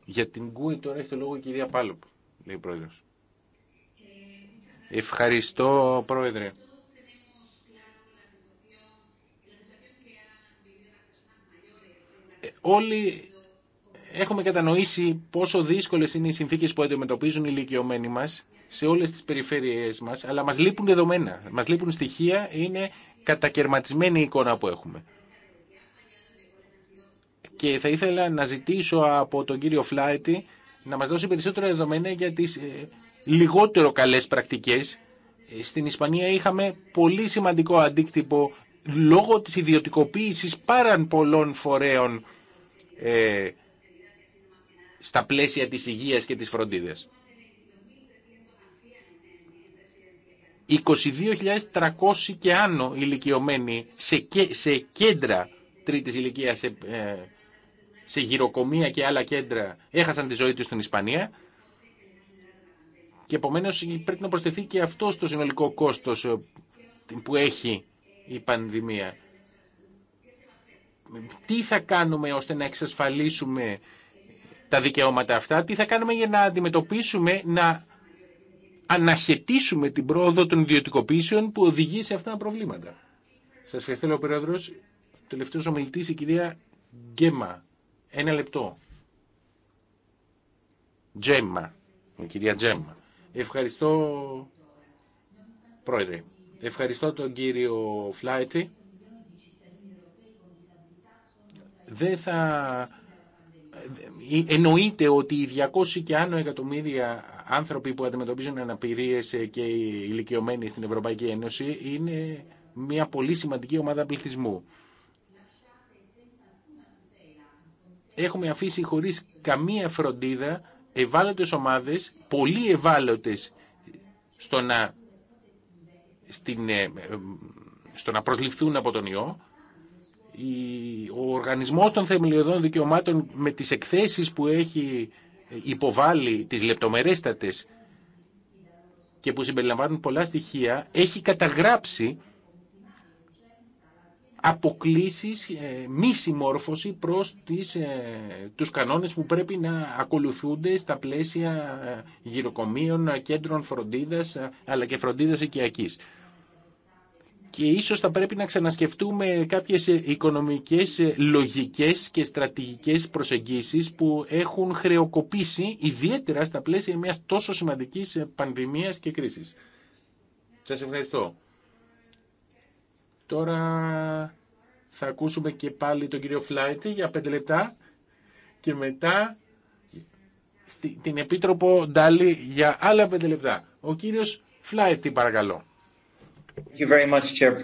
Για την ΚΟΥΕ τώρα έχει το λόγο η κυρία Πάλοπ. Ευχαριστώ, πρόεδρε. Ε, όλοι έχουμε κατανοήσει πόσο δύσκολες είναι οι συνθήκες που αντιμετωπίζουν οι ηλικιωμένοι μας σε όλες τις περιφέρειές μας, αλλά μας λείπουν δεδομένα, μας λείπουν στοιχεία, είναι κατακαιρματισμένη η εικόνα που έχουμε. Και θα ήθελα να ζητήσω από τον κύριο Φλάιτη να μας δώσει περισσότερα δεδομένα για τις ε, λιγότερο καλές πρακτικές. Ε, στην Ισπανία είχαμε πολύ σημαντικό αντίκτυπο λόγω της ιδιωτικοποίησης πάραν πολλών φορέων ε, στα πλαίσια της υγείας και της φροντίδας. 22.300 και άνω ηλικιωμένοι σε, σε κέντρα τρίτης ηλικίας σε γυροκομεία και άλλα κέντρα έχασαν τη ζωή τους στην Ισπανία. Και επομένω, πρέπει να προσθεθεί και αυτό στο συνολικό κόστος ε, που έχει η πανδημία. Τι θα κάνουμε ώστε να εξασφαλίσουμε τα δικαιώματα αυτά, τι θα κάνουμε για να αντιμετωπίσουμε, να αναχαιτήσουμε την πρόοδο των ιδιωτικοποίησεων που οδηγεί σε αυτά τα προβλήματα. Σας ευχαριστώ, ο Πρόεδρος. Τελευταίος ομιλητής, η κυρία Γκέμα. Ένα λεπτό. Τζέμμα. Η κυρία Τζέμμα. Ευχαριστώ, πρόεδρε. Ευχαριστώ τον κύριο Φλάιτσι. Δεν θα... Εννοείται ότι οι 200 και άνω εκατομμύρια άνθρωποι που αντιμετωπίζουν αναπηρίες και οι ηλικιωμένοι στην Ευρωπαϊκή Ένωση είναι μια πολύ σημαντική ομάδα πληθυσμού. έχουμε αφήσει χωρίς καμία φροντίδα ευάλωτες ομάδες, πολύ ευάλωτες στο να, στην, ε, στο να προσληφθούν από τον ιό. Ο οργανισμός των θεμελιωδών δικαιωμάτων με τις εκθέσεις που έχει υποβάλει τις λεπτομερέστατες και που συμπεριλαμβάνουν πολλά στοιχεία, έχει καταγράψει αποκλήσεις, ε, μη συμμόρφωση προς τις, ε, τους κανόνες που πρέπει να ακολουθούνται στα πλαίσια ε, γυροκομείων, κέντρων φροντίδας αλλά και φροντίδας οικιακής. Και ίσως θα πρέπει να ξανασκεφτούμε κάποιες οικονομικές λογικές και στρατηγικές προσεγγίσεις που έχουν χρεοκοπήσει ιδιαίτερα στα πλαίσια μιας τόσο σημαντικής πανδημίας και κρίσης. Σας ευχαριστώ. Τώρα θα ακούσουμε και πάλι τον κύριο Φλάιτι για πέντε λεπτά και μετά την Επίτροπο Ντάλι για άλλα πέντε λεπτά. Ο κύριος Φλάιτι, παρακαλώ.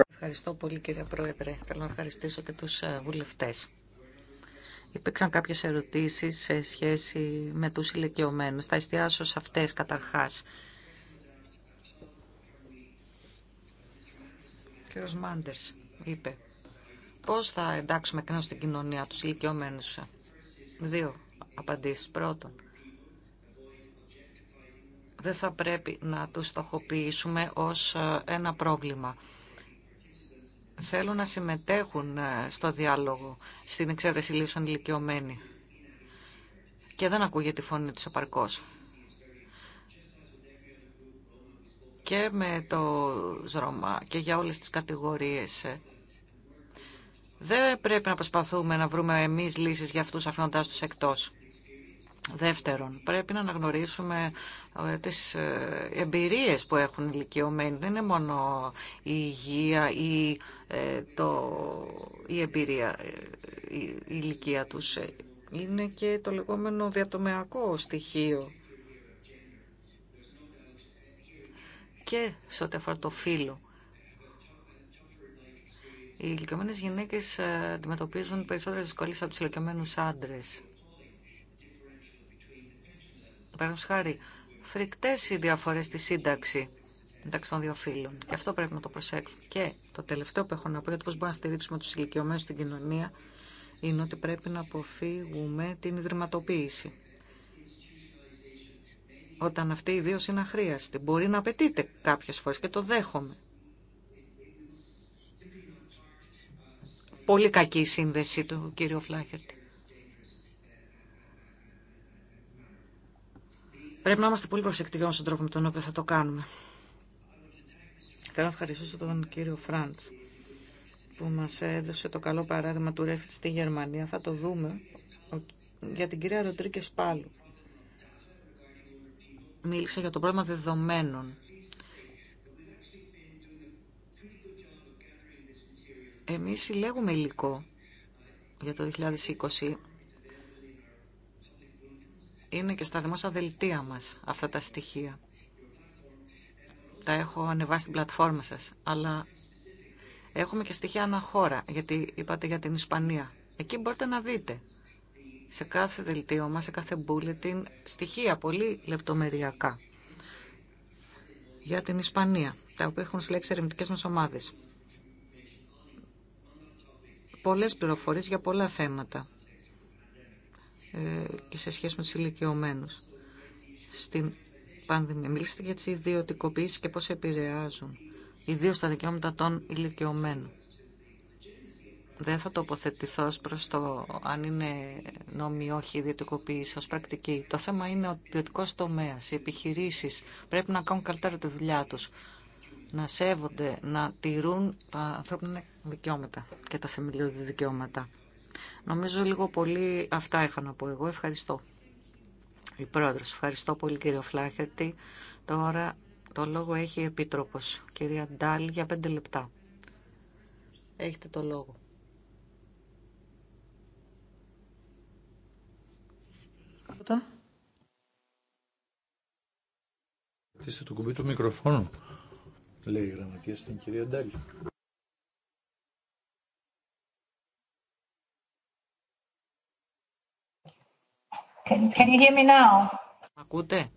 Ευχαριστώ πολύ κύριε Πρόεδρε. Θέλω να ευχαριστήσω και τους ε, βουλευτές. Υπήρξαν κάποιες ερωτήσεις σε σχέση με τους ηλικιωμένους. Θα εστιάσω σε αυτές καταρχάς. κύριος Μάντερς είπε πώς θα εντάξουμε κοινό στην κοινωνία τους ηλικιωμένους. Δύο απαντήσεις. Πρώτον, δεν θα πρέπει να τους στοχοποιήσουμε ως ε, ένα πρόβλημα. Θέλουν να συμμετέχουν ε, στο διάλογο, στην εξαίρεση λύσεων ηλικιωμένοι. Και δεν ακούγεται η φωνή τους επαρκώς. και με το ΖΡΟΜΑ και για όλες τις κατηγορίες. Δεν πρέπει να προσπαθούμε να βρούμε εμείς λύσεις για αυτούς αφήνοντάς τους εκτός. Δεύτερον, πρέπει να αναγνωρίσουμε ε, τις ε, εμπειρίες που έχουν ηλικιωμένοι. Δεν είναι μόνο η υγεία ή ε, το, η εμπειρία, η ηλικία τους. Είναι και το λεγόμενο διατομεακό στοιχείο και σε ό,τι αφορά το φύλλο. Οι ηλικιωμένε γυναίκε ε, αντιμετωπίζουν περισσότερε δυσκολίε από του ηλικιωμένου άντρε. Παραδείγματο χάρη, φρικτέ οι διαφορέ στη σύνταξη μεταξύ των δύο φύλων. Και αυτό πρέπει να το προσέξουμε. Και το τελευταίο που έχω να πω για το πώ μπορούμε να στηρίξουμε του ηλικιωμένου στην κοινωνία είναι ότι πρέπει να αποφύγουμε την ιδρυματοποίηση όταν αυτή η δύο είναι αχρίαστη. Μπορεί να απαιτείται κάποιες φορές και το δέχομαι. Πολύ κακή η σύνδεση του κύριο Φλάχερτη. Πρέπει να είμαστε πολύ προσεκτικοί στον τρόπο με τον οποίο θα το κάνουμε. Θέλω να ευχαριστήσω τον κύριο Φραντς που μας έδωσε το καλό παράδειγμα του Ρέφιτ στη Γερμανία. Θα το δούμε για την κυρία Ροτρίκες Πάλου μίλησα για το πρόβλημα δεδομένων. Εμείς συλλέγουμε υλικό για το 2020. Είναι και στα δημόσια δελτία μας αυτά τα στοιχεία. Τα έχω ανεβάσει στην πλατφόρμα σας. Αλλά έχουμε και στοιχεία αναχώρα, γιατί είπατε για την Ισπανία. Εκεί μπορείτε να δείτε σε κάθε μας, σε κάθε bulletin, στοιχεία πολύ λεπτομεριακά για την Ισπανία, τα οποία έχουν συλλέξει ερευνητικέ μας ομάδες. Πολλές πληροφορίες για πολλά θέματα ε, και σε σχέση με τους ηλικιωμένου. Στην πανδημία. Μιλήσατε για τις ιδιωτικοποίησεις και πώς επηρεάζουν, ιδίως τα δικαιώματα των ηλικιωμένων. Δεν θα τοποθετηθώ προς το αν είναι νόμι ή όχι ιδιωτικοποίηση ως πρακτική. Το θέμα είναι ότι ο ιδιωτικό τομέα, οι επιχειρήσεις πρέπει να κάνουν καλύτερα τη δουλειά τους, να σέβονται, να τηρούν τα ανθρώπινα δικαιώματα και τα θεμελιώδη δικαιώματα. Νομίζω λίγο πολύ αυτά είχα να πω εγώ. Ευχαριστώ. Η πρόεδρος, ευχαριστώ πολύ κύριο Φλάχερτη. Τώρα το λόγο έχει η Επίτροπος, κυρία Ντάλη, για πέντε λεπτά. Έχετε το λόγο. λεπτά. Πατήστε το κουμπί του μικροφόνου, λέει η γραμματεία στην κυρία Ντάλη. Can, can you hear me now? Ακούτε?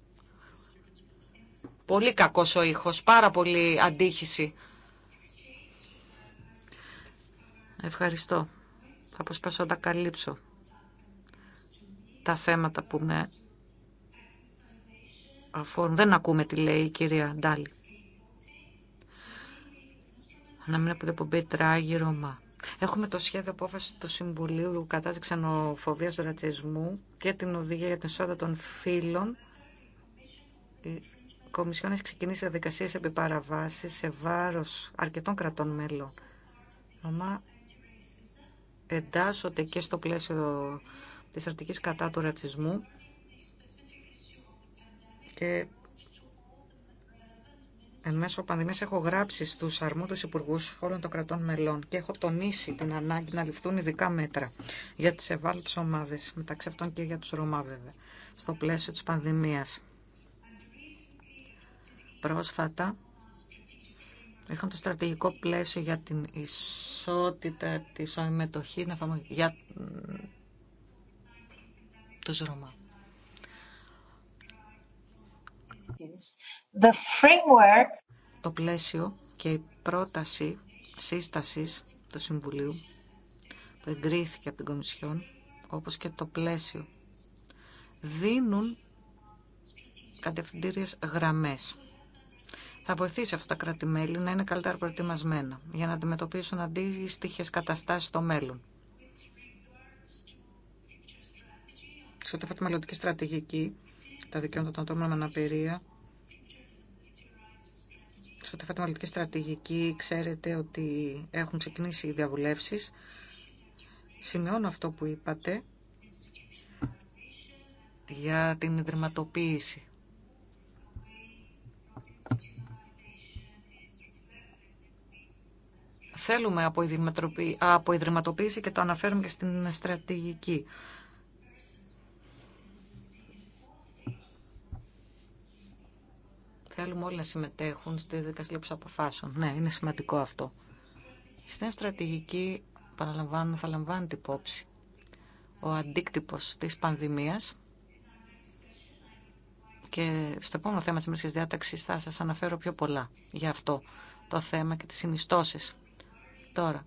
Πολύ κακός ο ήχος, πάρα πολύ αντίχηση. Ευχαριστώ. Θα προσπαθώ να τα καλύψω τα θέματα που με αφορούν. Δεν ακούμε τι λέει η κυρία Ντάλη. Να μην αποδεπομπεί Ρωμά. Έχουμε το σχέδιο απόφαση του Συμβουλίου κατά τη ξενοφοβία του ρατσισμού και την οδηγία για την ισότητα των φύλων. Η Κομισιόν έχει ξεκινήσει διαδικασίε επί σε βάρο αρκετών κρατών μέλων. Ρωμά εντάσσονται και στο πλαίσιο της στρατηγικής κατά του ρατσισμού και εν μέσω πανδημίας έχω γράψει στους αρμόδους υπουργούς όλων των κρατών μελών και έχω τονίσει την ανάγκη να ληφθούν ειδικά μέτρα για τις ευάλωτες ομάδες, μεταξύ αυτών και για τους Ρωμά βέβαια, στο πλαίσιο της πανδημίας. Πρόσφατα είχαν το στρατηγικό πλαίσιο για την ισότητα της συμμετοχή για framework... Το πλαίσιο και η πρόταση σύστασης του Συμβουλίου που εγκρίθηκε από την Κομισιόν, όπως και το πλαίσιο, δίνουν κατευθυντήριες γραμμές. Θα βοηθήσει αυτά τα κράτη-μέλη να είναι καλύτερα προετοιμασμένα για να αντιμετωπίσουν αντίστοιχε καταστάσεις στο μέλλον. σε ό,τι τη μελλοντική στρατηγική, τα δικαιώματα των ατόμων με αναπηρία. Σε ό,τι αφορά τη μελλοντική στρατηγική, ξέρετε ότι έχουν ξεκινήσει οι διαβουλεύσεις. Σημειώνω αυτό που είπατε για την ιδρυματοποίηση. Θέλουμε από ιδρυματοποίηση και το αναφέρουμε και στην στρατηγική. θέλουμε όλοι να συμμετέχουν στη δικασία αποφάσεων. Ναι, είναι σημαντικό αυτό. Στην στρατηγική, παραλαμβάνω, θα την υπόψη ο αντίκτυπος της πανδημίας και στο επόμενο θέμα της μερικής διάταξης θα σας αναφέρω πιο πολλά για αυτό το θέμα και τις συνιστώσεις. Τώρα,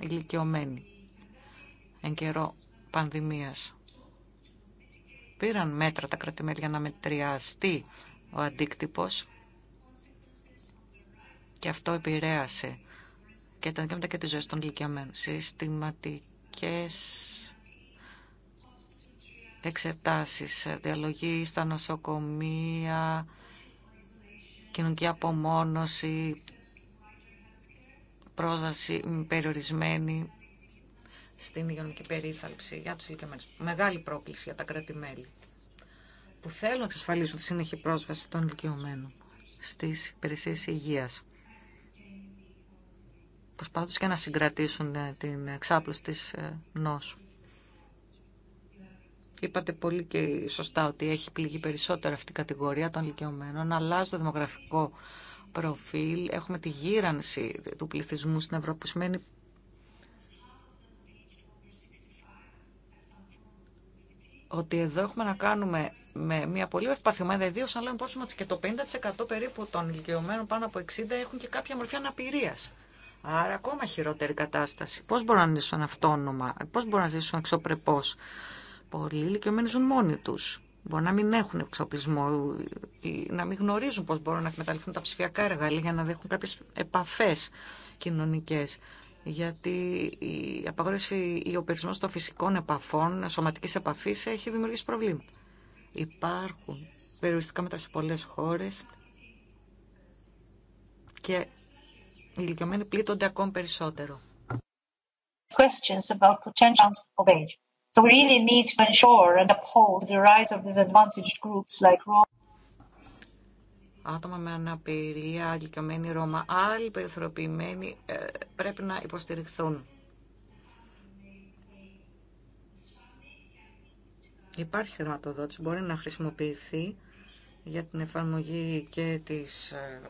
ηλικιωμένοι, εν καιρό πανδημίας, πήραν μέτρα τα κρατημέρια να μετριαστεί ο αντίκτυπος και αυτό επηρέασε και τα δικαιώματα και τη ζωή των ηλικιωμένων. Συστηματικές εξετάσεις, διαλογή στα νοσοκομεία, κοινωνική απομόνωση, πρόσβαση περιορισμένη στην υγειονομική περίθαλψη για τους ηλικιωμένους. Μεγάλη πρόκληση για τα κρατη που θέλουν να εξασφαλίσουν τη συνεχή πρόσβαση των ηλικιωμένων στις υπηρεσίε υγείας. Προσπάθουν και να συγκρατήσουν ε, την εξάπλωση της ε, νόσου. Είπατε πολύ και σωστά ότι έχει πληγεί περισσότερο αυτή η κατηγορία των ηλικιωμένων. Αλλάζει το δημογραφικό προφίλ. Έχουμε τη γύρανση του πληθυσμού στην Ευρώπη που σημαίνει ότι εδώ έχουμε να κάνουμε με μια πολύ ομάδα, ιδίω αν λέμε υπόψη ότι και το 50% περίπου των ηλικιωμένων πάνω από 60 έχουν και κάποια μορφή αναπηρία. Άρα ακόμα χειρότερη κατάσταση. Πώ μπορούν να ζήσουν αυτόνομα, πώ μπορούν να ζήσουν εξωπρεπώ. Πολλοί ηλικιωμένοι ζουν μόνοι του. Μπορεί να μην έχουν εξοπλισμό ή να μην γνωρίζουν πώ μπορούν να εκμεταλλευτούν τα ψηφιακά εργαλεία για να δέχουν κάποιε επαφέ κοινωνικέ γιατί η απαγόρευση ή ο περιορισμός των φυσικών επαφών, σωματική επαφή έχει δημιουργήσει προβλήματα. Υπάρχουν περιοριστικά μέτρα σε πολλές χώρες και οι ηλικιωμένοι πλήττονται ακόμη περισσότερο. Άτομα με αναπηρία, ηλικιωμένοι Ρώμα, άλλοι περιθωριοποιημένοι ε, πρέπει να υποστηριχθούν. Υπάρχει χρηματοδότηση, μπορεί να χρησιμοποιηθεί για την εφαρμογή και της ε,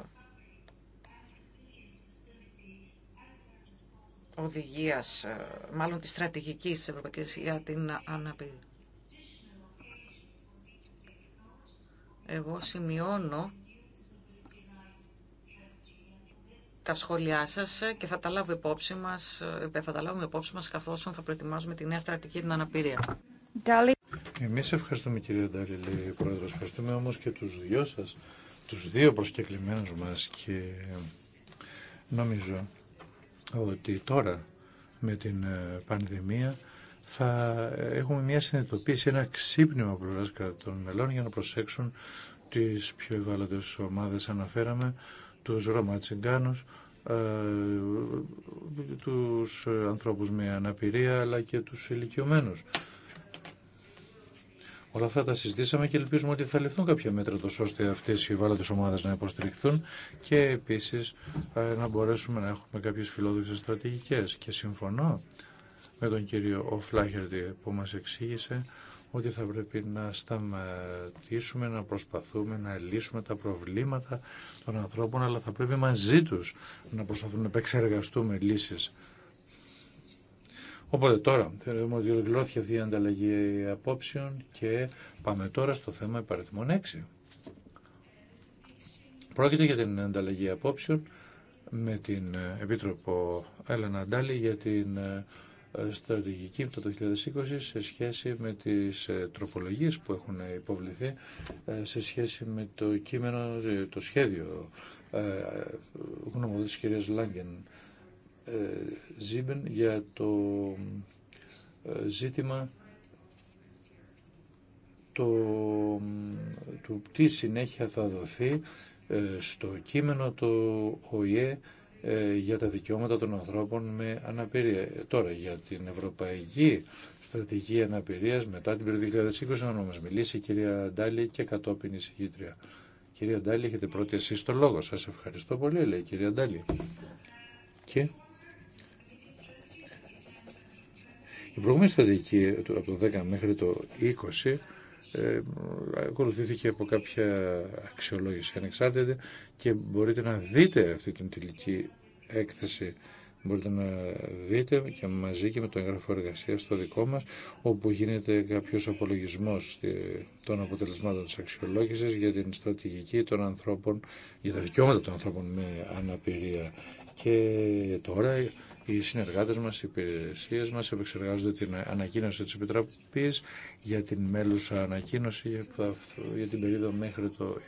οδηγίας, ε, μάλλον της στρατηγικής της Ευρωπαϊκής για την αναπηρία. Εγώ σημειώνω τα σχόλιά σας ε, και θα τα λάβουμε υπόψη μας, θα τα λάβουμε υπόψη μας καθώς θα προετοιμάζουμε τη νέα στρατηγική την αναπηρία. Εμείς ευχαριστούμε κύριε Ντάλη, λέει πρόεδρος. Ευχαριστούμε όμως και τους δυο σας, τους δύο προσκεκλημένους μας και νομίζω ότι τώρα με την ε, πανδημία θα έχουμε μια συνειδητοποίηση, ένα ξύπνημα πλευράς κρατών μελών για να προσέξουν τις πιο ευάλωτες ομάδες αναφέραμε, τους Ρωμά ε, τους ανθρώπους με αναπηρία αλλά και τους ηλικιωμένους. Όλα αυτά τα συζητήσαμε και ελπίζουμε ότι θα ληφθούν κάποια μέτρα τόσο ώστε αυτέ οι ευάλωτε ομάδε να υποστηριχθούν και επίσης ε, να μπορέσουμε να έχουμε κάποιες φιλόδοξες στρατηγικές. Και συμφωνώ με τον κύριο Οφλάχερτη που μας εξήγησε ότι θα πρέπει να σταματήσουμε, να προσπαθούμε να λύσουμε τα προβλήματα των ανθρώπων, αλλά θα πρέπει μαζί τους να προσπαθούμε να επεξεργαστούμε λύσεις Οπότε τώρα θεωρούμε ότι ολοκληρώθηκε αυτή η ανταλλαγή απόψεων και πάμε τώρα στο θέμα υπαριθμών 6. Πρόκειται για την ανταλλαγή απόψεων με την ε, Επίτροπο Έλενα Ντάλη για την ε, στρατηγική του το 2020 σε σχέση με τις ε, τροπολογίες που έχουν υποβληθεί σε σχέση με το κείμενο, το σχέδιο γνώμη της κυρίας Λάγκεν ε, Ζήμπεν για το ε, ζήτημα το, του τι συνέχεια θα δοθεί ε, στο κείμενο το ΟΗΕ για τα δικαιώματα των ανθρώπων με αναπηρία. Τώρα, για την Ευρωπαϊκή Στρατηγική Αναπηρίας μετά την περίοδο 2020, να μας μιλήσει η κυρία Ντάλη και κατόπιν η Κυρία Ντάλη, έχετε πρώτη εσείς το λόγο. Σας ευχαριστώ πολύ, λέει η κυρία Ντάλη. Και Η προηγούμενη στρατηγική από το 10 μέχρι το 20 ε, ακολουθήθηκε από κάποια αξιολόγηση ανεξάρτητη και μπορείτε να δείτε αυτή την τελική έκθεση μπορείτε να δείτε και μαζί και με το έγγραφο εργασία στο δικό μας όπου γίνεται κάποιος απολογισμός των αποτελεσμάτων της αξιολόγησης για την στρατηγική των ανθρώπων για τα δικαιώματα των ανθρώπων με αναπηρία και τώρα οι συνεργάτες μας, οι υπηρεσίες μας επεξεργάζονται την ανακοίνωση της Επιτροπής για την μέλουσα ανακοίνωση για την περίοδο μέχρι το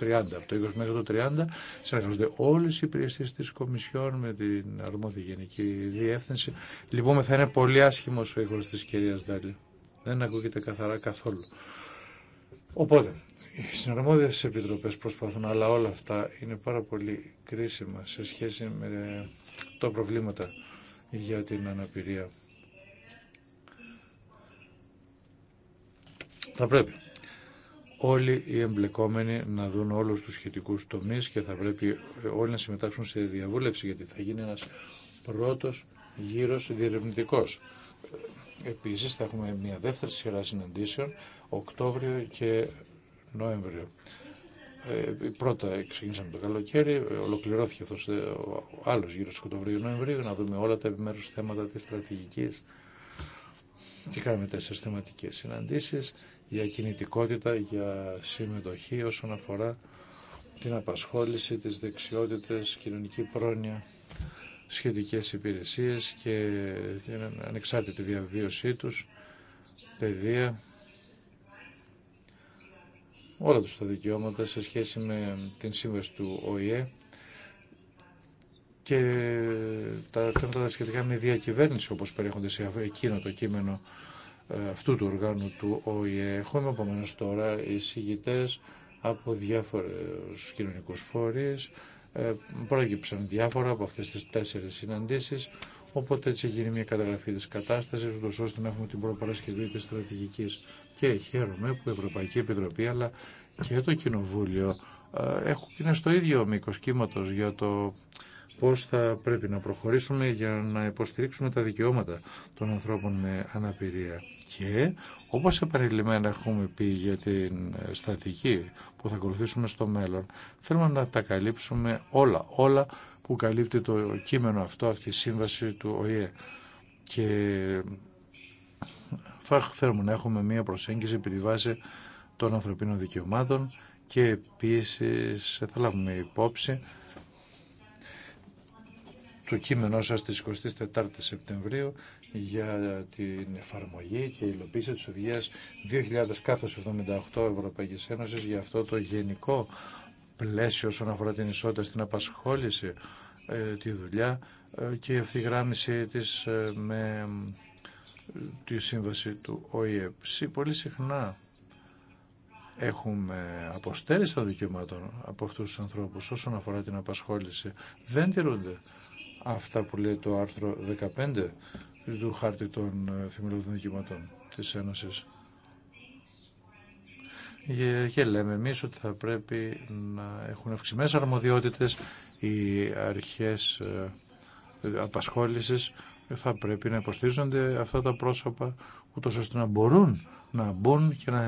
30, από το 20 μέχρι το 30. Συνεργάζονται όλες οι υπηρεσίες της Κομισιόν με την αρμόδια γενική διεύθυνση. Λοιπόν, θα είναι πολύ άσχημος ο ήχος της κυρίας Ντάλη. Δεν ακούγεται καθαρά καθόλου. Οπότε, οι συναρμόδιες επιτροπές προσπαθούν, αλλά όλα αυτά είναι πάρα πολύ κρίσιμα σε σχέση με τα προβλήματα για την αναπηρία. Θα πρέπει όλοι οι εμπλεκόμενοι να δουν όλους τους σχετικούς τομείς και θα πρέπει όλοι να συμμετάσχουν σε διαβούλευση γιατί θα γίνει ένας πρώτος γύρος διερευνητικός. Επίσης θα έχουμε μια δεύτερη σειρά συναντήσεων Οκτώβριο και Νοέμβριο. Ε, πρώτα ξεκίνησαμε το καλοκαίρι, ολοκληρώθηκε αυτός ε, ο άλλος γύρος Οκτωβρίου Νοεμβρίου, να δούμε όλα τα επιμέρους θέματα της στρατηγικής. Και κάνουμε τέσσερις θεματικές συναντήσεις για κινητικότητα, για συμμετοχή όσον αφορά την απασχόληση, τις δεξιότητες, κοινωνική πρόνοια, σχετικές υπηρεσίες και την ανεξάρτητη διαβίωσή τους, παιδεία, όλα τους τα δικαιώματα σε σχέση με την σύμβαση του ΟΗΕ και τα θέματα σχετικά με διακυβέρνηση όπως περιέχονται σε εκείνο το κείμενο ε, αυτού του οργάνου του ΟΗΕ. Έχουμε επομένω τώρα εισηγητέ από διάφορους κοινωνικούς φόρους, ε, πρόκειψαν διάφορα από αυτές τις τέσσερις συναντήσεις Οπότε έτσι γίνει μια καταγραφή τη κατάσταση ούτω ώστε να έχουμε την προπαρασκευή τη στρατηγική Και χαίρομαι που η Ευρωπαϊκή Επιτροπή αλλά και το Κοινοβούλιο ε, έχουν, είναι στο ίδιο μήκο κύματο για το πώ θα πρέπει να προχωρήσουμε για να υποστηρίξουμε τα δικαιώματα των ανθρώπων με αναπηρία. Και όπω επανειλημμένα έχουμε πει για την στρατηγική που θα ακολουθήσουμε στο μέλλον, θέλουμε να τα καλύψουμε όλα, όλα που καλύπτει το κείμενο αυτό, αυτή η σύμβαση του ΟΗΕ. Και θα θέλουμε να έχουμε μία προσέγγιση επί τη βάση των ανθρωπίνων δικαιωμάτων και επίσης θα λάβουμε υπόψη το κείμενό σας στις 24 Σεπτεμβρίου για την εφαρμογή και υλοποίηση της οδηγίας 2078 78 Ευρωπαϊκής Ένωσης για αυτό το γενικό πλαίσιο όσον αφορά την ισότητα στην απασχόληση, ε, τη δουλειά ε, και η ευθυγράμμιση της ε, με τη σύμβαση του ΟΗΕ. Πολύ συχνά έχουμε αποστέρηση των δικαιωμάτων από αυτούς τους ανθρώπους όσον αφορά την απασχόληση. Δεν τηρούνται αυτά που λέει το άρθρο 15 του χάρτη των θεμελιωδών δικαιωμάτων της Ένωσης και λέμε εμεί ότι θα πρέπει να έχουν αυξημένε αρμοδιότητε, οι αρχές ε, απασχόλησης θα πρέπει να υποστήριζονται αυτά τα πρόσωπα ούτως ώστε να μπορούν να μπουν και να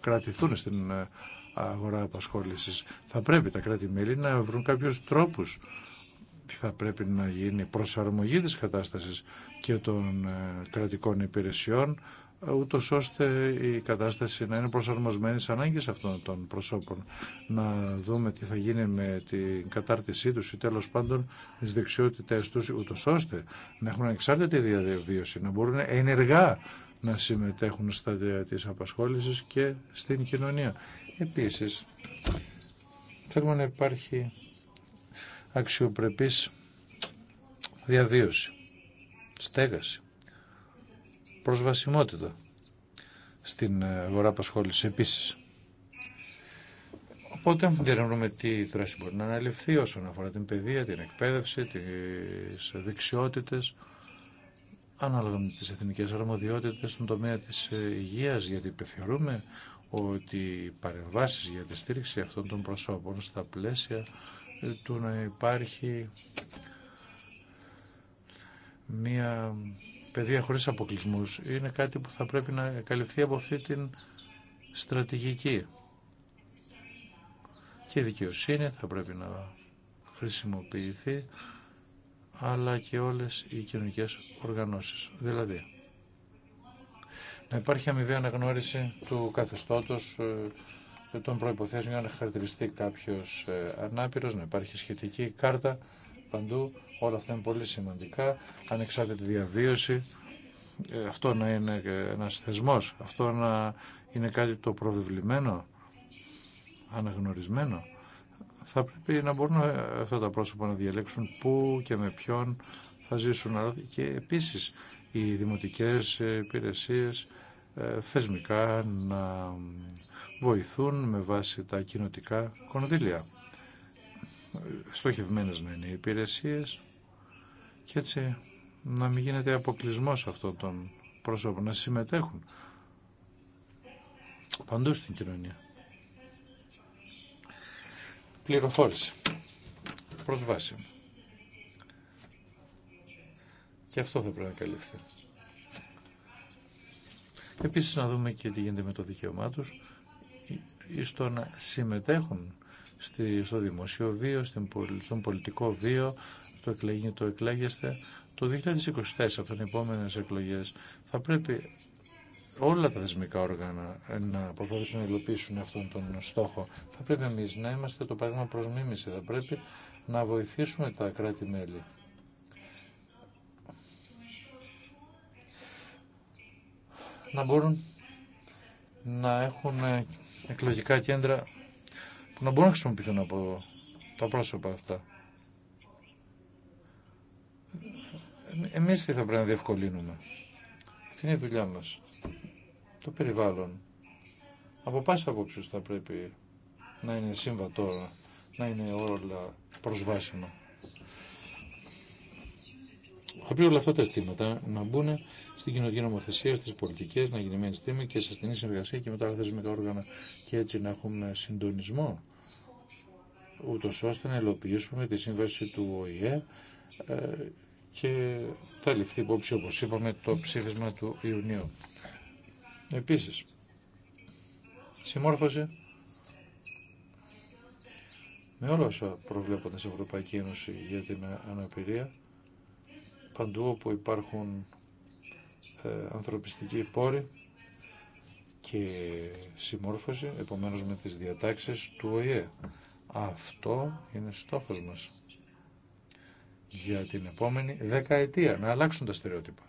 κρατηθούν στην ε, αγορά απασχόλησης. Θα πρέπει τα κράτη-μέλη να βρουν κάποιους τρόπους. Θα πρέπει να γίνει προσαρμογή της κατάστασης και των ε, κρατικών υπηρεσιών ούτω ώστε η κατάσταση να είναι προσαρμοσμένη στις ανάγκες αυτών των προσώπων. Να δούμε τι θα γίνει με την κατάρτισή τους ή τέλος πάντων τι δεξιότητέ του, ούτω ώστε να έχουν εξάρτητη διαβίωση, να μπορούν ενεργά να συμμετέχουν στα τη απασχόλησης και στην κοινωνία. Επίση, θέλουμε να υπάρχει αξιοπρεπής διαβίωση, στέγαση προσβασιμότητα στην ε, αγορά απασχόληση επίση. Οπότε διερευνούμε τι δράση μπορεί να αναλυφθεί όσον αφορά την παιδεία, την εκπαίδευση, τις δεξιότητες, ανάλογα με τι εθνικές αρμοδιότητες στον τομέα της ε, υγείας, γιατί υπεθεωρούμε ότι οι παρεμβάσεις για τη στήριξη αυτών των προσώπων στα πλαίσια ε, του να υπάρχει μία παιδεία χωρί αποκλεισμού, είναι κάτι που θα πρέπει να καλυφθεί από αυτή την στρατηγική. Και η δικαιοσύνη θα πρέπει να χρησιμοποιηθεί, αλλά και όλες οι κοινωνικέ οργανώσεις. Δηλαδή, να υπάρχει αμοιβή αναγνώριση του καθεστώτος ε, των προϋποθέσεων για να χαρακτηριστεί κάποιος ε, ανάπηρος, να υπάρχει σχετική κάρτα παντού Όλα αυτά είναι πολύ σημαντικά. Ανεξάρτητη διαβίωση. Ε, αυτό να είναι ένας θεσμός. Αυτό να είναι κάτι το προβεβλημένο, αναγνωρισμένο. Θα πρέπει να μπορούν ε, αυτά τα πρόσωπα να διαλέξουν πού και με ποιον θα ζήσουν. Και επίσης οι δημοτικές υπηρεσίες ε, θεσμικά να βοηθούν με βάση τα κοινοτικά κονδύλια. Στοχευμένες να είναι οι υπηρεσίες, και έτσι να μην γίνεται αποκλεισμό αυτών των πρόσωπων, να συμμετέχουν παντού στην κοινωνία. Πληροφόρηση. Προσβάση. Και αυτό θα πρέπει να καλυφθεί. Επίσης να δούμε και τι γίνεται με το δικαίωμά τους στο να συμμετέχουν στο δημοσίο βίο, στον πολιτικό βίο, το εκλέγει, το εκλέγεστε το 2024 τις επόμενες εκλογές θα πρέπει όλα τα θεσμικά όργανα να προσπαθήσουν να υλοποιήσουν αυτόν τον στόχο. Θα πρέπει εμεί να είμαστε το παράδειγμα προς μίμηση. Θα πρέπει να βοηθήσουμε τα κράτη-μέλη. Να μπορούν να έχουν εκλογικά κέντρα που να μπορούν να χρησιμοποιηθούν από τα πρόσωπα αυτά. εμείς τι θα πρέπει να διευκολύνουμε. Αυτή είναι η δουλειά μας. Το περιβάλλον. Από πάσα απόψη θα πρέπει να είναι συμβατό, να είναι όλα προσβάσιμα. Θα πρέπει όλα αυτά τα αισθήματα να μπουν στην κοινωνική νομοθεσία, στι πολιτικέ, να γίνει mainstream και σε στενή συνεργασία και με τα άλλα θεσμικά όργανα. Και έτσι να έχουμε συντονισμό, Ούτως ώστε να ελοποιήσουμε τη σύμβαση του ΟΗΕ ε, και θα ληφθεί υπόψη όπως είπαμε το ψήφισμα του Ιουνίου. Επίσης, συμμόρφωση με όλα όσα προβλέπονται στην Ευρωπαϊκή Ένωση για την αναπηρία, παντού όπου υπάρχουν ε, ανθρωπιστικοί πόροι και συμμόρφωση, επομένως με τις διατάξεις του ΟΗΕ. Αυτό είναι στόχος μας για την επόμενη δεκαετία. Να αλλάξουν τα στερεότυπα.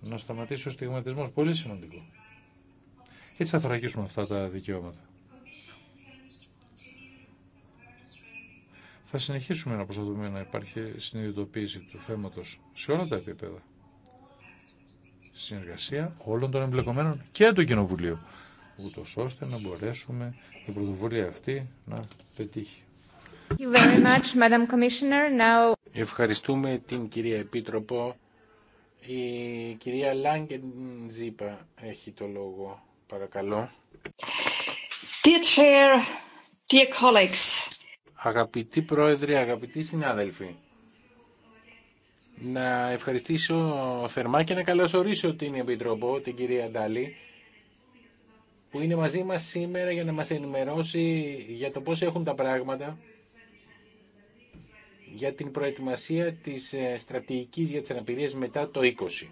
Να σταματήσει ο στιγματισμός. Πολύ σημαντικό. Έτσι θα θωρακίσουμε αυτά τα δικαιώματα. Θα συνεχίσουμε να προσπαθούμε να υπάρχει συνειδητοποίηση του θέματος σε όλα τα επίπεδα. Συνεργασία όλων των εμπλεκομένων και του Κοινοβουλίου, ούτως ώστε να μπορέσουμε η πρωτοβουλία αυτή να πετύχει. Ευχαριστούμε την κυρία Επίτροπο. Η κυρία Λάγκεν Ζήπα έχει το λόγο. Παρακαλώ. Dear Chair, dear colleagues. Αγαπητοί πρόεδροι, αγαπητοί συνάδελφοι. Να ευχαριστήσω θερμά και να καλωσορίσω την Επιτροπό, την κυρία Ντάλη, που είναι μαζί μας σήμερα για να μας ενημερώσει για το πώς έχουν τα πράγματα για την προετοιμασία της ε, στρατηγικής για τις αναπηρίες μετά το 20.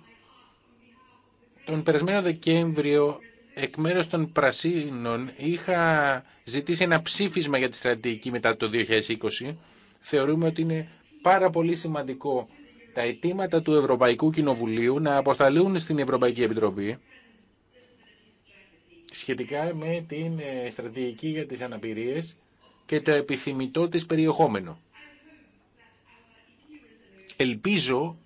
Τον περασμένο Δεκέμβριο εκ μέρους των Πρασίνων είχα ζητήσει ένα ψήφισμα για τη στρατηγική μετά το 2020. Θεωρούμε ότι είναι πάρα πολύ σημαντικό τα αιτήματα του Ευρωπαϊκού Κοινοβουλίου να αποσταλούν στην Ευρωπαϊκή Επιτροπή σχετικά με την ε, στρατηγική για τις αναπηρίες και το επιθυμητό της περιεχόμενο. Ελπίζω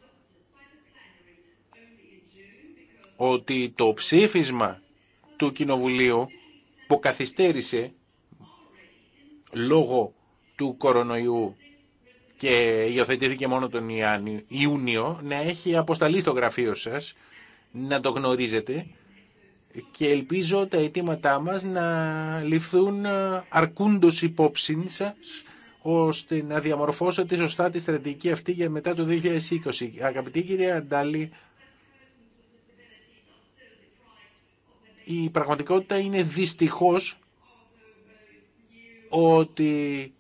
ότι το ψήφισμα του Κοινοβουλίου που καθυστέρησε λόγω του κορονοϊού και υιοθετήθηκε μόνο τον Ιούνιο, να έχει αποσταλεί στο γραφείο σας, να το γνωρίζετε και ελπίζω τα αιτήματά μας να ληφθούν αρκούντος υπόψη σας ώστε να διαμορφώσετε σωστά τη στρατηγική αυτή για μετά το 2020. Αγαπητή κυρία Ντάλη, η πραγματικότητα είναι δυστυχώς ότι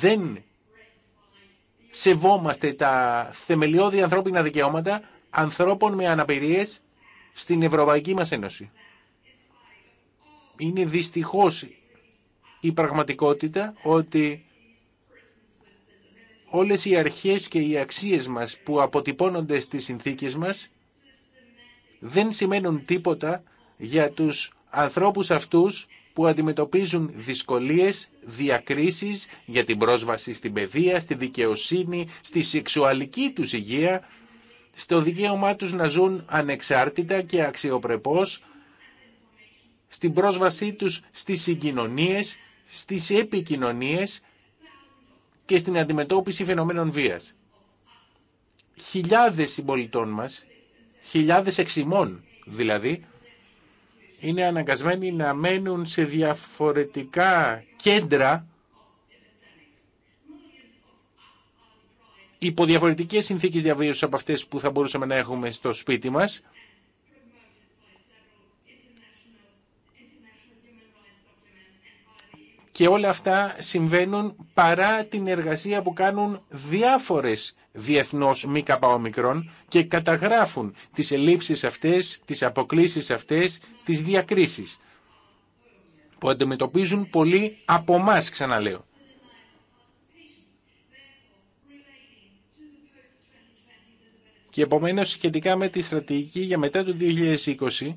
δεν σεβόμαστε τα θεμελιώδη ανθρώπινα δικαιώματα ανθρώπων με αναπηρίες στην Ευρωπαϊκή μας Ένωση. Είναι δυστυχώς η πραγματικότητα ότι όλες οι αρχές και οι αξίες μας που αποτυπώνονται στις συνθήκες μας δεν σημαίνουν τίποτα για τους ανθρώπους αυτούς που αντιμετωπίζουν δυσκολίες, διακρίσεις για την πρόσβαση στην παιδεία, στη δικαιοσύνη, στη σεξουαλική τους υγεία, στο δικαίωμά τους να ζουν ανεξάρτητα και αξιοπρεπώς, στην πρόσβασή τους στις συγκοινωνίες, στις επικοινωνίες, και στην αντιμετώπιση φαινομένων βίας. Χιλιάδες συμπολιτών μας, χιλιάδες εξημών δηλαδή, είναι αναγκασμένοι να μένουν σε διαφορετικά κέντρα υπό διαφορετικές συνθήκες διαβίωσης από αυτές που θα μπορούσαμε να έχουμε στο σπίτι μας Και όλα αυτά συμβαίνουν παρά την εργασία που κάνουν διάφορες διεθνώς μη καπαομικρόν και καταγράφουν τις ελλείψεις αυτές, τις αποκλήσεις αυτές, τις διακρίσεις που αντιμετωπίζουν πολλοί από εμά ξαναλέω. Και επομένως σχετικά με τη στρατηγική για μετά το 2020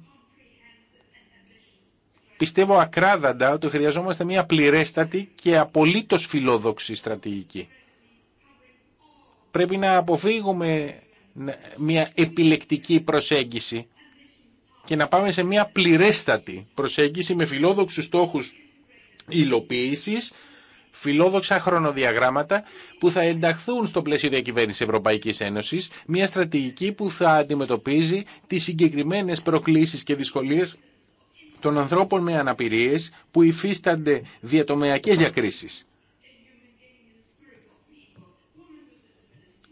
Πιστεύω ακράδαντα ότι χρειαζόμαστε μια πληρέστατη και απολύτως φιλόδοξη στρατηγική. Πρέπει να αποφύγουμε μια επιλεκτική προσέγγιση και να πάμε σε μια πληρέστατη προσέγγιση με φιλόδοξους στόχους υλοποίηση, φιλόδοξα χρονοδιαγράμματα που θα ενταχθούν στο πλαίσιο διακυβέρνηση Ευρωπαϊκή Ένωση, μια στρατηγική που θα αντιμετωπίζει τι συγκεκριμένε προκλήσει και δυσκολίε των ανθρώπων με αναπηρίες που υφίστανται διατομεακές διακρίσεις.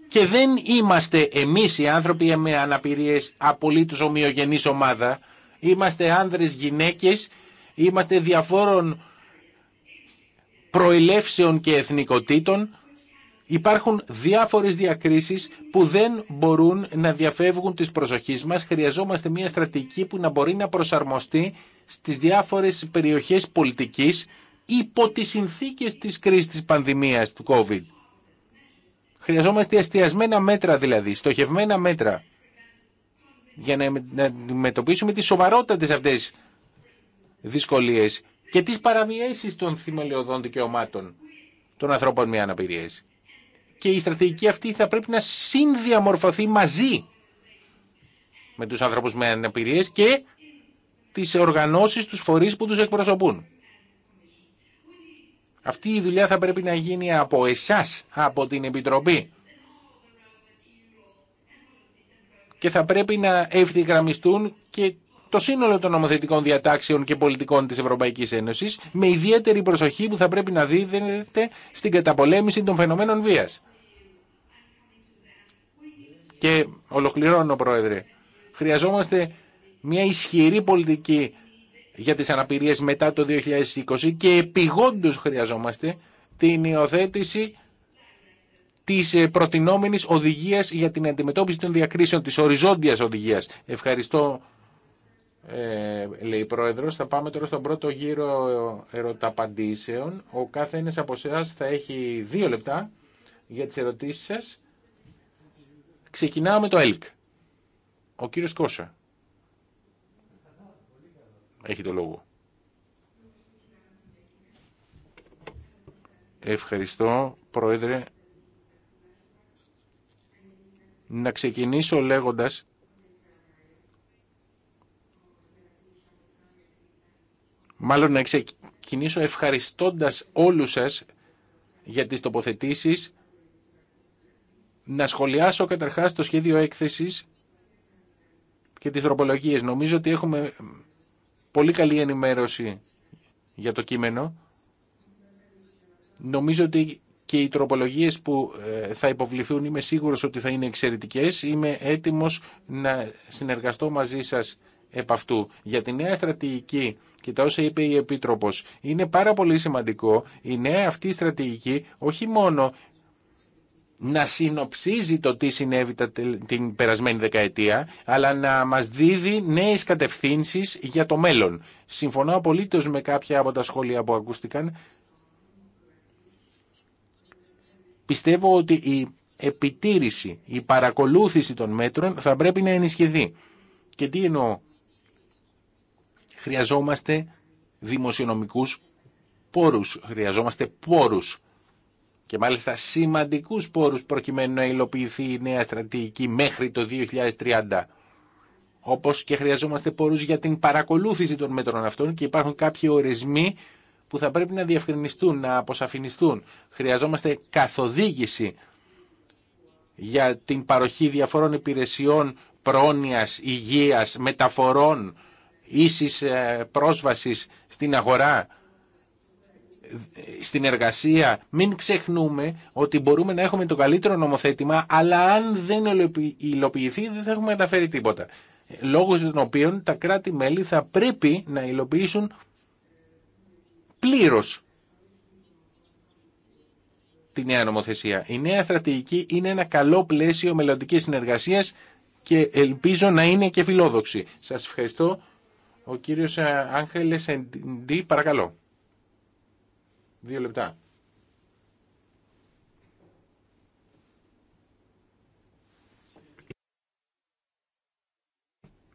Και δεν είμαστε εμείς οι άνθρωποι με αναπηρίες απολύτως ομοιογενής ομάδα. Είμαστε άνδρες, γυναίκες, είμαστε διαφόρων προελεύσεων και εθνικοτήτων. Υπάρχουν διάφορες διακρίσεις που δεν μπορούν να διαφεύγουν της προσοχής μας. Χρειαζόμαστε μια στρατηγική που να μπορεί να προσαρμοστεί στις διάφορες περιοχές πολιτικής υπό τις συνθήκες της κρίσης της πανδημίας του COVID. Χρειαζόμαστε εστιασμένα μέτρα δηλαδή, στοχευμένα μέτρα για να αντιμετωπίσουμε τις σοβαρότατες αυτές δυσκολίες και τις παραβιέσεις των θυμελιωδών δικαιωμάτων των ανθρώπων με αναπηρίες. Και η στρατηγική αυτή θα πρέπει να συνδιαμορφωθεί μαζί με τους ανθρώπους με αναπηρίες και τις οργανώσεις, τους φορείς που τους εκπροσωπούν. Αυτή η δουλειά θα πρέπει να γίνει από εσάς, από την Επιτροπή. Και θα πρέπει να ευθυγραμμιστούν και το σύνολο των νομοθετικών διατάξεων και πολιτικών της Ευρωπαϊκής Ένωσης με ιδιαίτερη προσοχή που θα πρέπει να δίδεται στην καταπολέμηση των φαινομένων βίας. Και ολοκληρώνω, Πρόεδρε, χρειαζόμαστε μια ισχυρή πολιτική για τις αναπηρίες μετά το 2020 και επιγόντως χρειαζόμαστε την υιοθέτηση της ε, προτινόμενης οδηγίας για την αντιμετώπιση των διακρίσεων, της οριζόντιας οδηγίας. Ευχαριστώ, ε, λέει η Πρόεδρος. Θα πάμε τώρα στον πρώτο γύρο ερωταπαντήσεων. Ο κάθε ένας από εσά θα έχει δύο λεπτά για τις ερωτήσεις σας. Ξεκινάμε το ΕΛΚ. Ο κύριος Κόσα. Έχει το λόγο. Ευχαριστώ, Πρόεδρε. Να ξεκινήσω λέγοντας μάλλον να ξεκινήσω ευχαριστώντας όλους σας για τις τοποθετήσεις να σχολιάσω καταρχάς το σχέδιο έκθεσης και τις τροπολογίες. Νομίζω ότι έχουμε πολύ καλή ενημέρωση για το κείμενο. Νομίζω ότι και οι τροπολογίες που ε, θα υποβληθούν είμαι σίγουρος ότι θα είναι εξαιρετικές. Είμαι έτοιμος να συνεργαστώ μαζί σας επ' αυτού. Για τη νέα στρατηγική και τα όσα είπε η Επίτροπος, είναι πάρα πολύ σημαντικό η νέα αυτή στρατηγική όχι μόνο να συνοψίζει το τι συνέβη την περασμένη δεκαετία, αλλά να μας δίδει νέες κατευθύνσεις για το μέλλον. Συμφωνώ απολύτως με κάποια από τα σχόλια που ακούστηκαν. Πιστεύω ότι η επιτήρηση, η παρακολούθηση των μέτρων θα πρέπει να ενισχυθεί. Και τι εννοώ. Χρειαζόμαστε δημοσιονομικούς πόρους, χρειαζόμαστε πόρους και μάλιστα σημαντικούς πόρους προκειμένου να υλοποιηθεί η νέα στρατηγική μέχρι το 2030. Όπως και χρειαζόμαστε πόρους για την παρακολούθηση των μέτρων αυτών και υπάρχουν κάποιοι ορισμοί που θα πρέπει να διευκρινιστούν, να αποσαφινιστούν. Χρειαζόμαστε καθοδήγηση για την παροχή διαφορών υπηρεσιών πρόνοιας, υγείας, μεταφορών, ίσης ε, πρόσβασης στην αγορά στην εργασία μην ξεχνούμε ότι μπορούμε να έχουμε το καλύτερο νομοθέτημα αλλά αν δεν υλοποιηθεί δεν θα έχουμε καταφέρει τίποτα. Λόγω των οποίων τα κράτη-μέλη θα πρέπει να υλοποιήσουν πλήρως τη νέα νομοθεσία. Η νέα στρατηγική είναι ένα καλό πλαίσιο μελλοντικής συνεργασίας και ελπίζω να είναι και φιλόδοξη. Σας ευχαριστώ. Ο κύριος Άγχελες Εντί, παρακαλώ. Δύο λεπτά.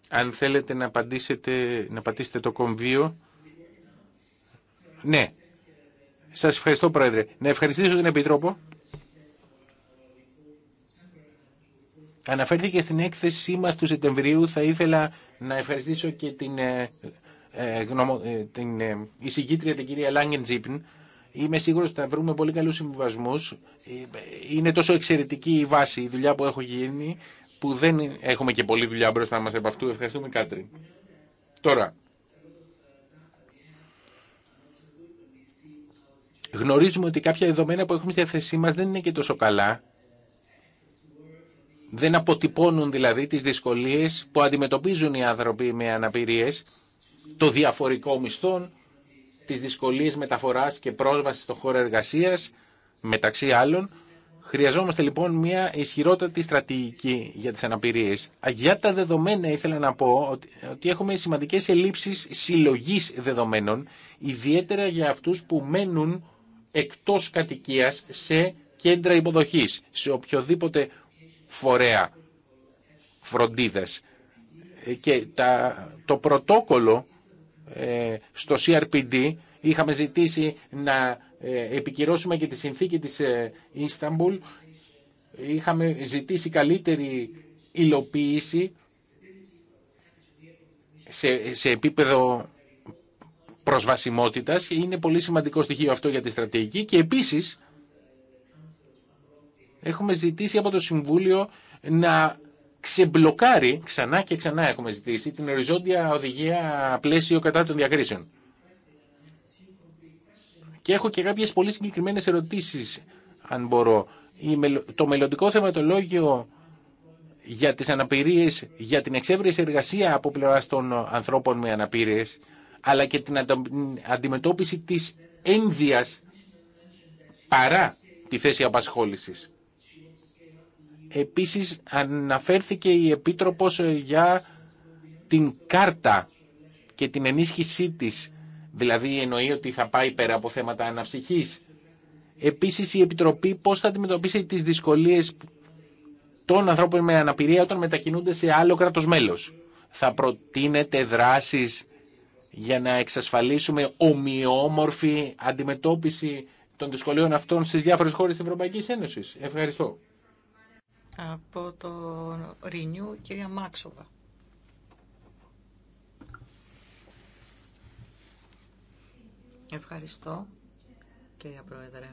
Αν θέλετε να, απαντήσετε, να πατήσετε το κομβίο. Ναι. Σας ευχαριστώ Πρόεδρε. Να ευχαριστήσω την Επιτρόπο. Αναφέρθηκε στην έκθεσή μας του Σεπτεμβρίου. Θα ήθελα να ευχαριστήσω και την, ε, ε, ε την ε, εισηγήτρια την κυρία Λάγκεν Τζίπν είμαι σίγουρος ότι θα βρούμε πολύ καλούς συμβιβασμού. Είναι τόσο εξαιρετική η βάση, η δουλειά που έχω γίνει, που δεν έχουμε και πολλή δουλειά μπροστά μας από αυτού. Ευχαριστούμε κάτρι. Τώρα, γνωρίζουμε ότι κάποια δεδομένα που έχουμε στη θέση μας δεν είναι και τόσο καλά. Δεν αποτυπώνουν δηλαδή τις δυσκολίες που αντιμετωπίζουν οι άνθρωποι με αναπηρίες, το διαφορικό μισθόν τις δυσκολίες μεταφοράς και πρόσβασης στον χώρο εργασίας, μεταξύ άλλων. Χρειαζόμαστε λοιπόν μια ισχυρότατη στρατηγική για τις αναπηρίες. Για τα δεδομένα ήθελα να πω ότι έχουμε σημαντικές ελλείψεις συλλογής δεδομένων, ιδιαίτερα για αυτούς που μένουν εκτός κατοικίας σε κέντρα υποδοχής, σε οποιοδήποτε φορέα φροντίδας. Ε, και τα, το πρωτόκολλο ε, στο CRPD είχαμε ζητήσει να ε, επικυρώσουμε και τη συνθήκη της Ίσταμπουλ ε, είχαμε ζητήσει καλύτερη υλοποίηση σε, σε επίπεδο προσβασιμότητας είναι πολύ σημαντικό στοιχείο αυτό για τη στρατηγική και επίσης έχουμε ζητήσει από το Συμβούλιο να ξεμπλοκάρει ξανά και ξανά έχουμε ζητήσει την οριζόντια οδηγία πλαίσιο κατά των διακρίσεων. Και έχω και κάποιες πολύ συγκεκριμένες ερωτήσεις, αν μπορώ. Το μελλοντικό θεματολόγιο για τις αναπηρίες, για την εξέβρεση εργασία από πλευρά των ανθρώπων με αναπηρίες, αλλά και την αντιμετώπιση της ένδυας παρά τη θέση απασχόλησης. Επίσης αναφέρθηκε η Επίτροπος ε, για την κάρτα και την ενίσχυσή της. Δηλαδή εννοεί ότι θα πάει πέρα από θέματα αναψυχής. Επίσης η Επιτροπή πώς θα αντιμετωπίσει τις δυσκολίες των ανθρώπων με αναπηρία όταν μετακινούνται σε άλλο κράτος μέλος. Θα προτείνετε δράσεις για να εξασφαλίσουμε ομοιόμορφη αντιμετώπιση των δυσκολίων αυτών στις διάφορες χώρες της Ευρωπαϊκής Ένωσης. Ευχαριστώ. Από το Ρινιού, κυρία Μάξοβα. Ευχαριστώ, κυρία Πρόεδρε.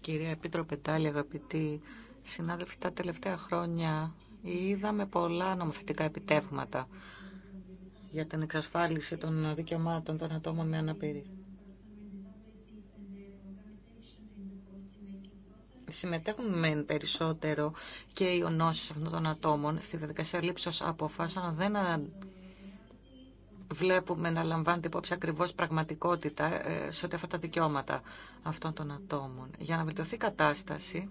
Κυρία Επίτροπε Τάλη, αγαπητοί συνάδελφοι, τα τελευταία χρόνια είδαμε πολλά νομοθετικά επιτεύγματα για την εξασφάλιση των δικαιωμάτων των ατόμων με αναπηρία. συμμετέχουν μεν περισσότερο και οι ονόσεις αυτών των ατόμων στη διαδικασία λήψης αποφάσεων δεν βλέπουμε να λαμβάνεται υπόψη ακριβώς πραγματικότητα ε, σε ό,τι αυτά τα δικαιώματα αυτών των ατόμων. Για να βελτιωθεί η κατάσταση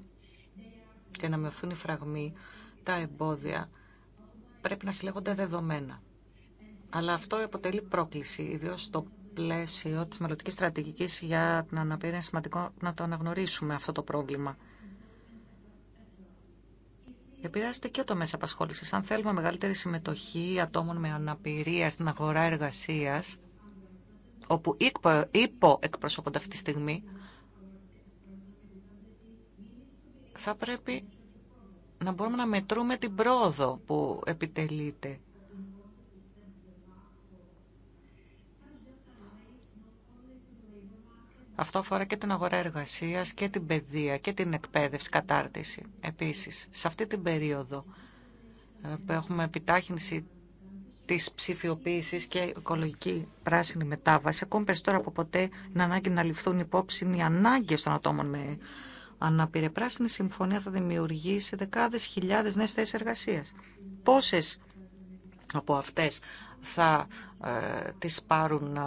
και να μειωθούν οι φραγμοί, τα εμπόδια, πρέπει να συλλέγονται δεδομένα. Αλλά αυτό αποτελεί πρόκληση, ιδίως στο πλαίσιο της μελλοντική στρατηγικής για την αναπηρία είναι σημαντικό να το αναγνωρίσουμε αυτό το πρόβλημα. Επηρεάζεται και το μέσα απασχόλησης. Αν θέλουμε μεγαλύτερη συμμετοχή ατόμων με αναπηρία στην αγορά εργασίας, όπου υπό εκπροσωπούνται αυτή τη στιγμή, θα πρέπει να μπορούμε να μετρούμε την πρόοδο που επιτελείται Αυτό αφορά και την αγορά εργασία και την παιδεία και την εκπαίδευση, κατάρτιση. Επίσης, σε αυτή την περίοδο ε, που έχουμε επιτάχυνση της ψηφιοποίηση και οικολογική πράσινη μετάβαση, ακόμη περισσότερο από ποτέ είναι ανάγκη να ληφθούν υπόψη οι ανάγκε των ατόμων με αναπηρία. Πράσινη συμφωνία θα δημιουργήσει δεκάδε χιλιάδε νέες θέσει εργασία. Πόσες από αυτέ θα ε, τις πάρουν ε,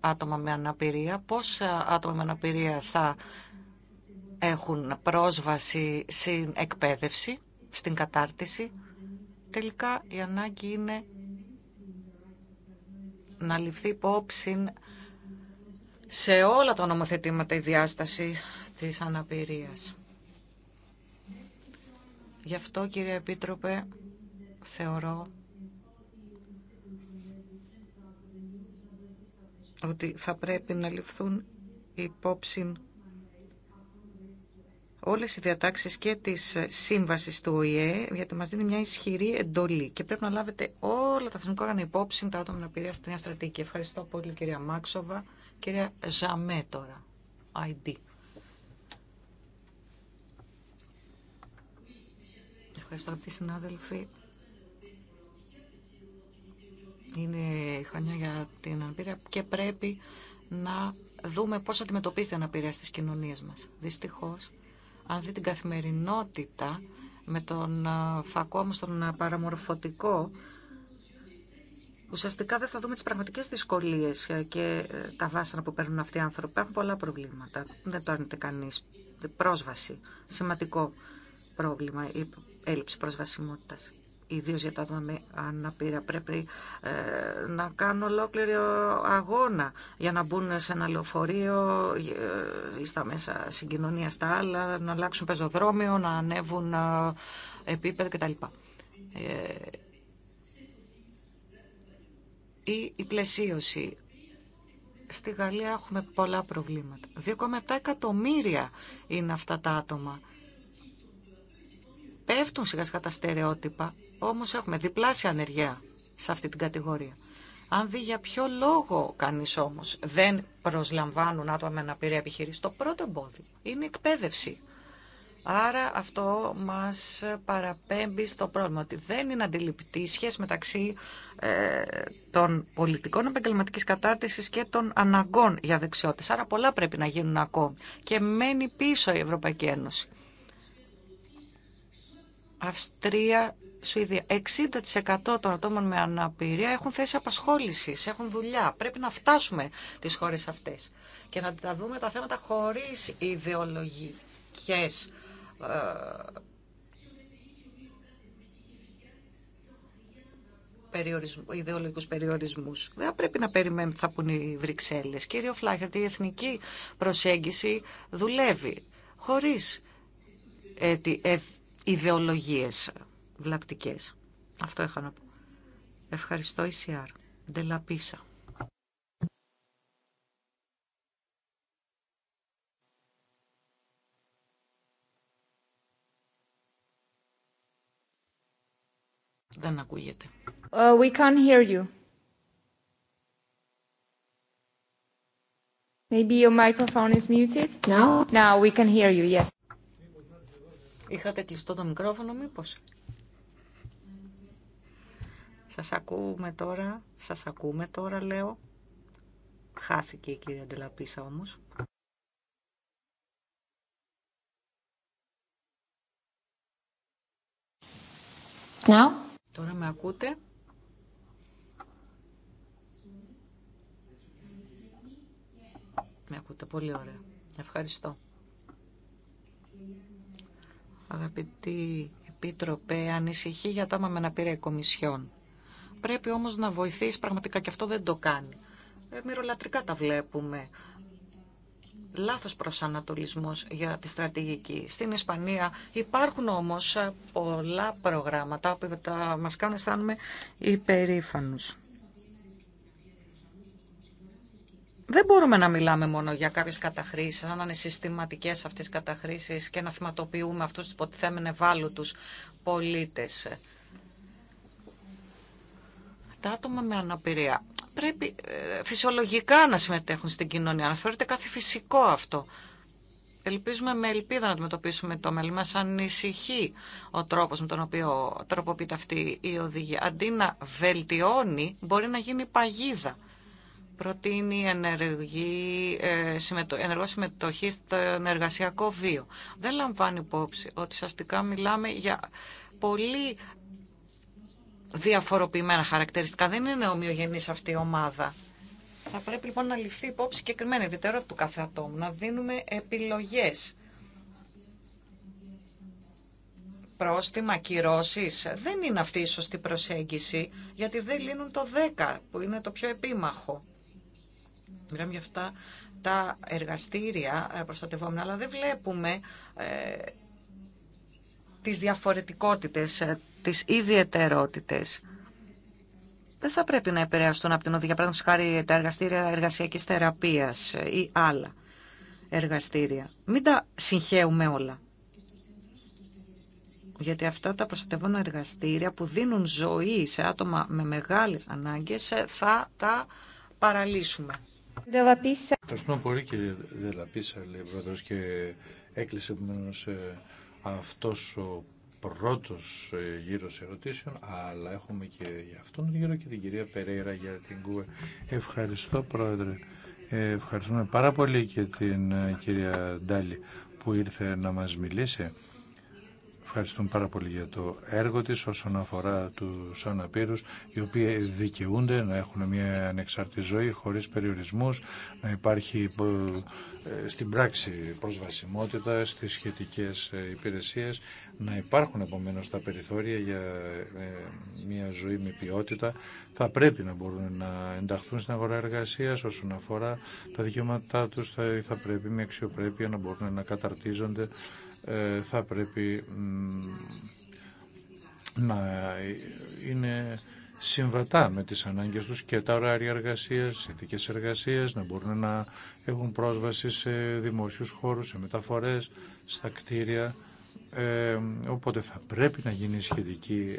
άτομα με αναπηρία, πόσα ε, άτομα με αναπηρία θα έχουν πρόσβαση στην εκπαίδευση, στην κατάρτιση. Τελικά η ανάγκη είναι να ληφθεί υπόψη σε όλα τα νομοθετήματα η διάσταση της αναπηρίας. Γι' αυτό, κύριε Επίτροπε, θεωρώ ότι θα πρέπει να ληφθούν υπόψη όλες οι διατάξεις και της σύμβασης του ΟΗΕ, γιατί μας δίνει μια ισχυρή εντολή και πρέπει να λάβετε όλα τα θεσμικά όργανα υπόψη τα άτομα να αναπηρία, στην στρατηγική. Ευχαριστώ πολύ κυρία Μάξοβα. Κυρία Ζαμέ τώρα, ID. Ευχαριστώ αυτοί συνάδελφοι. Είναι η χρονιά για την αναπηρία και πρέπει να δούμε πώς αντιμετωπίζεται η αναπηρία στις κοινωνίες μας. Δυστυχώς, αν δει την καθημερινότητα με τον φακό μου στον παραμορφωτικό, ουσιαστικά δεν θα δούμε τις πραγματικές δυσκολίες ε, και ε, τα βάσανα που παίρνουν αυτοί οι άνθρωποι. Έχουν πολλά προβλήματα. Δεν το αρνείται κανείς. Πρόσβαση. Σημαντικό πρόβλημα η έλλειψη προσβασιμότητας ιδίω για τα άτομα με αναπηρία. Πρέπει ε, να κάνουν ολόκληρο αγώνα για να μπουν σε ένα λεωφορείο ή ε, στα μέσα συγκοινωνία στα άλλα, να αλλάξουν πεζοδρόμιο, να ανέβουν ε, επίπεδο κτλ. Ε, ή η πλαισίωση. Στη Γαλλία έχουμε πολλά προβλήματα. 2,7 εκατομμύρια είναι αυτά τα άτομα. Πέφτουν σιγά σιγά τα στερεότυπα όμως έχουμε διπλάσια ανεργία σε αυτή την κατηγορία. Αν δει για ποιο λόγο κανεί όμω δεν προσλαμβάνουν άτομα με αναπηρία επιχειρήση, το πρώτο εμπόδιο είναι η εκπαίδευση. Άρα αυτό μας παραπέμπει στο πρόβλημα ότι δεν είναι αντιληπτή η σχέση μεταξύ ε, των πολιτικών επαγγελματική κατάρτισης και των αναγκών για δεξιότητες. Άρα πολλά πρέπει να γίνουν ακόμη και μένει πίσω η Ευρωπαϊκή Ένωση. Αυστρία, Σουηδία. 60% των ατόμων με αναπηρία έχουν θέση απασχόληση, έχουν δουλειά. Πρέπει να φτάσουμε τι χώρε αυτέ και να τα δούμε τα θέματα χωρί ιδεολογικέ ε, περιορισμού, ιδεολογικούς περιορισμούς. Δεν πρέπει να περιμένουμε θα πούν οι Βρυξέλλες. Κύριο Φλάχερτ, η εθνική προσέγγιση δουλεύει χωρίς ε, ε ιδεολογίες βλαπτικές. Αυτό είχα να πω. Ευχαριστώ, ECR. Ντελαπίσα. Δεν ακούγεται. Uh, we can't hear you. Maybe your microphone is muted. Now, now we can hear you. Yes. Είχατε κλειστό το μικρόφωνο, μήπως; Σας ακούμε τώρα, σας ακούμε τώρα λέω. Χάθηκε η κυρία Ντελαπίσα όμως. Now. Τώρα με ακούτε. Με ακούτε πολύ ωραία. Ευχαριστώ. Αγαπητή Επίτροπε, ανησυχεί για τα μαμενα πήρα η Κομισιόν πρέπει όμως να βοηθήσει πραγματικά και αυτό δεν το κάνει. Ε, μυρολατρικά τα βλέπουμε. Λάθος προσανατολισμός για τη στρατηγική. Στην Ισπανία υπάρχουν όμως ε, πολλά προγράμματα που τα μας κάνουν αισθάνομαι υπερήφανους. Δεν μπορούμε να μιλάμε μόνο για κάποιες καταχρήσεις, αν είναι συστηματικές αυτές οι καταχρήσεις και να θυματοποιούμε αυτούς τους υποτιθέμενε βάλου τους πολίτες τα άτομα με αναπηρία πρέπει ε, φυσιολογικά να συμμετέχουν στην κοινωνία, να θεωρείται κάτι φυσικό αυτό. Ελπίζουμε με ελπίδα να αντιμετωπίσουμε το μέλλον. Μας ανησυχεί ο τρόπος με τον οποίο τροποποιείται αυτή η οδηγία. Αντί να βελτιώνει, μπορεί να γίνει παγίδα. Προτείνει ενεργή, ε, ενεργό συμμετοχή στον εργασιακό βίο. Δεν λαμβάνει υπόψη ότι σαστικά μιλάμε για πολύ διαφοροποιημένα χαρακτηριστικά. Δεν είναι ομοιογενή αυτή η ομάδα. Θα πρέπει λοιπόν να ληφθεί υπόψη συγκεκριμένη ιδιαιτερότητα του κάθε ατόμου, να δίνουμε επιλογές. Πρόστιμα, κυρώσει. Δεν είναι αυτή η σωστή προσέγγιση, γιατί δεν λύνουν το 10, που είναι το πιο επίμαχο. Μιλάμε για αυτά τα εργαστήρια ε, προστατευόμενα, αλλά δεν βλέπουμε ε, τις διαφορετικότητες, ε, τις ιδιαιτερότητες. Δεν θα πρέπει να επηρεαστούν από την οδηγία, παράδειγμα χάρη τα εργαστήρια εργασιακής θεραπείας ε, ή άλλα εργαστήρια. Μην τα συγχαίουμε όλα. Γιατί αυτά τα προστατευόμενα εργαστήρια που δίνουν ζωή σε άτομα με μεγάλες ανάγκες ε, θα τα παραλύσουμε. Ευχαριστούμε πολύ κύριε Δελαπίσα, και έκλεισε επομένως αυτός ο πρώτος ε, γύρος ερωτήσεων, αλλά έχουμε και για αυτόν τον γύρο και την κυρία Περέιρα για την ΚΟΕ. Ευχαριστώ Πρόεδρε. Ε, ευχαριστούμε πάρα πολύ και την ε, κυρία Ντάλη που ήρθε να μας μιλήσει Ευχαριστούμε πάρα πολύ για το έργο της όσον αφορά του αναπήρους οι οποίοι δικαιούνται να έχουν μια ανεξάρτητη ζωή χωρίς περιορισμούς, να υπάρχει ε, στην πράξη προσβασιμότητα στις σχετικές ε, υπηρεσίες, να υπάρχουν επομένως τα περιθώρια για ε, μια ζωή με ποιότητα. Θα πρέπει να μπορούν να ενταχθούν στην αγορά εργασίας όσον αφορά τα δικαιώματά τους, θα πρέπει με αξιοπρέπεια να μπορούν να καταρτίζονται ε, θα πρέπει να είναι συμβατά με τις ανάγκες τους και τα ωράρια εργασίας, συνθήκες εργασίας, να μπορούν να έχουν πρόσβαση σε δημόσιους χώρους, σε μεταφορές, στα κτίρια. Ε, οπότε θα πρέπει να γίνει σχετική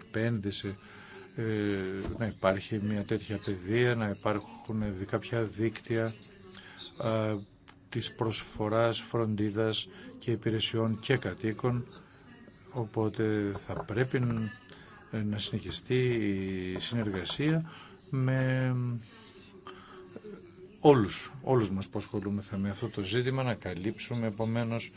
επένδυση, ε, να υπάρχει μια τέτοια παιδεία, να υπάρχουν κάποια δίκτυα ε, της προσφοράς φροντίδας και υπηρεσιών και κατοίκων, οπότε θα πρέπει να συνεχιστεί η συνεργασία με όλους, όλους μας που ασχολούμεθα με αυτό το ζήτημα, να καλύψουμε επομένως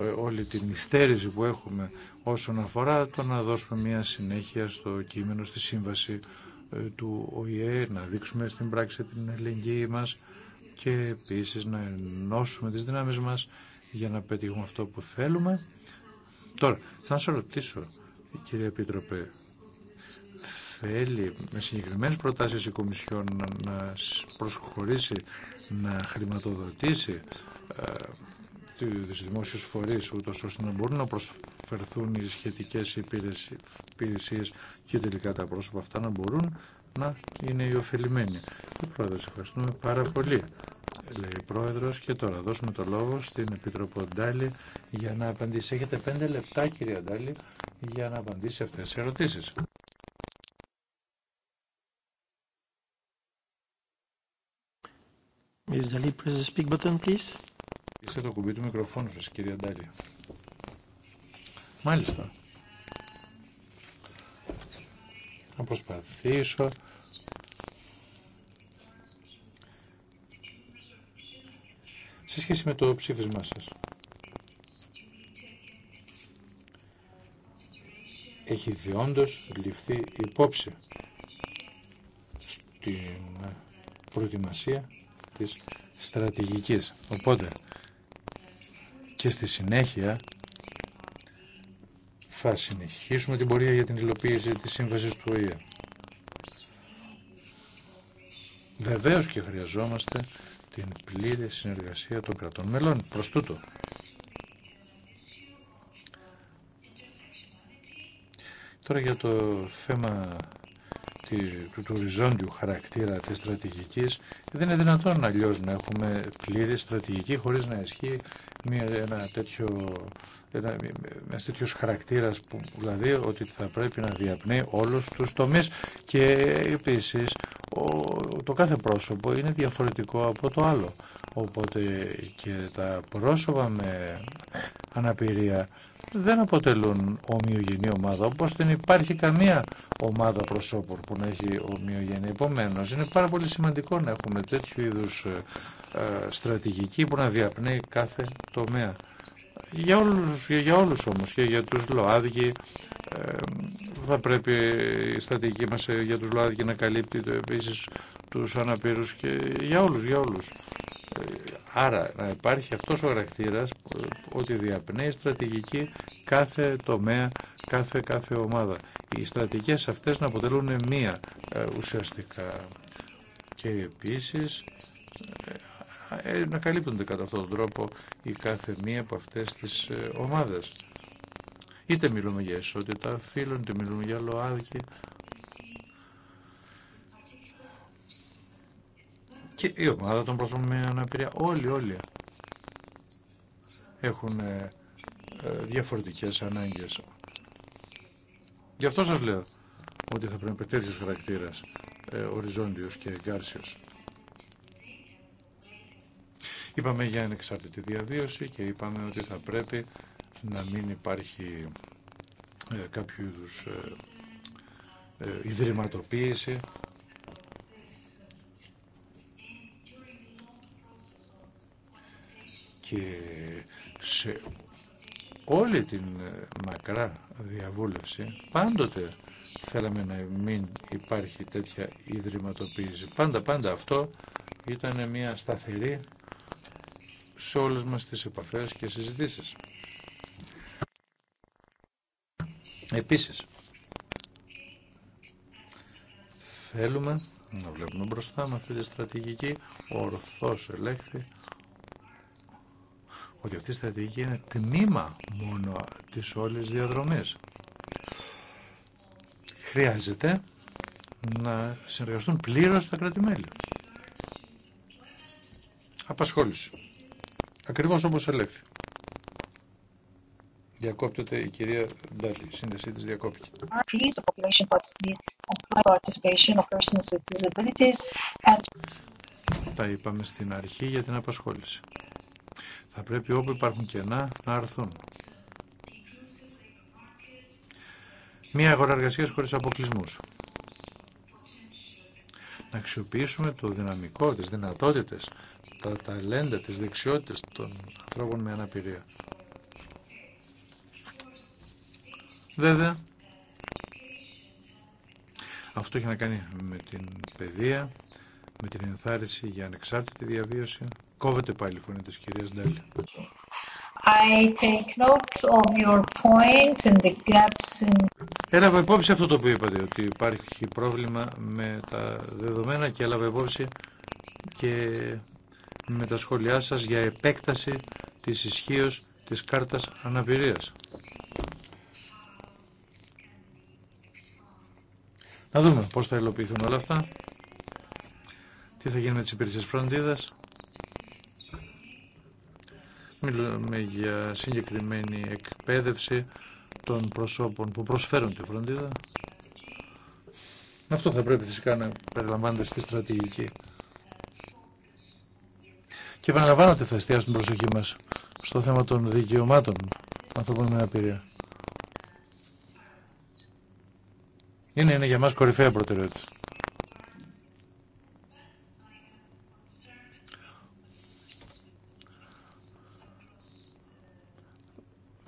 ε, όλη την υστέρηση που έχουμε όσον αφορά το να δώσουμε μια συνέχεια στο κείμενο, στη σύμβαση ε, του ΟΗΕ, να δείξουμε στην πράξη την ελεγγύη μας και επίσης να ενώσουμε τις δυνάμεις μας για να πετύχουμε αυτό που θέλουμε. Τώρα, θα σας ρωτήσω, κύριε Επίτροπε, θέλει με συγκεκριμένες προτάσεις η Κομισιόν να προσχωρήσει, να χρηματοδοτήσει ε, του δημόσιες φορείς ούτως ώστε να μπορούν να προσφερθούν οι σχετικές υπηρεσίες και τελικά τα πρόσωπα αυτά να μπορούν να είναι οι ωφελημένοι. Ο Πρόεδρος, ευχαριστούμε πάρα πολύ. Λέει ο Πρόεδρος και τώρα δώσουμε το λόγο στην Επιτροπή Ντάλη για να απαντήσει. Έχετε πέντε λεπτά κυρία Ντάλη για να απαντήσει αυτές τις ερωτήσεις. Ms. Dali, press the speak button, please. Είστε το κουμπί του μικροφόνου σας, κυρία Ντάλη. Μάλιστα. να προσπαθήσω σε σχέση με το ψήφισμά σας. Έχει διόντως ληφθεί υπόψη στην προετοιμασία της στρατηγικής. Οπότε και στη συνέχεια θα συνεχίσουμε την πορεία για την υλοποίηση της σύμβασης του ΟΗΕ. Βεβαίως και χρειαζόμαστε την πλήρη συνεργασία των κρατών μελών. Προς τούτο. Τώρα για το θέμα του οριζόντιου χαρακτήρα της στρατηγικής δεν είναι δυνατόν αλλιώ να έχουμε πλήρη στρατηγική χωρίς να ισχύει μια, ένα τέτοιο ένα, ένας τέτοιος χαρακτήρας που δηλαδή ότι θα πρέπει να διαπνεί όλους τους τομείς και επίσης ο, το κάθε πρόσωπο είναι διαφορετικό από το άλλο οπότε και τα πρόσωπα με αναπηρία δεν αποτελούν ομοιογενή ομάδα, όπως δεν υπάρχει καμία ομάδα προσώπων που να έχει ομοιογενή. Επομένω, είναι πάρα πολύ σημαντικό να έχουμε τέτοιου είδους ε, ε, στρατηγική που να διαπνέει κάθε τομέα. Για όλους, για, όλους όμως και για τους ε, θα πρέπει η στρατηγική μας ε, για τους ΛΟΑΔΓΙ να καλύπτει το, επίσης τους αναπήρους και για όλους, για όλους. Άρα να υπάρχει αυτός ο χαρακτήρας ότι διαπνέει στρατηγική κάθε τομέα, κάθε, κάθε ομάδα. Οι στρατηγικές αυτές να αποτελούν μία ε, ουσιαστικά και επίσης ε, ε, να καλύπτονται κατά αυτόν τον τρόπο η κάθε μία από αυτές τις ομάδες. Είτε μιλούμε για ισότητα φίλων, είτε μιλούμε για ΛΟΑΔΚΙ, και η ομάδα των πρόσωπων με αναπηρία. Όλοι, όλοι έχουν ε, ε, διαφορετικές ανάγκες. Γι' αυτό σας λέω ότι θα πρέπει τέτοιο χαρακτήρας ε, οριζόντιος και εγκάρσιος. Είπαμε για ανεξάρτητη διαβίωση και είπαμε ότι θα πρέπει να μην υπάρχει ε, κάποιο είδου ε, ε, ιδρυματοποίηση και σε όλη την ε, μακρά διαβούλευση πάντοτε θέλαμε να μην υπάρχει τέτοια ιδρυματοποίηση. Πάντα πάντα αυτό ήταν μια σταθερή σε όλες μας τις επαφές και συζητήσεις. Επίσης, θέλουμε να βλέπουμε μπροστά με αυτή τη στρατηγική ορθώς ελέγχθη ότι αυτή η στρατηγική είναι τμήμα μόνο της όλης διαδρομής. Χρειάζεται να συνεργαστούν πλήρως τα κρατη Απασχόληση. Ακριβώς όπως ελέγχθη. Διακόπτεται η κυρία Ντάλη. Η σύνδεσή της διακόπηκε. Τα είπαμε στην αρχή για την απασχόληση. Θα πρέπει όπου υπάρχουν κενά να αρθούν. Μία αγορά εργασίας χωρίς αποκλεισμούς. Να αξιοποιήσουμε το δυναμικό, τις δυνατότητες, τα ταλέντα, τις δεξιότητες των ανθρώπων με αναπηρία. Βέβαια, αυτό έχει να κάνει με την παιδεία, με την ενθάρρυνση για ανεξάρτητη διαβίωση, Κόβεται πάλι η φωνή της κυρίας Ντέλ. I take note of your point and the gaps in... Έλαβα υπόψη αυτό το που είπατε, ότι υπάρχει πρόβλημα με τα δεδομένα και έλαβα υπόψη και με τα σχόλιά σας για επέκταση της ισχύω της κάρτας αναπηρίας. Να δούμε πώς θα υλοποιηθούν όλα αυτά, τι θα γίνει με τις υπηρεσίες φροντίδας. Μιλούμε για συγκεκριμένη εκπαίδευση των προσώπων που προσφέρουν τη φροντίδα. Αυτό θα πρέπει φυσικά να περιλαμβάνεται στη στρατηγική. Και επαναλαμβάνω ότι θα εστιάσουμε την προσοχή μας στο θέμα των δικαιωμάτων ανθρώπων με αναπηρία. Είναι, είναι για μας κορυφαία προτεραιότητα.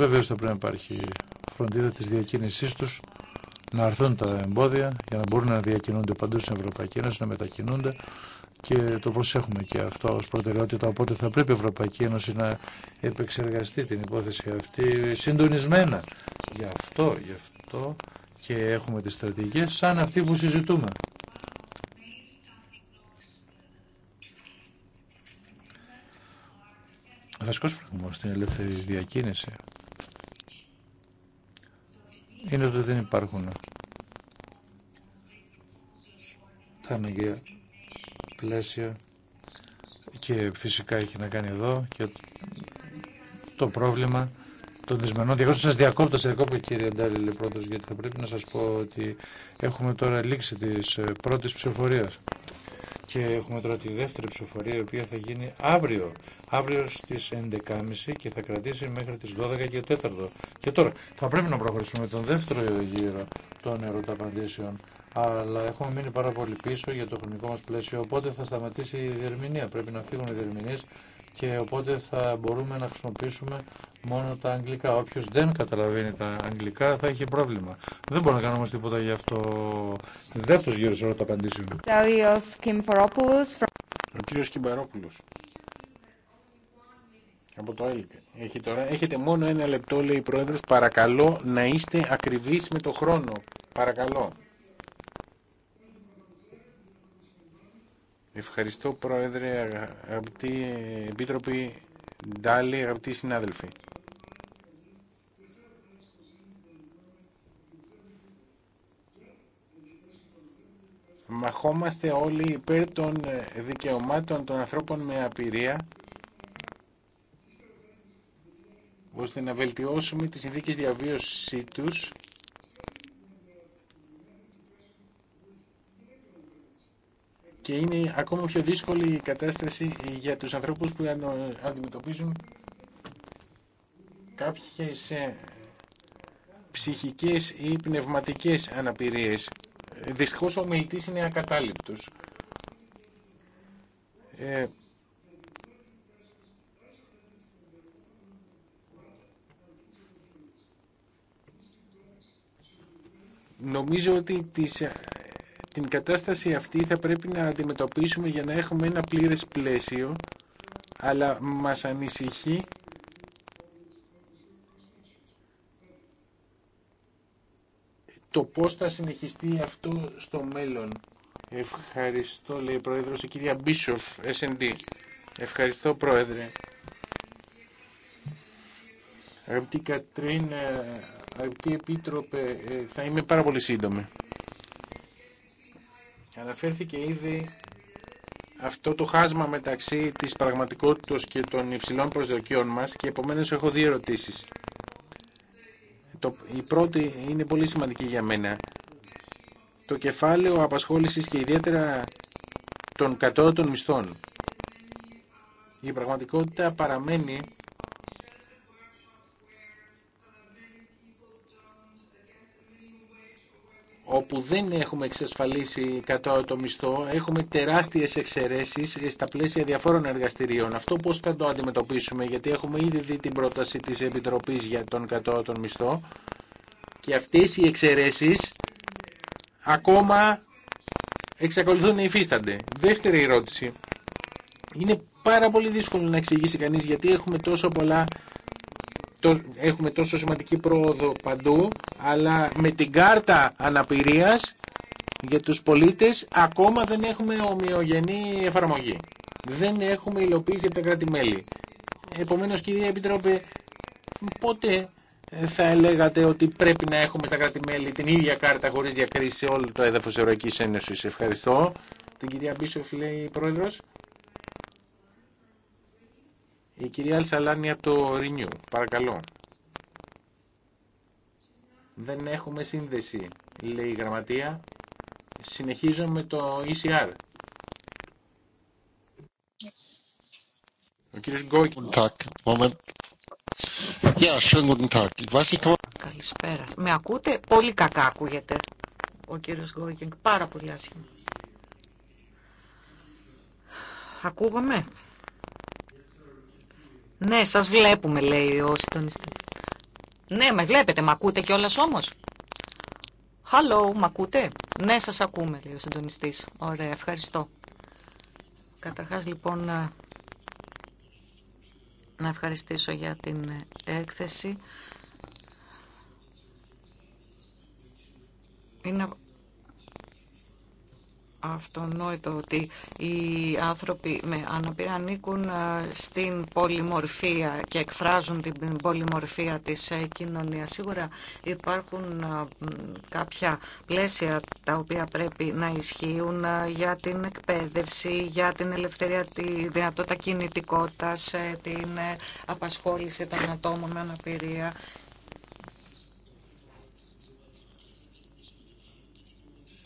Βεβαίω θα πρέπει να υπάρχει φροντίδα τη διακίνησή τους, να αρθούν τα εμπόδια για να μπορούν να διακινούνται παντού στην Ευρωπαϊκή Ένωση, να μετακινούνται και το έχουμε και αυτό ως προτεραιότητα. Οπότε θα πρέπει η Ευρωπαϊκή Ένωση να επεξεργαστεί την υπόθεση αυτή συντονισμένα. Γι' αυτό, γι' αυτό και έχουμε τι στρατηγικέ σαν αυτή που συζητούμε. Βασικός φραγμός στην ελεύθερη διακίνηση είναι ότι δεν υπάρχουν τα αναγκαία πλαίσια και φυσικά έχει να κάνει εδώ και το πρόβλημα των δυσμενών. Σα σας διακόπτω, σας διακόπτω κύριε Ντάλιλε πρώτος, γιατί θα πρέπει να σας πω ότι έχουμε τώρα λήξη της ε, πρώτης ψηφορίας. Και έχουμε τώρα τη δεύτερη ψηφοφορία η οποία θα γίνει αύριο. Αύριο στις 11.30 και θα κρατήσει μέχρι τις 12 και 4. Και τώρα θα πρέπει να προχωρήσουμε τον δεύτερο γύρο των ερωταπαντήσεων. Αλλά έχουμε μείνει πάρα πολύ πίσω για το χρονικό μας πλαίσιο. Οπότε θα σταματήσει η διερμηνία. Πρέπει να φύγουν οι διερμηνείς και οπότε θα μπορούμε να χρησιμοποιήσουμε μόνο τα αγγλικά. Όποιος δεν καταλαβαίνει τα αγγλικά θα έχει πρόβλημα. Δεν μπορούμε να κάνουμε τίποτα γι' αυτό. Δεύτερος γύρος όλα τα απαντήσουμε. Ο κύριος Κιμπαρόπουλος. Από το ΕΛΚ. Έχει τώρα. Έχετε μόνο ένα λεπτό, λέει η Πρόεδρος. Παρακαλώ να είστε ακριβείς με το χρόνο. Παρακαλώ. Ευχαριστώ Πρόεδρε, αγαπητοί Επίτροποι Ντάλι, αγαπητοί συνάδελφοι. Μαχόμαστε όλοι υπέρ των δικαιωμάτων των ανθρώπων με απειρία ώστε να βελτιώσουμε τις συνθήκες διαβίωσης τους και είναι ακόμα πιο δύσκολη η κατάσταση για τους ανθρώπους που αντιμετωπίζουν κάποιες ε, ψυχικές ή πνευματικές αναπηρίες. Δυστυχώς ο μιλητής είναι ακατάληπτος. Ε, νομίζω ότι τις ε, την κατάσταση αυτή θα πρέπει να αντιμετωπίσουμε για να έχουμε ένα πλήρες πλαίσιο, αλλά μας ανησυχεί το πώς θα συνεχιστεί αυτό στο μέλλον. Ευχαριστώ, λέει ο Πρόεδρος, η κυρία Μπίσοφ, S&D. Ευχαριστώ, Πρόεδρε. Αγαπητή Κατρίν, ε, αγαπητή Επίτροπε, ε, θα είμαι πάρα πολύ σύντομη. Αναφέρθηκε ήδη αυτό το χάσμα μεταξύ της πραγματικότητας και των υψηλών προσδοκιών μας και επομένως έχω δύο ερωτήσεις. Το, η πρώτη είναι πολύ σημαντική για μένα. Το κεφάλαιο απασχόλησης και ιδιαίτερα των κατώτων μισθών. Η πραγματικότητα παραμένει όπου δεν έχουμε εξασφαλίσει το μισθό, έχουμε τεράστιες εξαιρέσεις στα πλαίσια διαφόρων εργαστηρίων. Αυτό πώς θα το αντιμετωπίσουμε, γιατί έχουμε ήδη δει την πρόταση της Επιτροπής για τον τον μισθό και αυτές οι εξαιρέσεις ακόμα εξακολουθούν να υφίστανται. Δεύτερη ερώτηση. Είναι πάρα πολύ δύσκολο να εξηγήσει κανείς γιατί έχουμε τόσο πολλά έχουμε τόσο σημαντική πρόοδο παντού, αλλά με την κάρτα αναπηρίας για τους πολίτες ακόμα δεν έχουμε ομοιογενή εφαρμογή. Δεν έχουμε υλοποίηση από τα κράτη-μέλη. Επομένως, κυρία Επιτρόπε, πότε θα έλεγατε ότι πρέπει να έχουμε στα κράτη-μέλη την ίδια κάρτα χωρίς διακρίση σε όλο το έδαφος Ευρωπαϊκής Ένωσης. Ευχαριστώ. Την κυρία Μπίσοφ λέει Πρόεδρος. Η κυρία Αλσαλάνη από το Renew, παρακαλώ. Δεν έχουμε σύνδεση, λέει η γραμματεία. Συνεχίζω με το ECR. Ο κύριος Καλησπέρα. Με ακούτε? Πολύ κακά ακούγεται ο κύριος Γκόκκιν. Πάρα πολύ άσχημα. Ακούγομαι. Ναι, σας βλέπουμε, λέει ο συντονιστής. Ναι, με βλέπετε, μ' ακούτε κιόλας όμως. Hello, μ' ακούτε. Ναι, σας ακούμε, λέει ο συντονιστής. Ωραία, ευχαριστώ. Καταρχάς, λοιπόν, ε, να ευχαριστήσω για την ε, έκθεση. Είναι αυτονόητο ότι οι άνθρωποι με αναπηρία ανήκουν ε, στην πολυμορφία και εκφράζουν την πολυμορφία της ε, κοινωνίας. Σίγουρα υπάρχουν ε, κάποια πλαίσια τα οποία πρέπει να ισχύουν για την εκπαίδευση, για την ελευθερία, τη δυνατότητα κινητικότητας, την απασχόληση των ατόμων με αναπηρία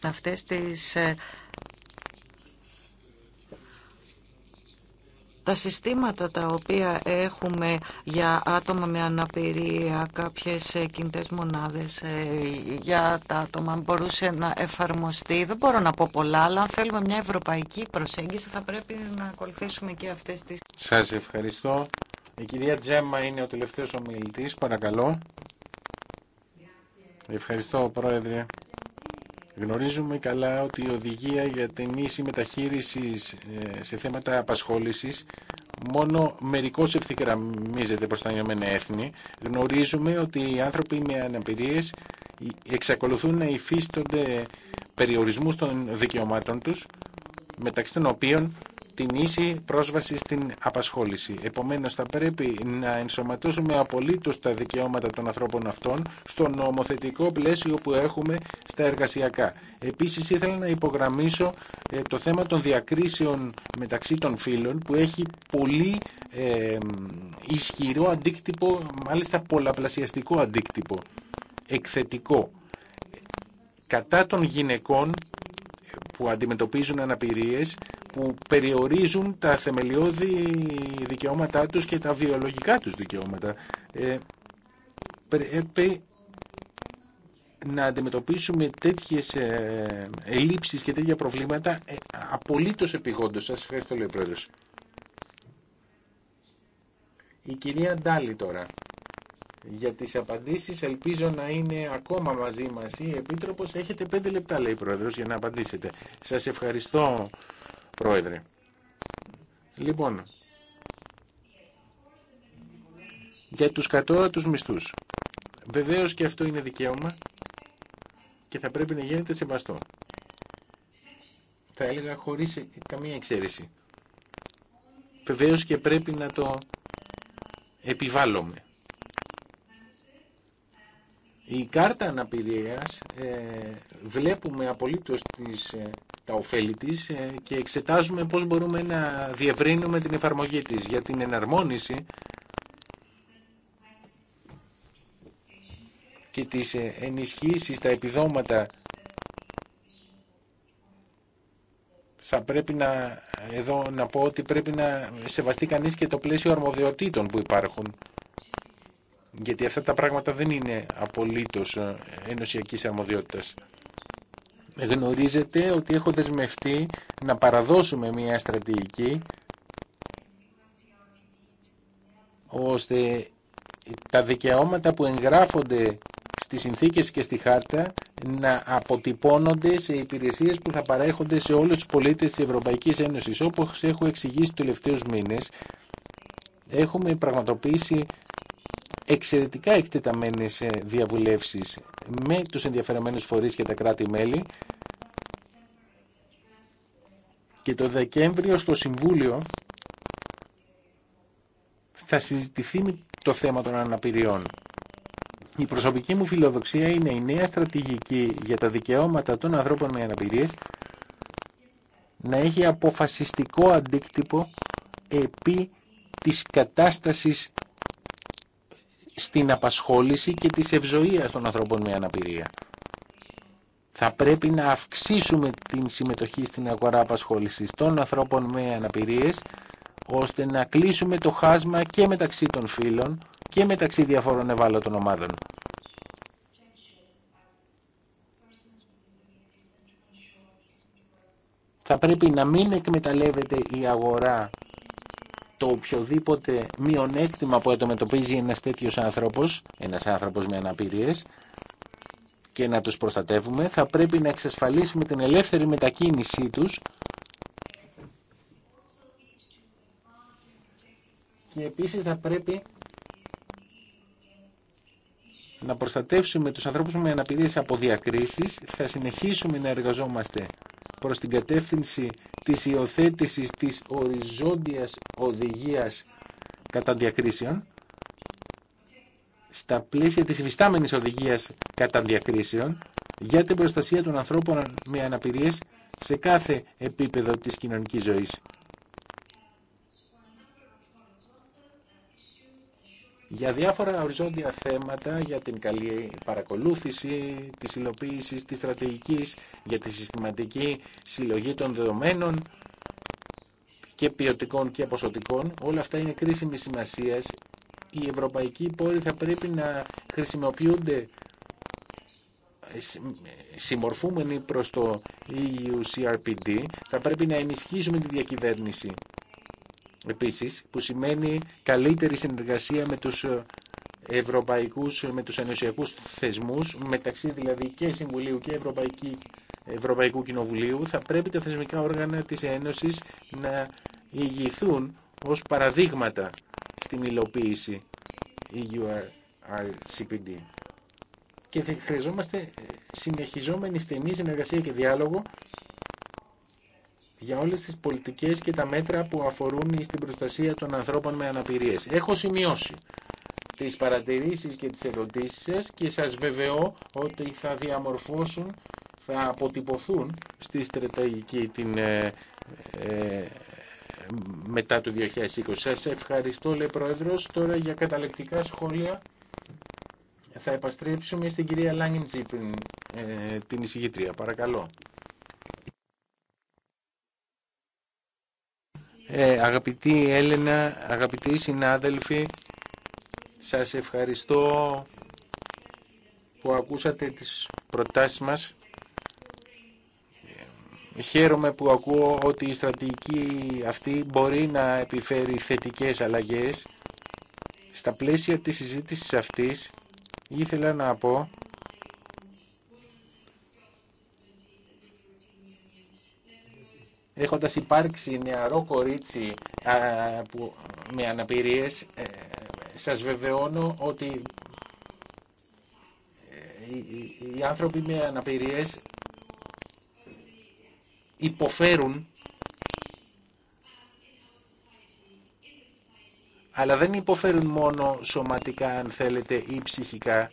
αυτές τις ε, τα συστήματα τα οποία έχουμε για άτομα με αναπηρία, κάποιες ε, κινητές μονάδες ε, για τα άτομα μπορούσε να εφαρμοστεί. Δεν μπορώ να πω πολλά, αλλά αν θέλουμε μια ευρωπαϊκή προσέγγιση θα πρέπει να ακολουθήσουμε και αυτές τις... Σας ευχαριστώ. Η κυρία Τζέμα είναι ο τελευταίος ομιλητής, παρακαλώ. Ευχαριστώ, Πρόεδρε. Γνωρίζουμε καλά ότι η οδηγία για την ίση μεταχείριση ε, σε θέματα απασχόλησης μόνο μερικώς ευθυγραμμίζεται προς τα Ηνωμένα Έθνη. Γνωρίζουμε ότι οι άνθρωποι με αναπηρίε εξακολουθούν να υφίστονται περιορισμού των δικαιωμάτων τους, μεταξύ των οποίων την ίση πρόσβαση στην απασχόληση. Επομένως θα πρέπει να ενσωματώσουμε απολύτως τα δικαιώματα των ανθρώπων αυτών στο νομοθετικό πλαίσιο που έχουμε στα εργασιακά. Επίσης ήθελα να υπογραμμίσω ε, το θέμα των διακρίσεων μεταξύ των φίλων που έχει πολύ ε, ισχυρό αντίκτυπο, μάλιστα πολλαπλασιαστικό αντίκτυπο, εκθετικό. Κατά των γυναικών που αντιμετωπίζουν αναπηρίες που περιορίζουν τα θεμελιώδη δικαιώματά τους και τα βιολογικά τους δικαιώματα. Ε, πρέπει ε, να αντιμετωπίσουμε τέτοιες ε, ελλείψεις και τέτοια προβλήματα ε, απολύτως επιγόντως. Σας ευχαριστώ, λέει ο Πρόεδρος. Η κυρία Ντάλη τώρα. Για τις απαντήσεις ελπίζω να είναι ακόμα μαζί μας η Επίτροπος. Έχετε πέντε λεπτά, λέει ο Πρόεδρος, για να απαντήσετε. Σας ευχαριστώ. Πρόεδρε. Λοιπόν, για τους κατώτατους μισθούς. Βεβαίως και αυτό είναι δικαίωμα και θα πρέπει να γίνεται σεβαστό. Θα έλεγα χωρίς καμία εξαίρεση. Βεβαίως και πρέπει να το επιβάλλουμε. Η κάρτα αναπηρίας ε, βλέπουμε απολύτως τις ε, τα ωφέλη της ε, και εξετάζουμε πώς μπορούμε να διευρύνουμε την εφαρμογή της για την εναρμόνιση και τις ε, ενισχύσεις, τα επιδόματα θα πρέπει να, εδώ να πω ότι πρέπει να σεβαστεί κανείς και το πλαίσιο αρμοδιοτήτων που υπάρχουν. Γιατί αυτά τα πράγματα δεν είναι απολύτως ε, ενωσιακής αρμοδιότητας. Γνωρίζετε ότι έχω δεσμευτεί να παραδώσουμε μια στρατηγική ώστε τα δικαιώματα που εγγράφονται στις συνθήκες και στη χάρτα να αποτυπώνονται σε υπηρεσίες που θα παρέχονται σε όλους τους πολίτες της Ευρωπαϊκής Ένωσης. Όπως έχω εξηγήσει τους τελευταίους μήνες, έχουμε πραγματοποιήσει εξαιρετικά εκτεταμένες ε, διαβουλεύσεις με τους ενδιαφερομένους φορείς και τα κράτη-μέλη και το Δεκέμβριο στο Συμβούλιο θα συζητηθεί το θέμα των αναπηριών. Η προσωπική μου φιλοδοξία είναι η νέα στρατηγική για τα δικαιώματα των ανθρώπων με αναπηρίες να έχει αποφασιστικό αντίκτυπο επί της κατάστασης στην απασχόληση και της ευζοίας των ανθρώπων με αναπηρία. Θα πρέπει να αυξήσουμε την συμμετοχή στην αγορά απασχόλησης των ανθρώπων με αναπηρίες, ώστε να κλείσουμε το χάσμα και μεταξύ των φύλων και μεταξύ διαφόρων ευάλωτων ομάδων. Θα πρέπει να μην εκμεταλλεύεται η αγορά το οποιοδήποτε μειονέκτημα που αντιμετωπίζει ένας τέτοιος άνθρωπος, ένας άνθρωπος με αναπηρίες, και να τους προστατεύουμε, θα πρέπει να εξασφαλίσουμε την ελεύθερη μετακίνησή τους και επίσης θα πρέπει να προστατεύσουμε τους ανθρώπους με αναπηρίες από διακρίσεις. Θα συνεχίσουμε να εργαζόμαστε προς την κατεύθυνση της υιοθέτηση της οριζόντιας οδηγίας κατά διακρίσεων στα πλαίσια της υφιστάμενης οδηγίας κατά διακρίσεων για την προστασία των ανθρώπων με αναπηρίες σε κάθε επίπεδο της κοινωνικής ζωής. για διάφορα οριζόντια θέματα για την καλή παρακολούθηση της υλοποίησης της στρατηγικής, για τη συστηματική συλλογή των δεδομένων και ποιοτικών και ποσοτικών. Όλα αυτά είναι κρίσιμη σημασία. Οι ευρωπαϊκοί πόροι θα πρέπει να χρησιμοποιούνται συμμορφούμενοι προς το EU CRPD. Θα πρέπει να ενισχύσουμε τη διακυβέρνηση επίσης, που σημαίνει καλύτερη συνεργασία με τους ε, ευρωπαϊκούς, ε, με τους ενωσιακούς θεσμούς, μεταξύ δηλαδή και Συμβουλίου και Ευρωπαϊκή, Ευρωπαϊκού Κοινοβουλίου, θα πρέπει τα θεσμικά όργανα της Ένωσης να ηγηθούν ως παραδείγματα στην υλοποίηση EURCPD. Και χρειαζόμαστε ε, συνεχιζόμενη στενή συνεργασία και διάλογο για όλες τις πολιτικές και τα μέτρα που αφορούν στην προστασία των ανθρώπων με αναπηρίες. Έχω σημειώσει τις παρατηρήσεις και τις ερωτήσεις σας και σας βεβαιώ ότι θα διαμορφώσουν, θα αποτυπωθούν στη στρατηγική την, ε, ε, μετά το 2020. Σας ευχαριστώ, λέει Πρόεδρος. Τώρα για καταλεκτικά σχόλια θα επαστρέψουμε στην κυρία Λάγκεντζη, ε, την εισηγήτρια. Παρακαλώ. Ε, αγαπητή Έλενα, αγαπητοί συνάδελφοι, σας ευχαριστώ που ακούσατε τις προτάσεις μας. Ε, χαίρομαι που ακούω ότι η στρατηγική αυτή μπορεί να επιφέρει θετικές αλλαγές. Στα πλαίσια της συζήτησης αυτής ήθελα να πω έχοντας υπάρξει νεαρό κορίτσι που, με αναπηρίες, ε, σας βεβαιώνω ότι ε, οι άνθρωποι με αναπηρίες υποφέρουν αλλά δεν υποφέρουν μόνο σωματικά αν θέλετε ή ψυχικά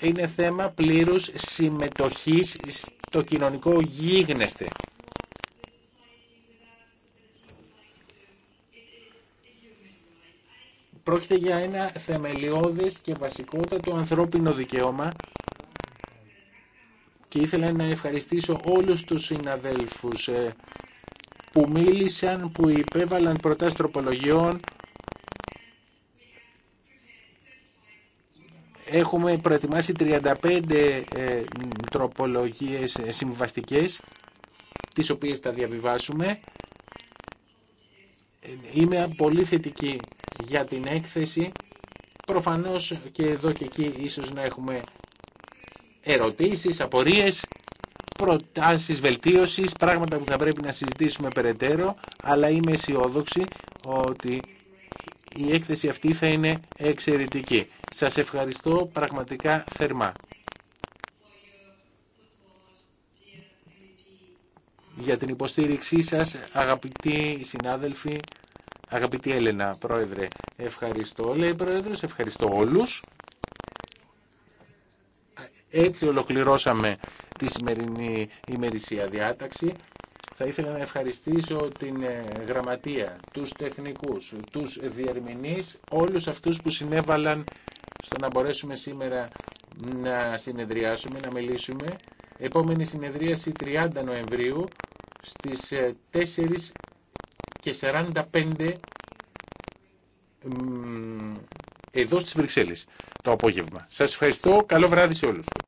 είναι θέμα πλήρους συμμετοχής στο κοινωνικό γίγνεσθε Πρόκειται για ένα θεμελιώδες και βασικότατο ανθρώπινο δικαίωμα και ήθελα να ευχαριστήσω όλους τους συναδέλφους ε, που μίλησαν, που υπέβαλαν προτάσεις τροπολογιών. Έχουμε προετοιμάσει 35 ε, τροπολογίες ε, συμβαστικές, τις οποίες θα διαβιβάσουμε. Είμαι πολύ θετική για την έκθεση. Προφανώς και εδώ και εκεί ίσως να έχουμε ερωτήσεις, απορίες, προτάσεις βελτίωσης, πράγματα που θα πρέπει να συζητήσουμε περαιτέρω, αλλά είμαι αισιόδοξη ότι η έκθεση αυτή θα είναι εξαιρετική. Σας ευχαριστώ πραγματικά θερμά. Για την υποστήριξή σας, αγαπητοί συνάδελφοι, Αγαπητή Έλενα, πρόεδρε, ευχαριστώ. Λέει πρόεδρος, ευχαριστώ όλους. Έτσι ολοκληρώσαμε τη σημερινή ημερησία διάταξη. Θα ήθελα να ευχαριστήσω την ε, γραμματεία, τους τεχνικούς, τους διερμηνείς, όλους αυτούς που συνέβαλαν στο να μπορέσουμε σήμερα να συνεδριάσουμε, να μιλήσουμε. Επόμενη συνεδρίαση 30 Νοεμβρίου στις 4 ε, και 45 εδώ στις Βρυξέλλες το απόγευμα. Σας ευχαριστώ. Καλό βράδυ σε όλους.